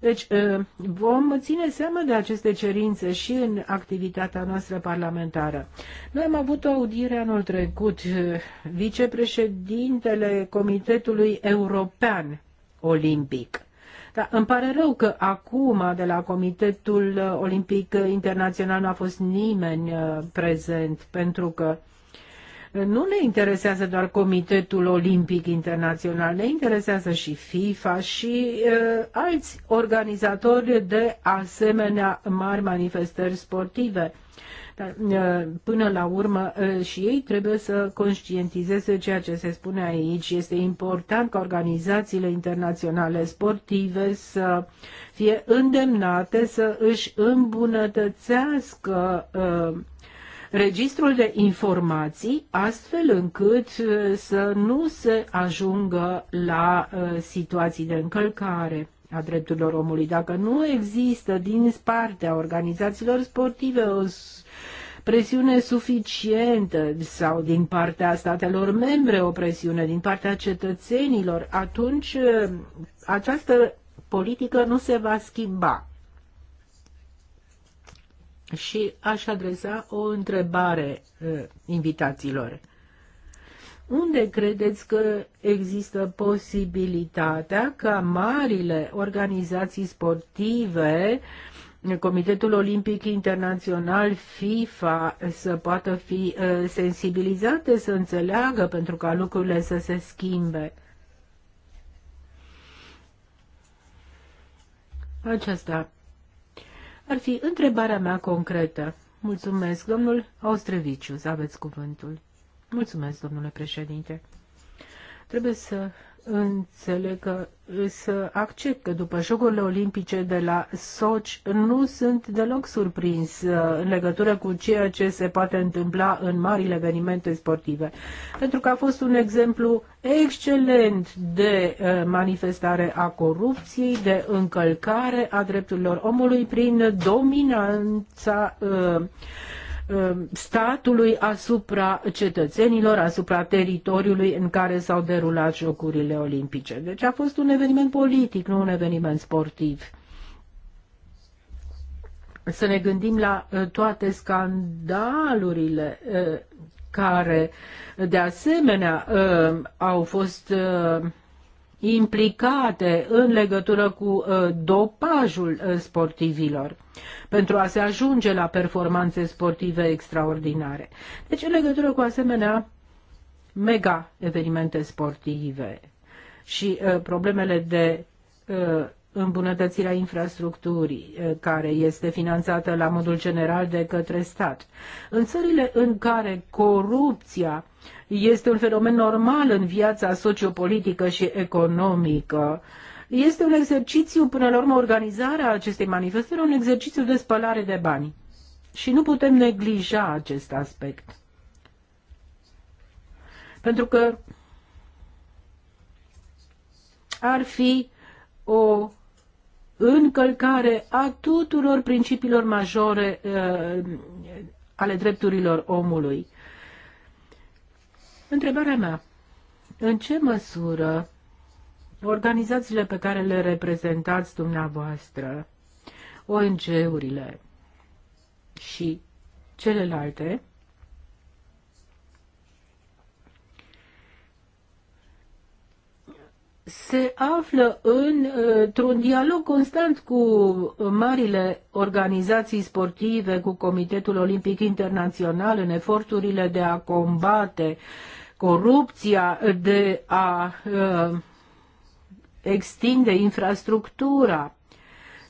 Deci ă, vom ține seama de aceste cerințe și în activitatea noastră parlamentară. Noi am avut o audiere anul trecut. Ă, vicepreședintele Comitetului European Olimpic da, îmi pare rău că acum de la Comitetul Olimpic Internațional nu a fost nimeni ă, prezent, pentru că nu ne interesează doar Comitetul Olimpic Internațional, ne interesează și FIFA și uh, alți organizatori de asemenea mari manifestări sportive. Dar, uh, până la urmă, uh, și ei trebuie să conștientizeze ceea ce se spune aici. Este important ca organizațiile internaționale sportive să fie îndemnate să își îmbunătățească uh, registrul de informații, astfel încât uh, să nu se ajungă la uh, situații de încălcare a drepturilor omului. Dacă nu există din partea organizațiilor sportive o presiune suficientă sau din partea statelor membre o presiune, din partea cetățenilor, atunci uh, această politică nu se va schimba și aș adresa o întrebare eh, invitațiilor. Unde credeți că există posibilitatea ca marile organizații sportive, Comitetul Olimpic Internațional, FIFA, să poată fi eh, sensibilizate, să înțeleagă pentru ca lucrurile să se schimbe? Aceasta ar fi întrebarea mea concretă. Mulțumesc, domnul Austreviciu, aveți cuvântul. Mulțumesc, domnule președinte. Trebuie să înțeleg că să accept că după Jocurile Olimpice de la Sochi nu sunt deloc surprins uh, în legătură cu ceea ce se poate întâmpla în marile evenimente sportive. Pentru că a fost un exemplu excelent de uh, manifestare a corupției, de încălcare a drepturilor omului prin dominanța uh, Um, statului asupra cetățenilor, asupra teritoriului în care s-au derulat Jocurile Olimpice. Deci a fost un eveniment politic, nu un eveniment sportiv să ne gândim la uh, toate scandalurile uh, care de asemenea uh, au fost implicate în legătură cu uh, dopajul uh, sportivilor pentru a se ajunge la performanțe sportive extraordinare. Deci în legătură cu asemenea mega evenimente sportive și uh, problemele de îmbunătățirea infrastructurii eh, care este finanțată la modul general de către stat. În țările în care corupția este un fenomen normal în viața sociopolitică și economică, este un exercițiu, până la urmă, organizarea acestei manifestări, un exercițiu de spălare de bani. Și nu putem neglija acest aspect. Pentru că ar fi o încălcare a tuturor principiilor majore uh, ale drepturilor omului. Întrebarea mea, în ce măsură organizațiile pe care le reprezentați dumneavoastră, ONG-urile și celelalte, se află în, într-un dialog constant cu marile organizații sportive, cu Comitetul Olimpic Internațional, în eforturile de a combate corupția, de a uh, extinde infrastructura.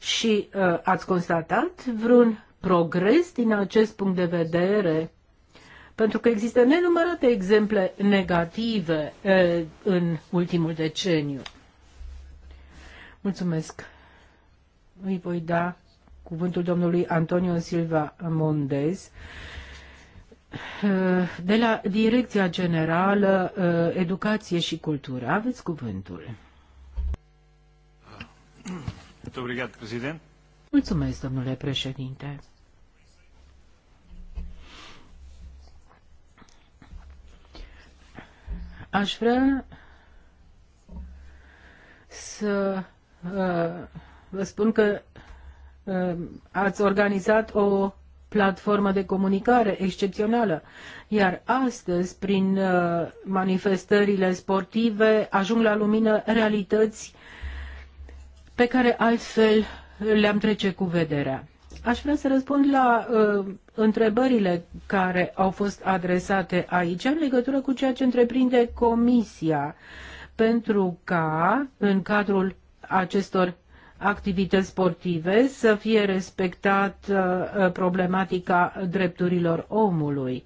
Și uh, ați constatat vreun progres din acest punct de vedere pentru că există nenumărate exemple negative în ultimul deceniu. Mulțumesc. Îi voi da cuvântul domnului Antonio Silva Mondez de la Direcția Generală Educație și Cultură. Aveți cuvântul. Mulțumesc, domnule președinte. Aș vrea să uh, vă spun că uh, ați organizat o platformă de comunicare excepțională, iar astăzi, prin uh, manifestările sportive, ajung la lumină realități pe care altfel le-am trece cu vederea. Aș vrea să răspund la uh, întrebările care au fost adresate aici în legătură cu ceea ce întreprinde Comisia pentru ca în cadrul acestor activități sportive să fie respectat uh, problematica drepturilor omului.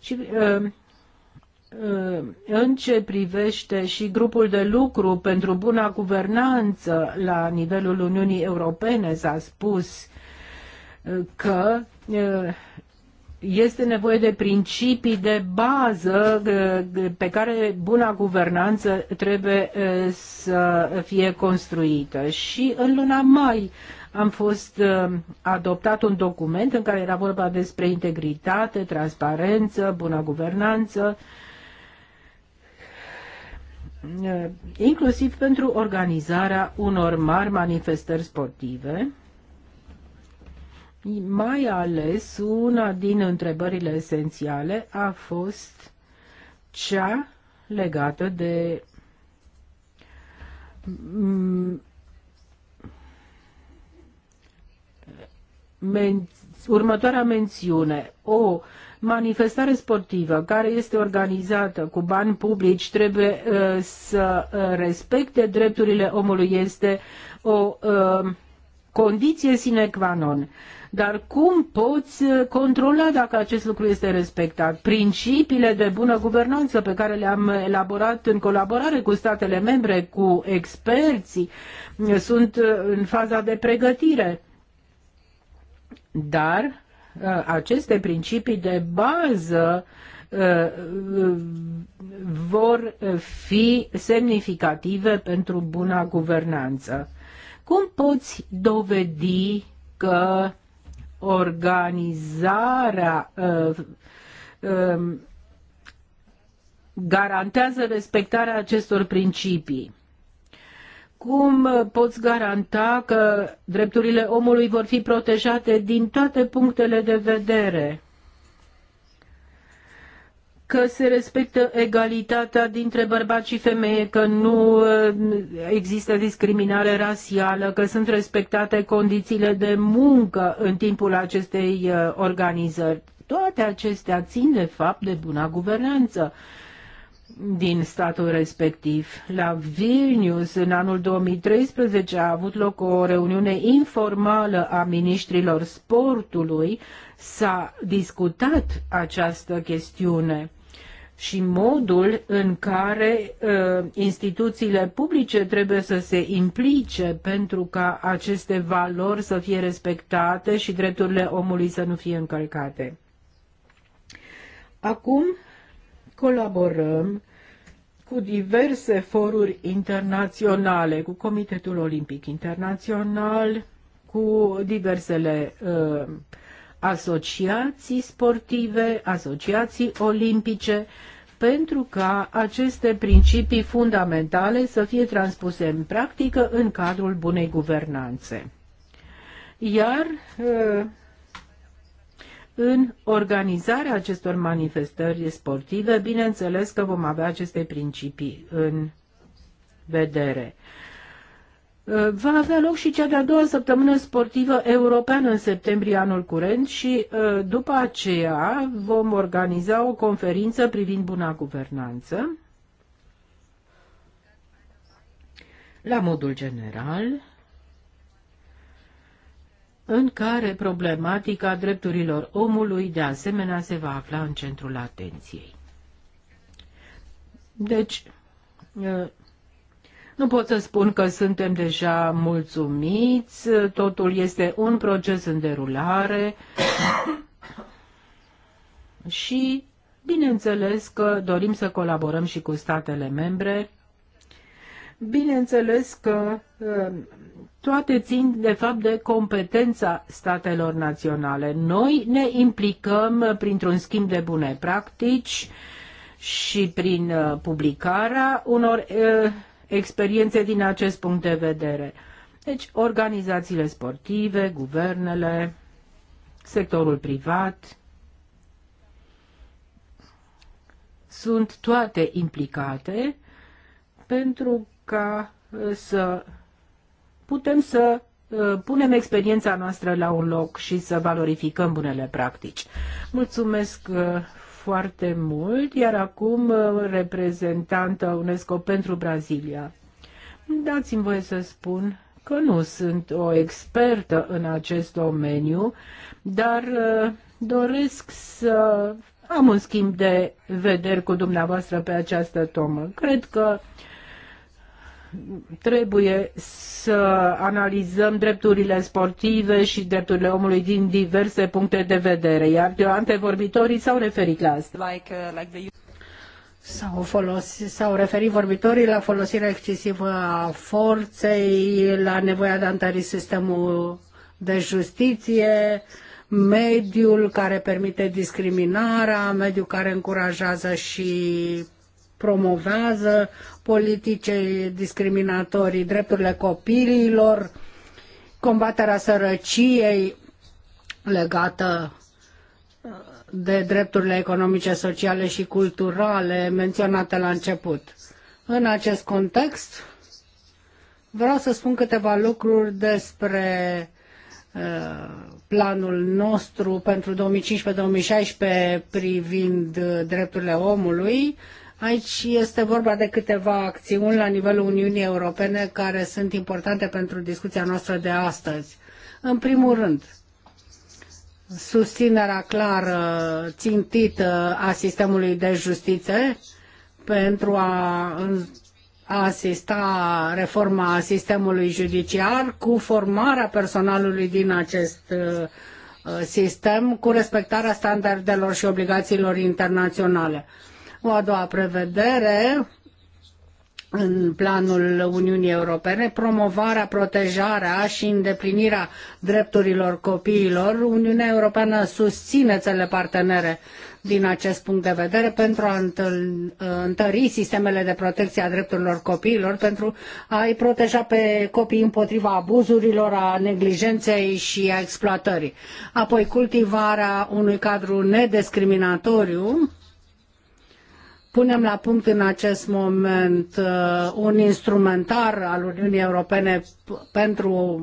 Și uh, uh, în ce privește și grupul de lucru pentru buna guvernanță la nivelul Uniunii Europene, s-a spus că este nevoie de principii de bază pe care buna guvernanță trebuie să fie construită. Și în luna mai am fost adoptat un document în care era vorba despre integritate, transparență, bună guvernanță, inclusiv pentru organizarea unor mari manifestări sportive mai ales una din întrebările esențiale a fost cea legată de mm, men- următoarea mențiune. O manifestare sportivă care este organizată cu bani publici trebuie uh, să uh, respecte drepturile omului. Este o uh, condiție sine qua non. Dar cum poți uh, controla dacă acest lucru este respectat? Principiile de bună guvernanță pe care le-am elaborat în colaborare cu statele membre, cu experții, uh, sunt uh, în faza de pregătire. Dar aceste principii de bază vor fi semnificative pentru buna guvernanță. Cum poți dovedi că organizarea uh, uh, garantează respectarea acestor principii? Cum poți garanta că drepturile omului vor fi protejate din toate punctele de vedere? că se respectă egalitatea dintre bărbați și femei, că nu uh, există discriminare rasială, că sunt respectate condițiile de muncă în timpul acestei uh, organizări. Toate acestea țin de fapt de buna guvernanță din statul respectiv. La Vilnius, în anul 2013, a avut loc o reuniune informală a ministrilor sportului. S-a discutat această chestiune și modul în care uh, instituțiile publice trebuie să se implice pentru ca aceste valori să fie respectate și drepturile omului să nu fie încălcate. Acum colaborăm cu diverse foruri internaționale, cu Comitetul Olimpic Internațional, cu diversele uh, asociații sportive, asociații olimpice, pentru ca aceste principii fundamentale să fie transpuse în practică în cadrul bunei guvernanțe. Iar ă, în organizarea acestor manifestări sportive, bineînțeles că vom avea aceste principii în vedere. Uh, va avea loc și cea de-a doua săptămână sportivă europeană în septembrie anul curent și uh, după aceea vom organiza o conferință privind buna guvernanță. La modul general, în care problematica drepturilor omului de asemenea se va afla în centrul atenției. Deci, uh, nu pot să spun că suntem deja mulțumiți, totul este un proces în derulare și, bineînțeles, că dorim să colaborăm și cu statele membre. Bineînțeles că um, toate țin, de fapt, de competența statelor naționale. Noi ne implicăm printr-un schimb de bune practici și prin uh, publicarea unor uh, experiențe din acest punct de vedere. Deci, organizațiile sportive, guvernele, sectorul privat, sunt toate implicate pentru ca uh, să putem să uh, punem experiența noastră la un loc și să valorificăm bunele practici. Mulțumesc uh, foarte mult, iar acum uh, reprezentantă UNESCO pentru Brazilia. Dați-mi voie să spun că nu sunt o expertă în acest domeniu, dar uh, doresc să am un schimb de vederi cu dumneavoastră pe această tomă. Cred că uh, trebuie să analizăm drepturile sportive și drepturile omului din diverse puncte de vedere, iar antevorbitorii s-au referit la asta. Like, uh, like the... S-au, folos, s-au referit vorbitorii la folosirea excesivă a forței, la nevoia de a întări sistemul de justiție, mediul care permite discriminarea, mediul care încurajează și promovează politice discriminatorii, drepturile copiilor, combaterea sărăciei legată uh, de drepturile economice, sociale și culturale menționate la început. În acest context, vreau să spun câteva lucruri despre uh, planul nostru pentru 2015-2016 privind uh, drepturile omului. Aici este vorba de câteva acțiuni la nivelul Uniunii Europene care sunt importante pentru discuția noastră de astăzi. În primul rând, susținerea clară, țintită a sistemului de justiție pentru a asista reforma sistemului judiciar cu formarea personalului din acest uh, sistem, cu respectarea standardelor și obligațiilor internaționale. O a doua prevedere în planul Uniunii Europene, promovarea, protejarea și îndeplinirea drepturilor copiilor. Uniunea Europeană susține țele partenere din acest punct de vedere pentru a întări sistemele de protecție a drepturilor copiilor, pentru a-i proteja pe copii împotriva abuzurilor, a neglijenței și a exploatării. Apoi cultivarea unui cadru nediscriminatoriu punem la punct în acest moment uh, un instrumentar al Uniunii Europene pentru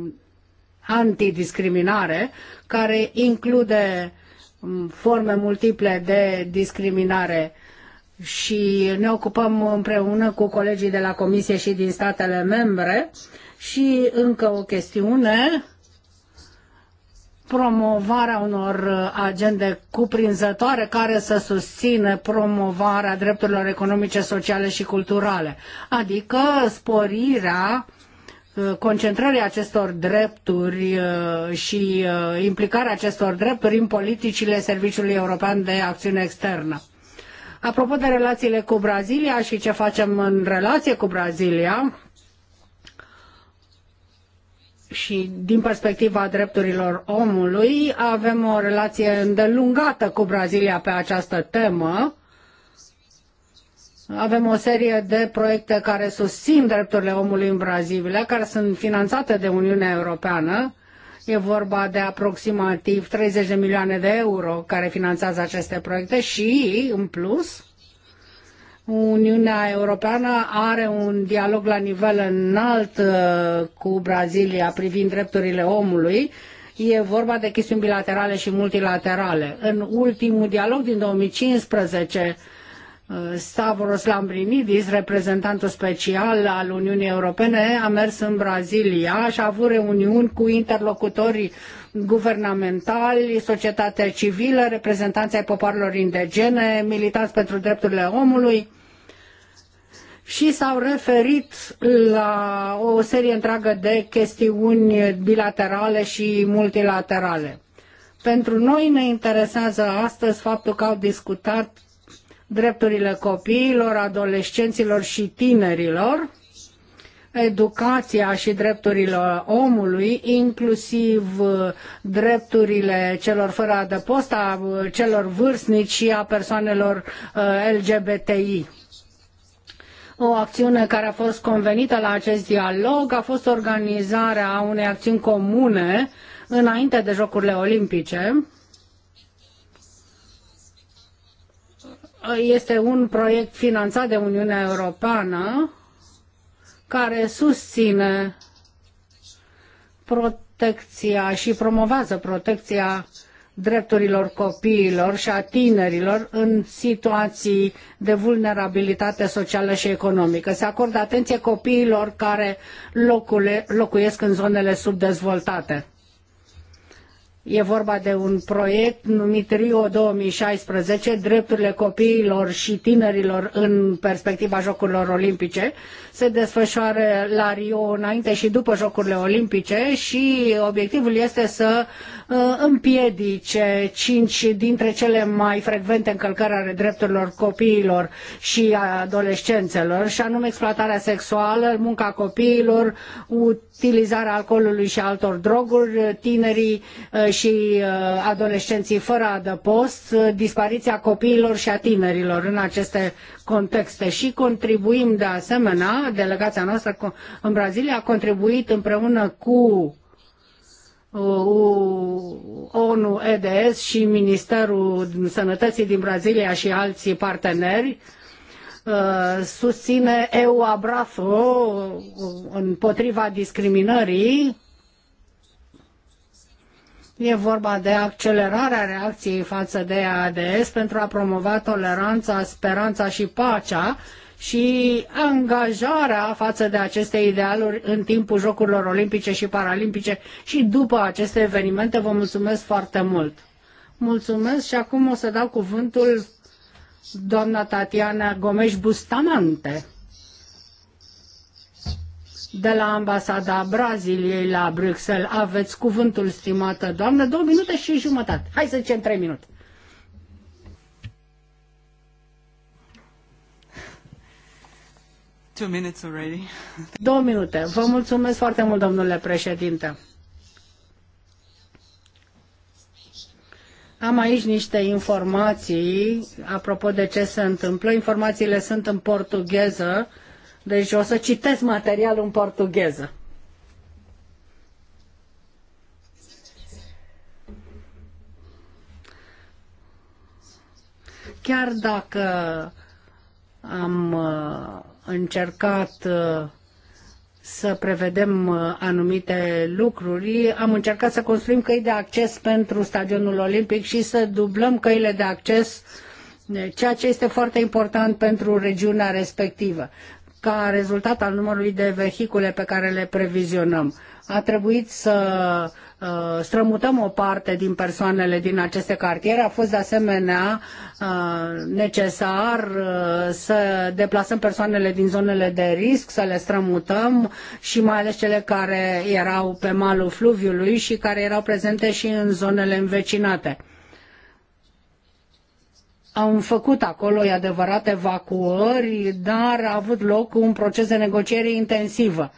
antidiscriminare, care include um, forme multiple de discriminare și ne ocupăm împreună cu colegii de la Comisie și din statele membre. Și încă o chestiune, promovarea unor uh, agende cuprinzătoare care să susțină promovarea drepturilor economice, sociale și culturale, adică sporirea uh, concentrării acestor drepturi uh, și implicarea acestor drepturi în politicile Serviciului European de Acțiune Externă. Apropo de relațiile cu Brazilia și ce facem în relație cu Brazilia, și din perspectiva drepturilor omului avem o relație îndelungată cu Brazilia pe această temă. Avem o serie de proiecte care susțin drepturile omului în Brazilia, care sunt finanțate de Uniunea Europeană. E vorba de aproximativ 30 de milioane de euro care finanțează aceste proiecte și, în plus, Uniunea Europeană are un dialog la nivel înalt uh, cu Brazilia privind drepturile omului. E vorba de chestiuni bilaterale și multilaterale. În ultimul dialog din 2015, uh, Stavros Lambrinidis, reprezentantul special al Uniunii Europene, a mers în Brazilia și a avut reuniuni cu interlocutorii guvernamentali, societatea civilă, reprezentanții ai popoarelor indigene, militanți pentru drepturile omului și s-au referit la o serie întreagă de chestiuni bilaterale și multilaterale. Pentru noi ne interesează astăzi faptul că au discutat drepturile copiilor, adolescenților și tinerilor, educația și drepturile omului, inclusiv drepturile celor fără adăpost, a celor vârstnici și a persoanelor uh, LGBTI. O acțiune care a fost convenită la acest dialog a fost organizarea unei acțiuni comune înainte de Jocurile Olimpice. Este un proiect finanțat de Uniunea Europeană care susține protecția și promovează protecția uh, drepturilor copiilor și a tinerilor în situații de vulnerabilitate socială și economică. Se acordă atenție copiilor care locule, locuiesc în zonele subdezvoltate. E vorba de un proiect numit Rio 2016, drepturile copiilor și tinerilor în perspectiva Jocurilor Olimpice. Se desfășoară la Rio înainte și după Jocurile Olimpice și obiectivul este să uh, împiedice cinci dintre cele mai frecvente încălcări ale drepturilor copiilor și adolescențelor, și anume exploatarea sexuală, munca copiilor, utilizarea alcoolului și altor droguri, tinerii uh, și uh, adolescenții fără adăpost, uh, dispariția copiilor și a tinerilor în aceste contexte și contribuim de asemenea, delegația noastră în Brazilia a contribuit împreună cu uh, ONU EDS și Ministerul Sănătății din Brazilia și alții parteneri susține EU Abrazo împotriva discriminării E vorba de accelerarea reacției față de ADS pentru a promova toleranța, speranța și pacea și angajarea față de aceste idealuri în timpul Jocurilor Olimpice și Paralimpice și după aceste evenimente. Vă mulțumesc foarte mult! Mulțumesc și acum o să dau cuvântul doamna Tatiana Gomes Bustamante de la ambasada Braziliei la Bruxelles. Aveți cuvântul, stimată doamnă, două minute și jumătate. Hai să zicem trei minute. Two minutes already. Două minute. Vă mulțumesc foarte mult, domnule președinte. Am aici niște informații apropo de ce se întâmplă. Informațiile sunt în portugheză deci o să citesc materialul în portugheză. Chiar dacă am uh, încercat uh, să prevedem uh, anumite lucruri. Am încercat să construim căi de acces pentru stadionul olimpic și să dublăm căile de acces, ceea ce este foarte important pentru regiunea respectivă ca rezultat al numărului de vehicule pe care le previzionăm. A trebuit să uh, strămutăm o parte din persoanele din aceste cartiere. A fost de asemenea uh, necesar uh, să deplasăm persoanele din zonele de risc, să le strămutăm și mai ales cele care erau pe malul fluviului și care erau prezente și în zonele învecinate am făcut acolo, e adevărat, evacuări, dar a avut loc un proces de negociere intensivă.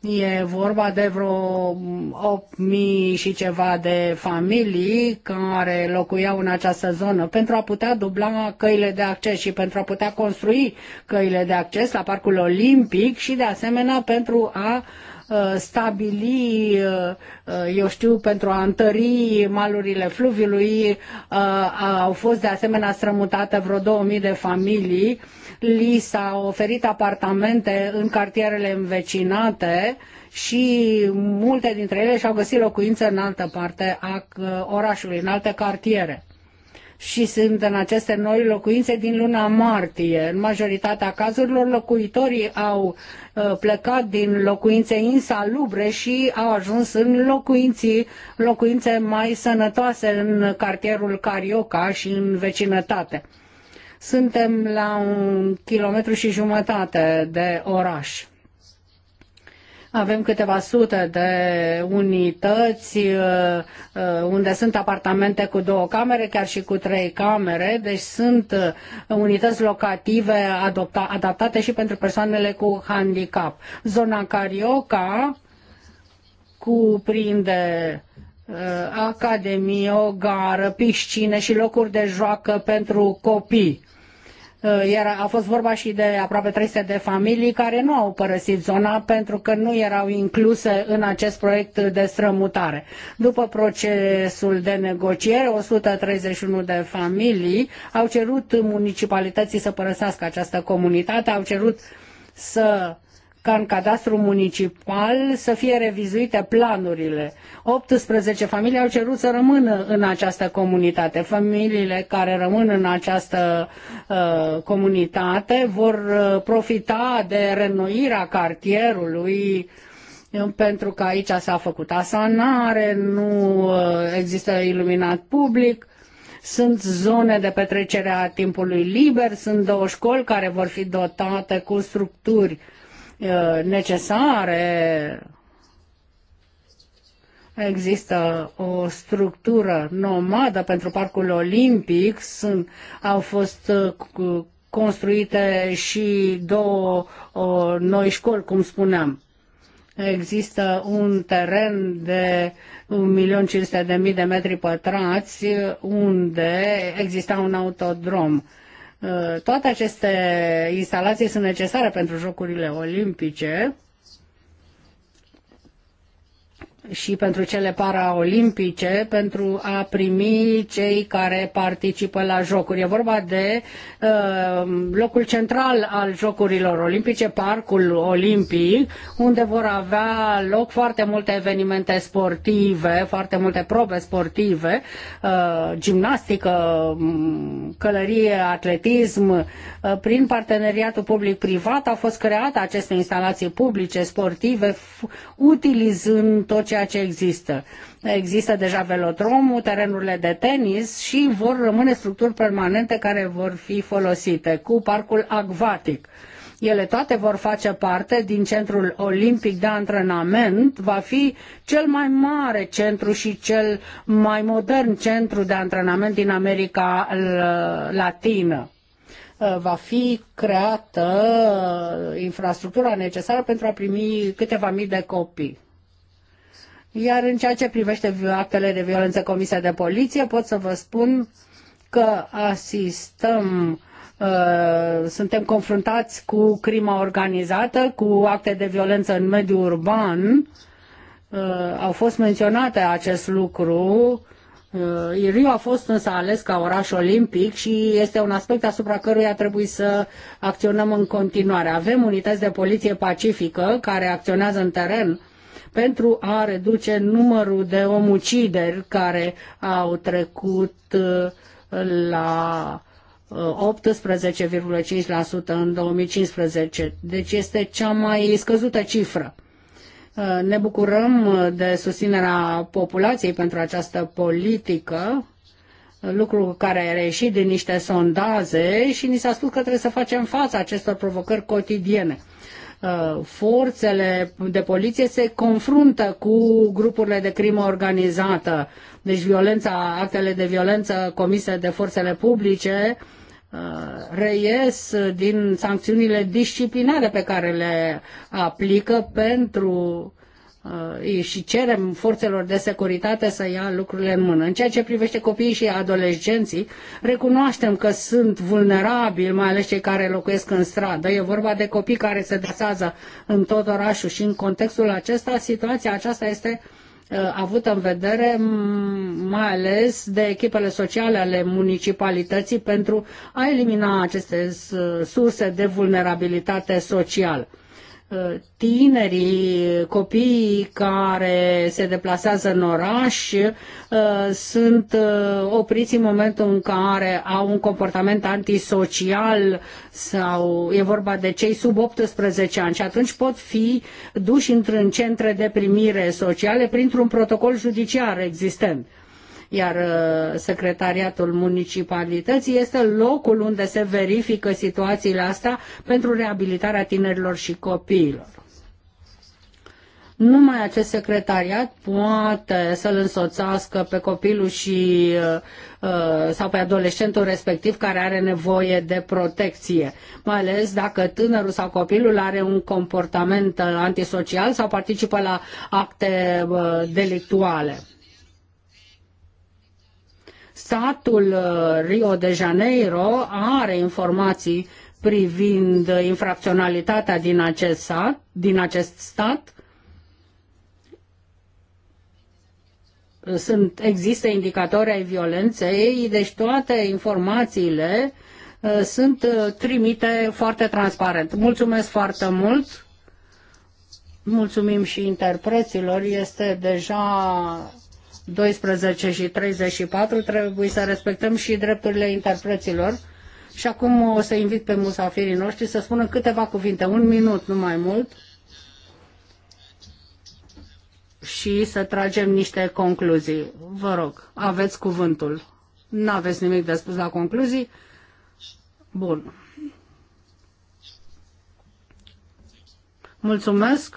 E vorba de vreo 8.000 și ceva de familii care locuiau în această zonă pentru a putea dubla căile de acces și pentru a putea construi căile de acces la Parcul Olimpic și de asemenea pentru a Uh, stabili, uh, eu știu, pentru a întări malurile fluviului. Uh, au fost de asemenea strămutate vreo 2000 de familii. Li s-au oferit apartamente în cartierele învecinate și multe dintre ele și-au găsit locuințe în altă parte a orașului, în alte cartiere și sunt în aceste noi locuințe din luna martie. În majoritatea cazurilor, locuitorii au uh, plecat din locuințe insalubre și au ajuns în locuinții, locuințe mai sănătoase în cartierul Carioca și în vecinătate. Suntem la un kilometru și jumătate de oraș avem câteva sute de unități uh, uh, unde sunt apartamente cu două camere, chiar și cu trei camere, deci sunt uh, unități locative adaptate și pentru persoanele cu handicap. Zona Carioca cuprinde academie, o gară, piscine și locuri de joacă pentru copii. Uh, iar a fost vorba și de aproape 300 de familii care nu au părăsit zona pentru că nu erau incluse în acest proiect de strămutare. După procesul de negociere, 131 de familii au cerut municipalității să părăsească această comunitate, au cerut să ca în cadastru municipal să fie revizuite planurile. 18 familii au cerut să rămână în această comunitate. Familiile care rămân în această uh, comunitate vor uh, profita de renoirea cartierului uh, pentru că aici s-a făcut asanare, nu uh, există iluminat public, sunt zone de petrecere a timpului liber, sunt două școli care vor fi dotate cu structuri uh, necesare. Există o structură nomadă pentru Parcul Olimpic, sunt, au fost construite și două o, noi școli, cum spuneam. Există un teren de 1.500.000 de metri pătrați unde exista un autodrom toate aceste instalații sunt necesare pentru Jocurile Olimpice și pentru cele paraolimpice pentru a primi cei care participă la jocuri. E vorba de uh, locul central al jocurilor olimpice, parcul olimpic, unde vor avea loc foarte multe evenimente sportive, foarte multe probe sportive, uh, gimnastică, călărie, atletism. Uh, prin parteneriatul public-privat au fost create aceste instalații publice sportive utilizând tot ceea ce există. Există deja velodromul, terenurile de tenis și vor rămâne structuri permanente care vor fi folosite cu parcul acvatic. Ele toate vor face parte din centrul olimpic de antrenament, va fi cel mai mare centru și cel mai modern centru de antrenament din America Latină va fi creată uh, infrastructura necesară pentru a primi câteva mii de copii. Iar în ceea ce privește actele de violență comise de poliție, pot să vă spun că asistăm, uh, suntem confruntați cu crima organizată, cu acte de violență în mediul urban. Uh, au fost menționate acest lucru. Uh, Rio a fost însă ales ca oraș olimpic și este un aspect asupra căruia trebuie să acționăm în continuare. Avem unități de poliție pacifică care acționează în teren pentru a reduce numărul de omucideri care au trecut uh, la 18,5% uh, în 2015. Deci este cea mai scăzută cifră. Uh, ne bucurăm de susținerea populației pentru această politică, lucru care a reieșit din niște sondaje și ni s-a spus că trebuie să facem față acestor provocări cotidiene. Uh, forțele de poliție se confruntă cu grupurile de crimă organizată. Deci violența, actele de violență comise de forțele publice uh, reies din sancțiunile disciplinare pe care le aplică pentru Uh, și cerem forțelor de securitate să ia lucrurile în mână. În ceea ce privește copiii și adolescenții, recunoaștem că sunt vulnerabili, mai ales cei care locuiesc în stradă. E vorba de copii care se desează în tot orașul și în contextul acesta, situația aceasta este uh, avută în vedere mai ales de echipele sociale ale municipalității pentru a elimina aceste uh, surse de vulnerabilitate socială tinerii, copiii care se deplasează în oraș uh, sunt uh, opriți în momentul în care au un comportament antisocial sau e vorba de cei sub 18 ani și atunci pot fi duși într-un centre de primire sociale printr-un protocol judiciar existent iar uh, secretariatul municipalității este locul unde se verifică situațiile astea pentru reabilitarea tinerilor și copiilor. Numai acest secretariat poate să-l însoțească pe copilul și, uh, uh, sau pe adolescentul respectiv care are nevoie de protecție, mai ales dacă tânărul sau copilul are un comportament antisocial sau participă la acte delictuale statul uh, Rio de Janeiro are informații privind infracționalitatea din acest, sat, din acest stat. Sunt, există indicatori ai violenței, deci toate informațiile uh, sunt uh, trimite foarte transparent. Mulțumesc foarte mult! Mulțumim și interpreților, este deja 12 și 34 trebuie să respectăm și drepturile interpreților. Și acum o să invit pe musafirii noștri să spună câteva cuvinte, un minut, nu mai mult, și să tragem niște concluzii. Vă rog, aveți cuvântul. Nu aveți nimic de spus la concluzii? Bun. Mulțumesc.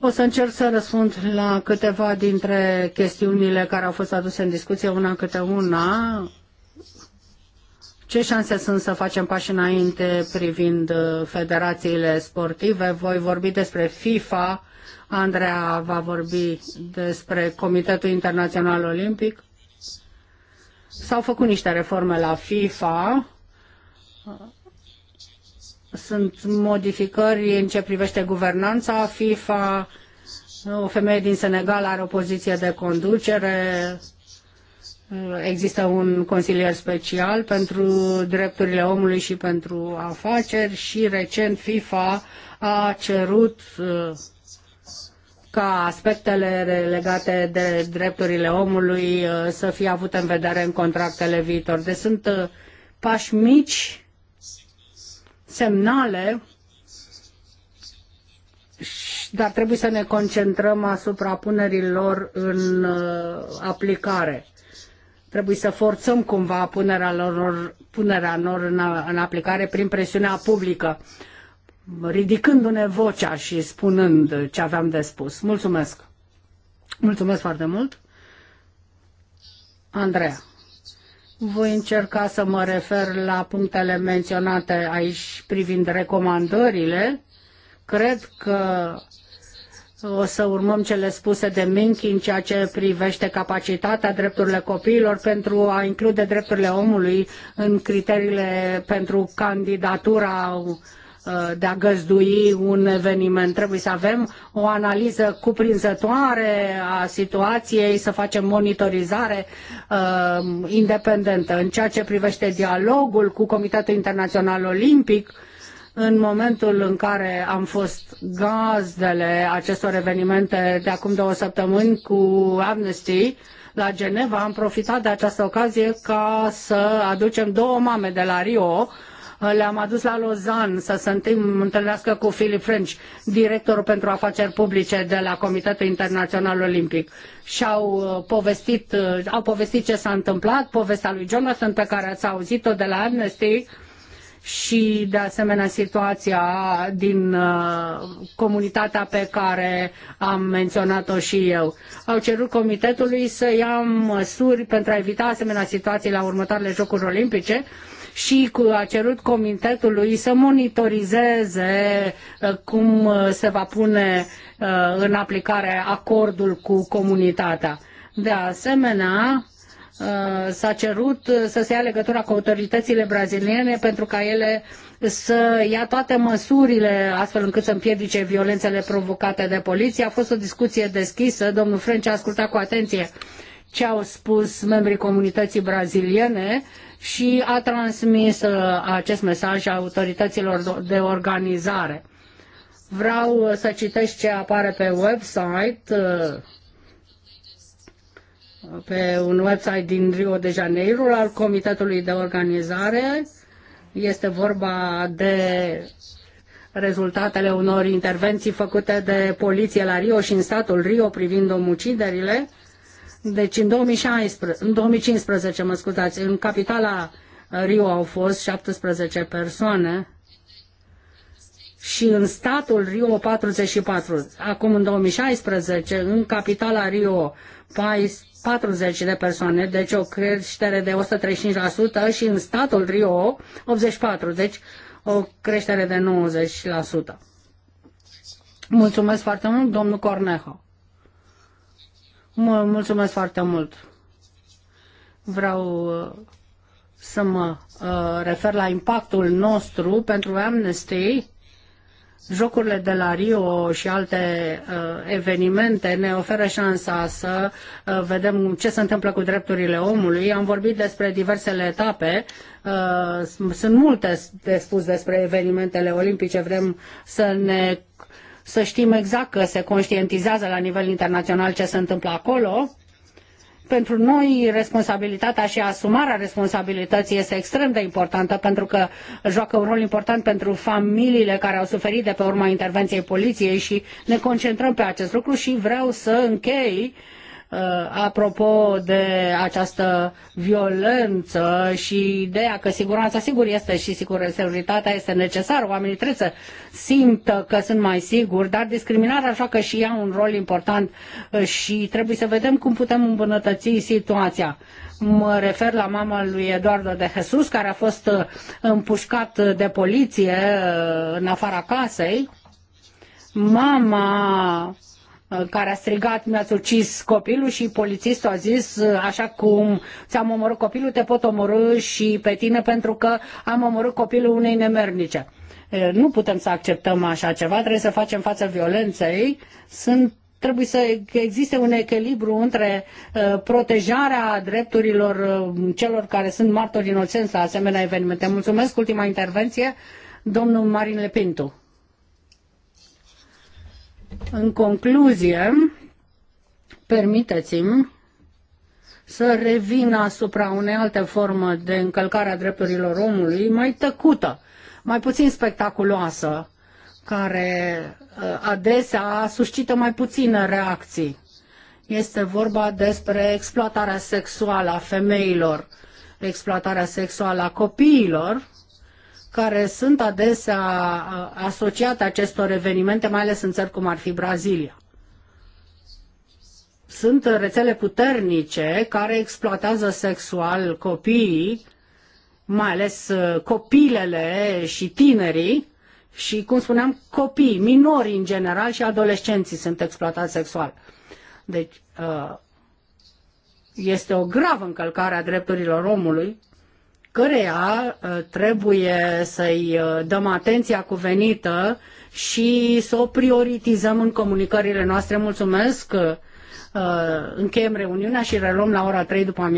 O să încerc să răspund la câteva dintre chestiunile care au fost aduse în discuție, una câte una. Ce șanse sunt să facem pași înainte privind uh, federațiile sportive? Voi vorbi despre FIFA, Andreea va vorbi despre Comitetul Internațional Olimpic. S-au făcut niște reforme la FIFA, sunt modificări în ce privește guvernanța FIFA, o femeie din Senegal are o poziție de conducere, există un consilier special pentru drepturile omului și pentru afaceri și recent FIFA a cerut uh, ca aspectele legate de drepturile omului uh, să fie avute în vedere în contractele viitor. Deci sunt uh, pași mici semnale, dar trebuie să ne concentrăm asupra punerilor în uh, aplicare. Trebuie să forțăm cumva punerea lor, punerea lor în, în aplicare prin presiunea publică, ridicându-ne vocea și spunând ce aveam de spus. Mulțumesc! Mulțumesc foarte mult! Andreea. Voi încerca să mă refer la punctele menționate aici privind recomandările. Cred că o să urmăm cele spuse de Minchi în ceea ce privește capacitatea drepturile copiilor pentru a include drepturile omului în criteriile pentru candidatura Uh, de a găzdui un eveniment. Trebuie să avem o analiză cuprinzătoare a situației, să facem monitorizare uh, independentă. În ceea ce privește dialogul cu Comitetul Internațional Olimpic, în momentul în care am fost gazdele acestor evenimente de acum două săptămâni cu Amnesty la Geneva, am profitat de această ocazie ca să aducem două mame de la Rio, Eh, le-am adus la Lausanne să se întâlnească cu Philip French, directorul pentru afaceri publice de la Comitetul Internațional Olimpic. Și au eh, povestit, eh, au povestit ce s-a întâmplat, povestea lui Jonathan pe care ați auzit-o de la Amnesty, și de asemenea situația din comunitatea pe care am menționat-o și eu. Au cerut comitetului să ia măsuri pentru a evita asemenea situații la următoarele Jocuri Olimpice și a cerut comitetului să monitorizeze uh, cum uh, se va pune uh, în aplicare acordul cu comunitatea. De asemenea, s-a cerut să se ia legătura cu autoritățile braziliene pentru ca ele să ia toate măsurile astfel încât să împiedice violențele provocate de poliție. A fost o discuție deschisă, domnul French a ascultat cu atenție ce au spus membrii comunității braziliene și a transmis uh, acest mesaj autorităților de organizare. Vreau uh, să citesc ce apare pe website, uh, pe un website din Rio de Janeiro al Comitetului de Organizare. Este vorba de rezultatele unor intervenții făcute de poliție la Rio și în statul Rio privind omuciderile deci în, 2016, în 2015, mă scuzați, în capitala uh, Rio au fost 17 persoane și în statul Rio 44. Acum în 2016, în capitala Rio 40 de persoane, deci o creștere de 135% și în statul Rio 84, deci o creștere de 90%. Mulțumesc foarte mult, domnul Cornejo. Mă mulțumesc foarte mult. Vreau uh, să mă uh, refer la impactul nostru pentru Amnesty. Jocurile de la Rio și alte uh, evenimente ne oferă șansa să uh, vedem ce se întâmplă cu drepturile omului. Am vorbit despre diversele etape. Uh, sunt multe de spus despre evenimentele olimpice. Vrem să ne să știm exact că se conștientizează la nivel internațional ce se întâmplă acolo. Pentru noi responsabilitatea și asumarea responsabilității este extrem de importantă pentru că joacă un rol important pentru familiile care au suferit de pe urma intervenției poliției și ne concentrăm pe acest lucru și vreau să închei uh, Uh, apropo de această violență și ideea că siguranța sigur este și sigur, securitatea este necesară, oamenii trebuie să simtă că sunt mai siguri, dar discriminarea așa că și ea un rol important uh, și trebuie să vedem cum putem îmbunătăți situația. Mă refer la mama lui Eduardo de Jesus, care a fost uh, împușcat de poliție în afara casei. Mama Uh, care a strigat, mi-ați ucis copilul și polițistul a zis, uh, așa cum ți-am omorât copilul, te pot omorâ și pe tine pentru că am omorât copilul unei nemernice. Uh, nu putem să acceptăm așa ceva, trebuie să facem față violenței. Sunt trebuie să existe un echilibru între protejarea drepturilor celor care sunt martori inocenți la asemenea evenimente. Mulțumesc, ultima intervenție, domnul Marin Lepintu. În concluzie, permiteți-mi să revin asupra unei alte formă de încălcare a drepturilor omului mai tăcută, mai puțin spectaculoasă, care uh, adesea suscită mai puține reacții. Este vorba despre exploatarea sexuală a femeilor, exploatarea sexuală a copiilor, care sunt adesea asociate acestor evenimente, mai ales în țări cum ar fi Brazilia. Sunt rețele puternice care exploatează sexual copiii, mai ales copilele și tinerii, și, cum spuneam, copii, minori în general și adolescenții sunt exploatați sexual. Deci, este o gravă încălcare a drepturilor omului căreia uh, trebuie să-i uh, dăm atenția cuvenită și să o prioritizăm în comunicările noastre. Mulțumesc! Uh, încheiem reuniunea și reluăm la ora 3 după amiază.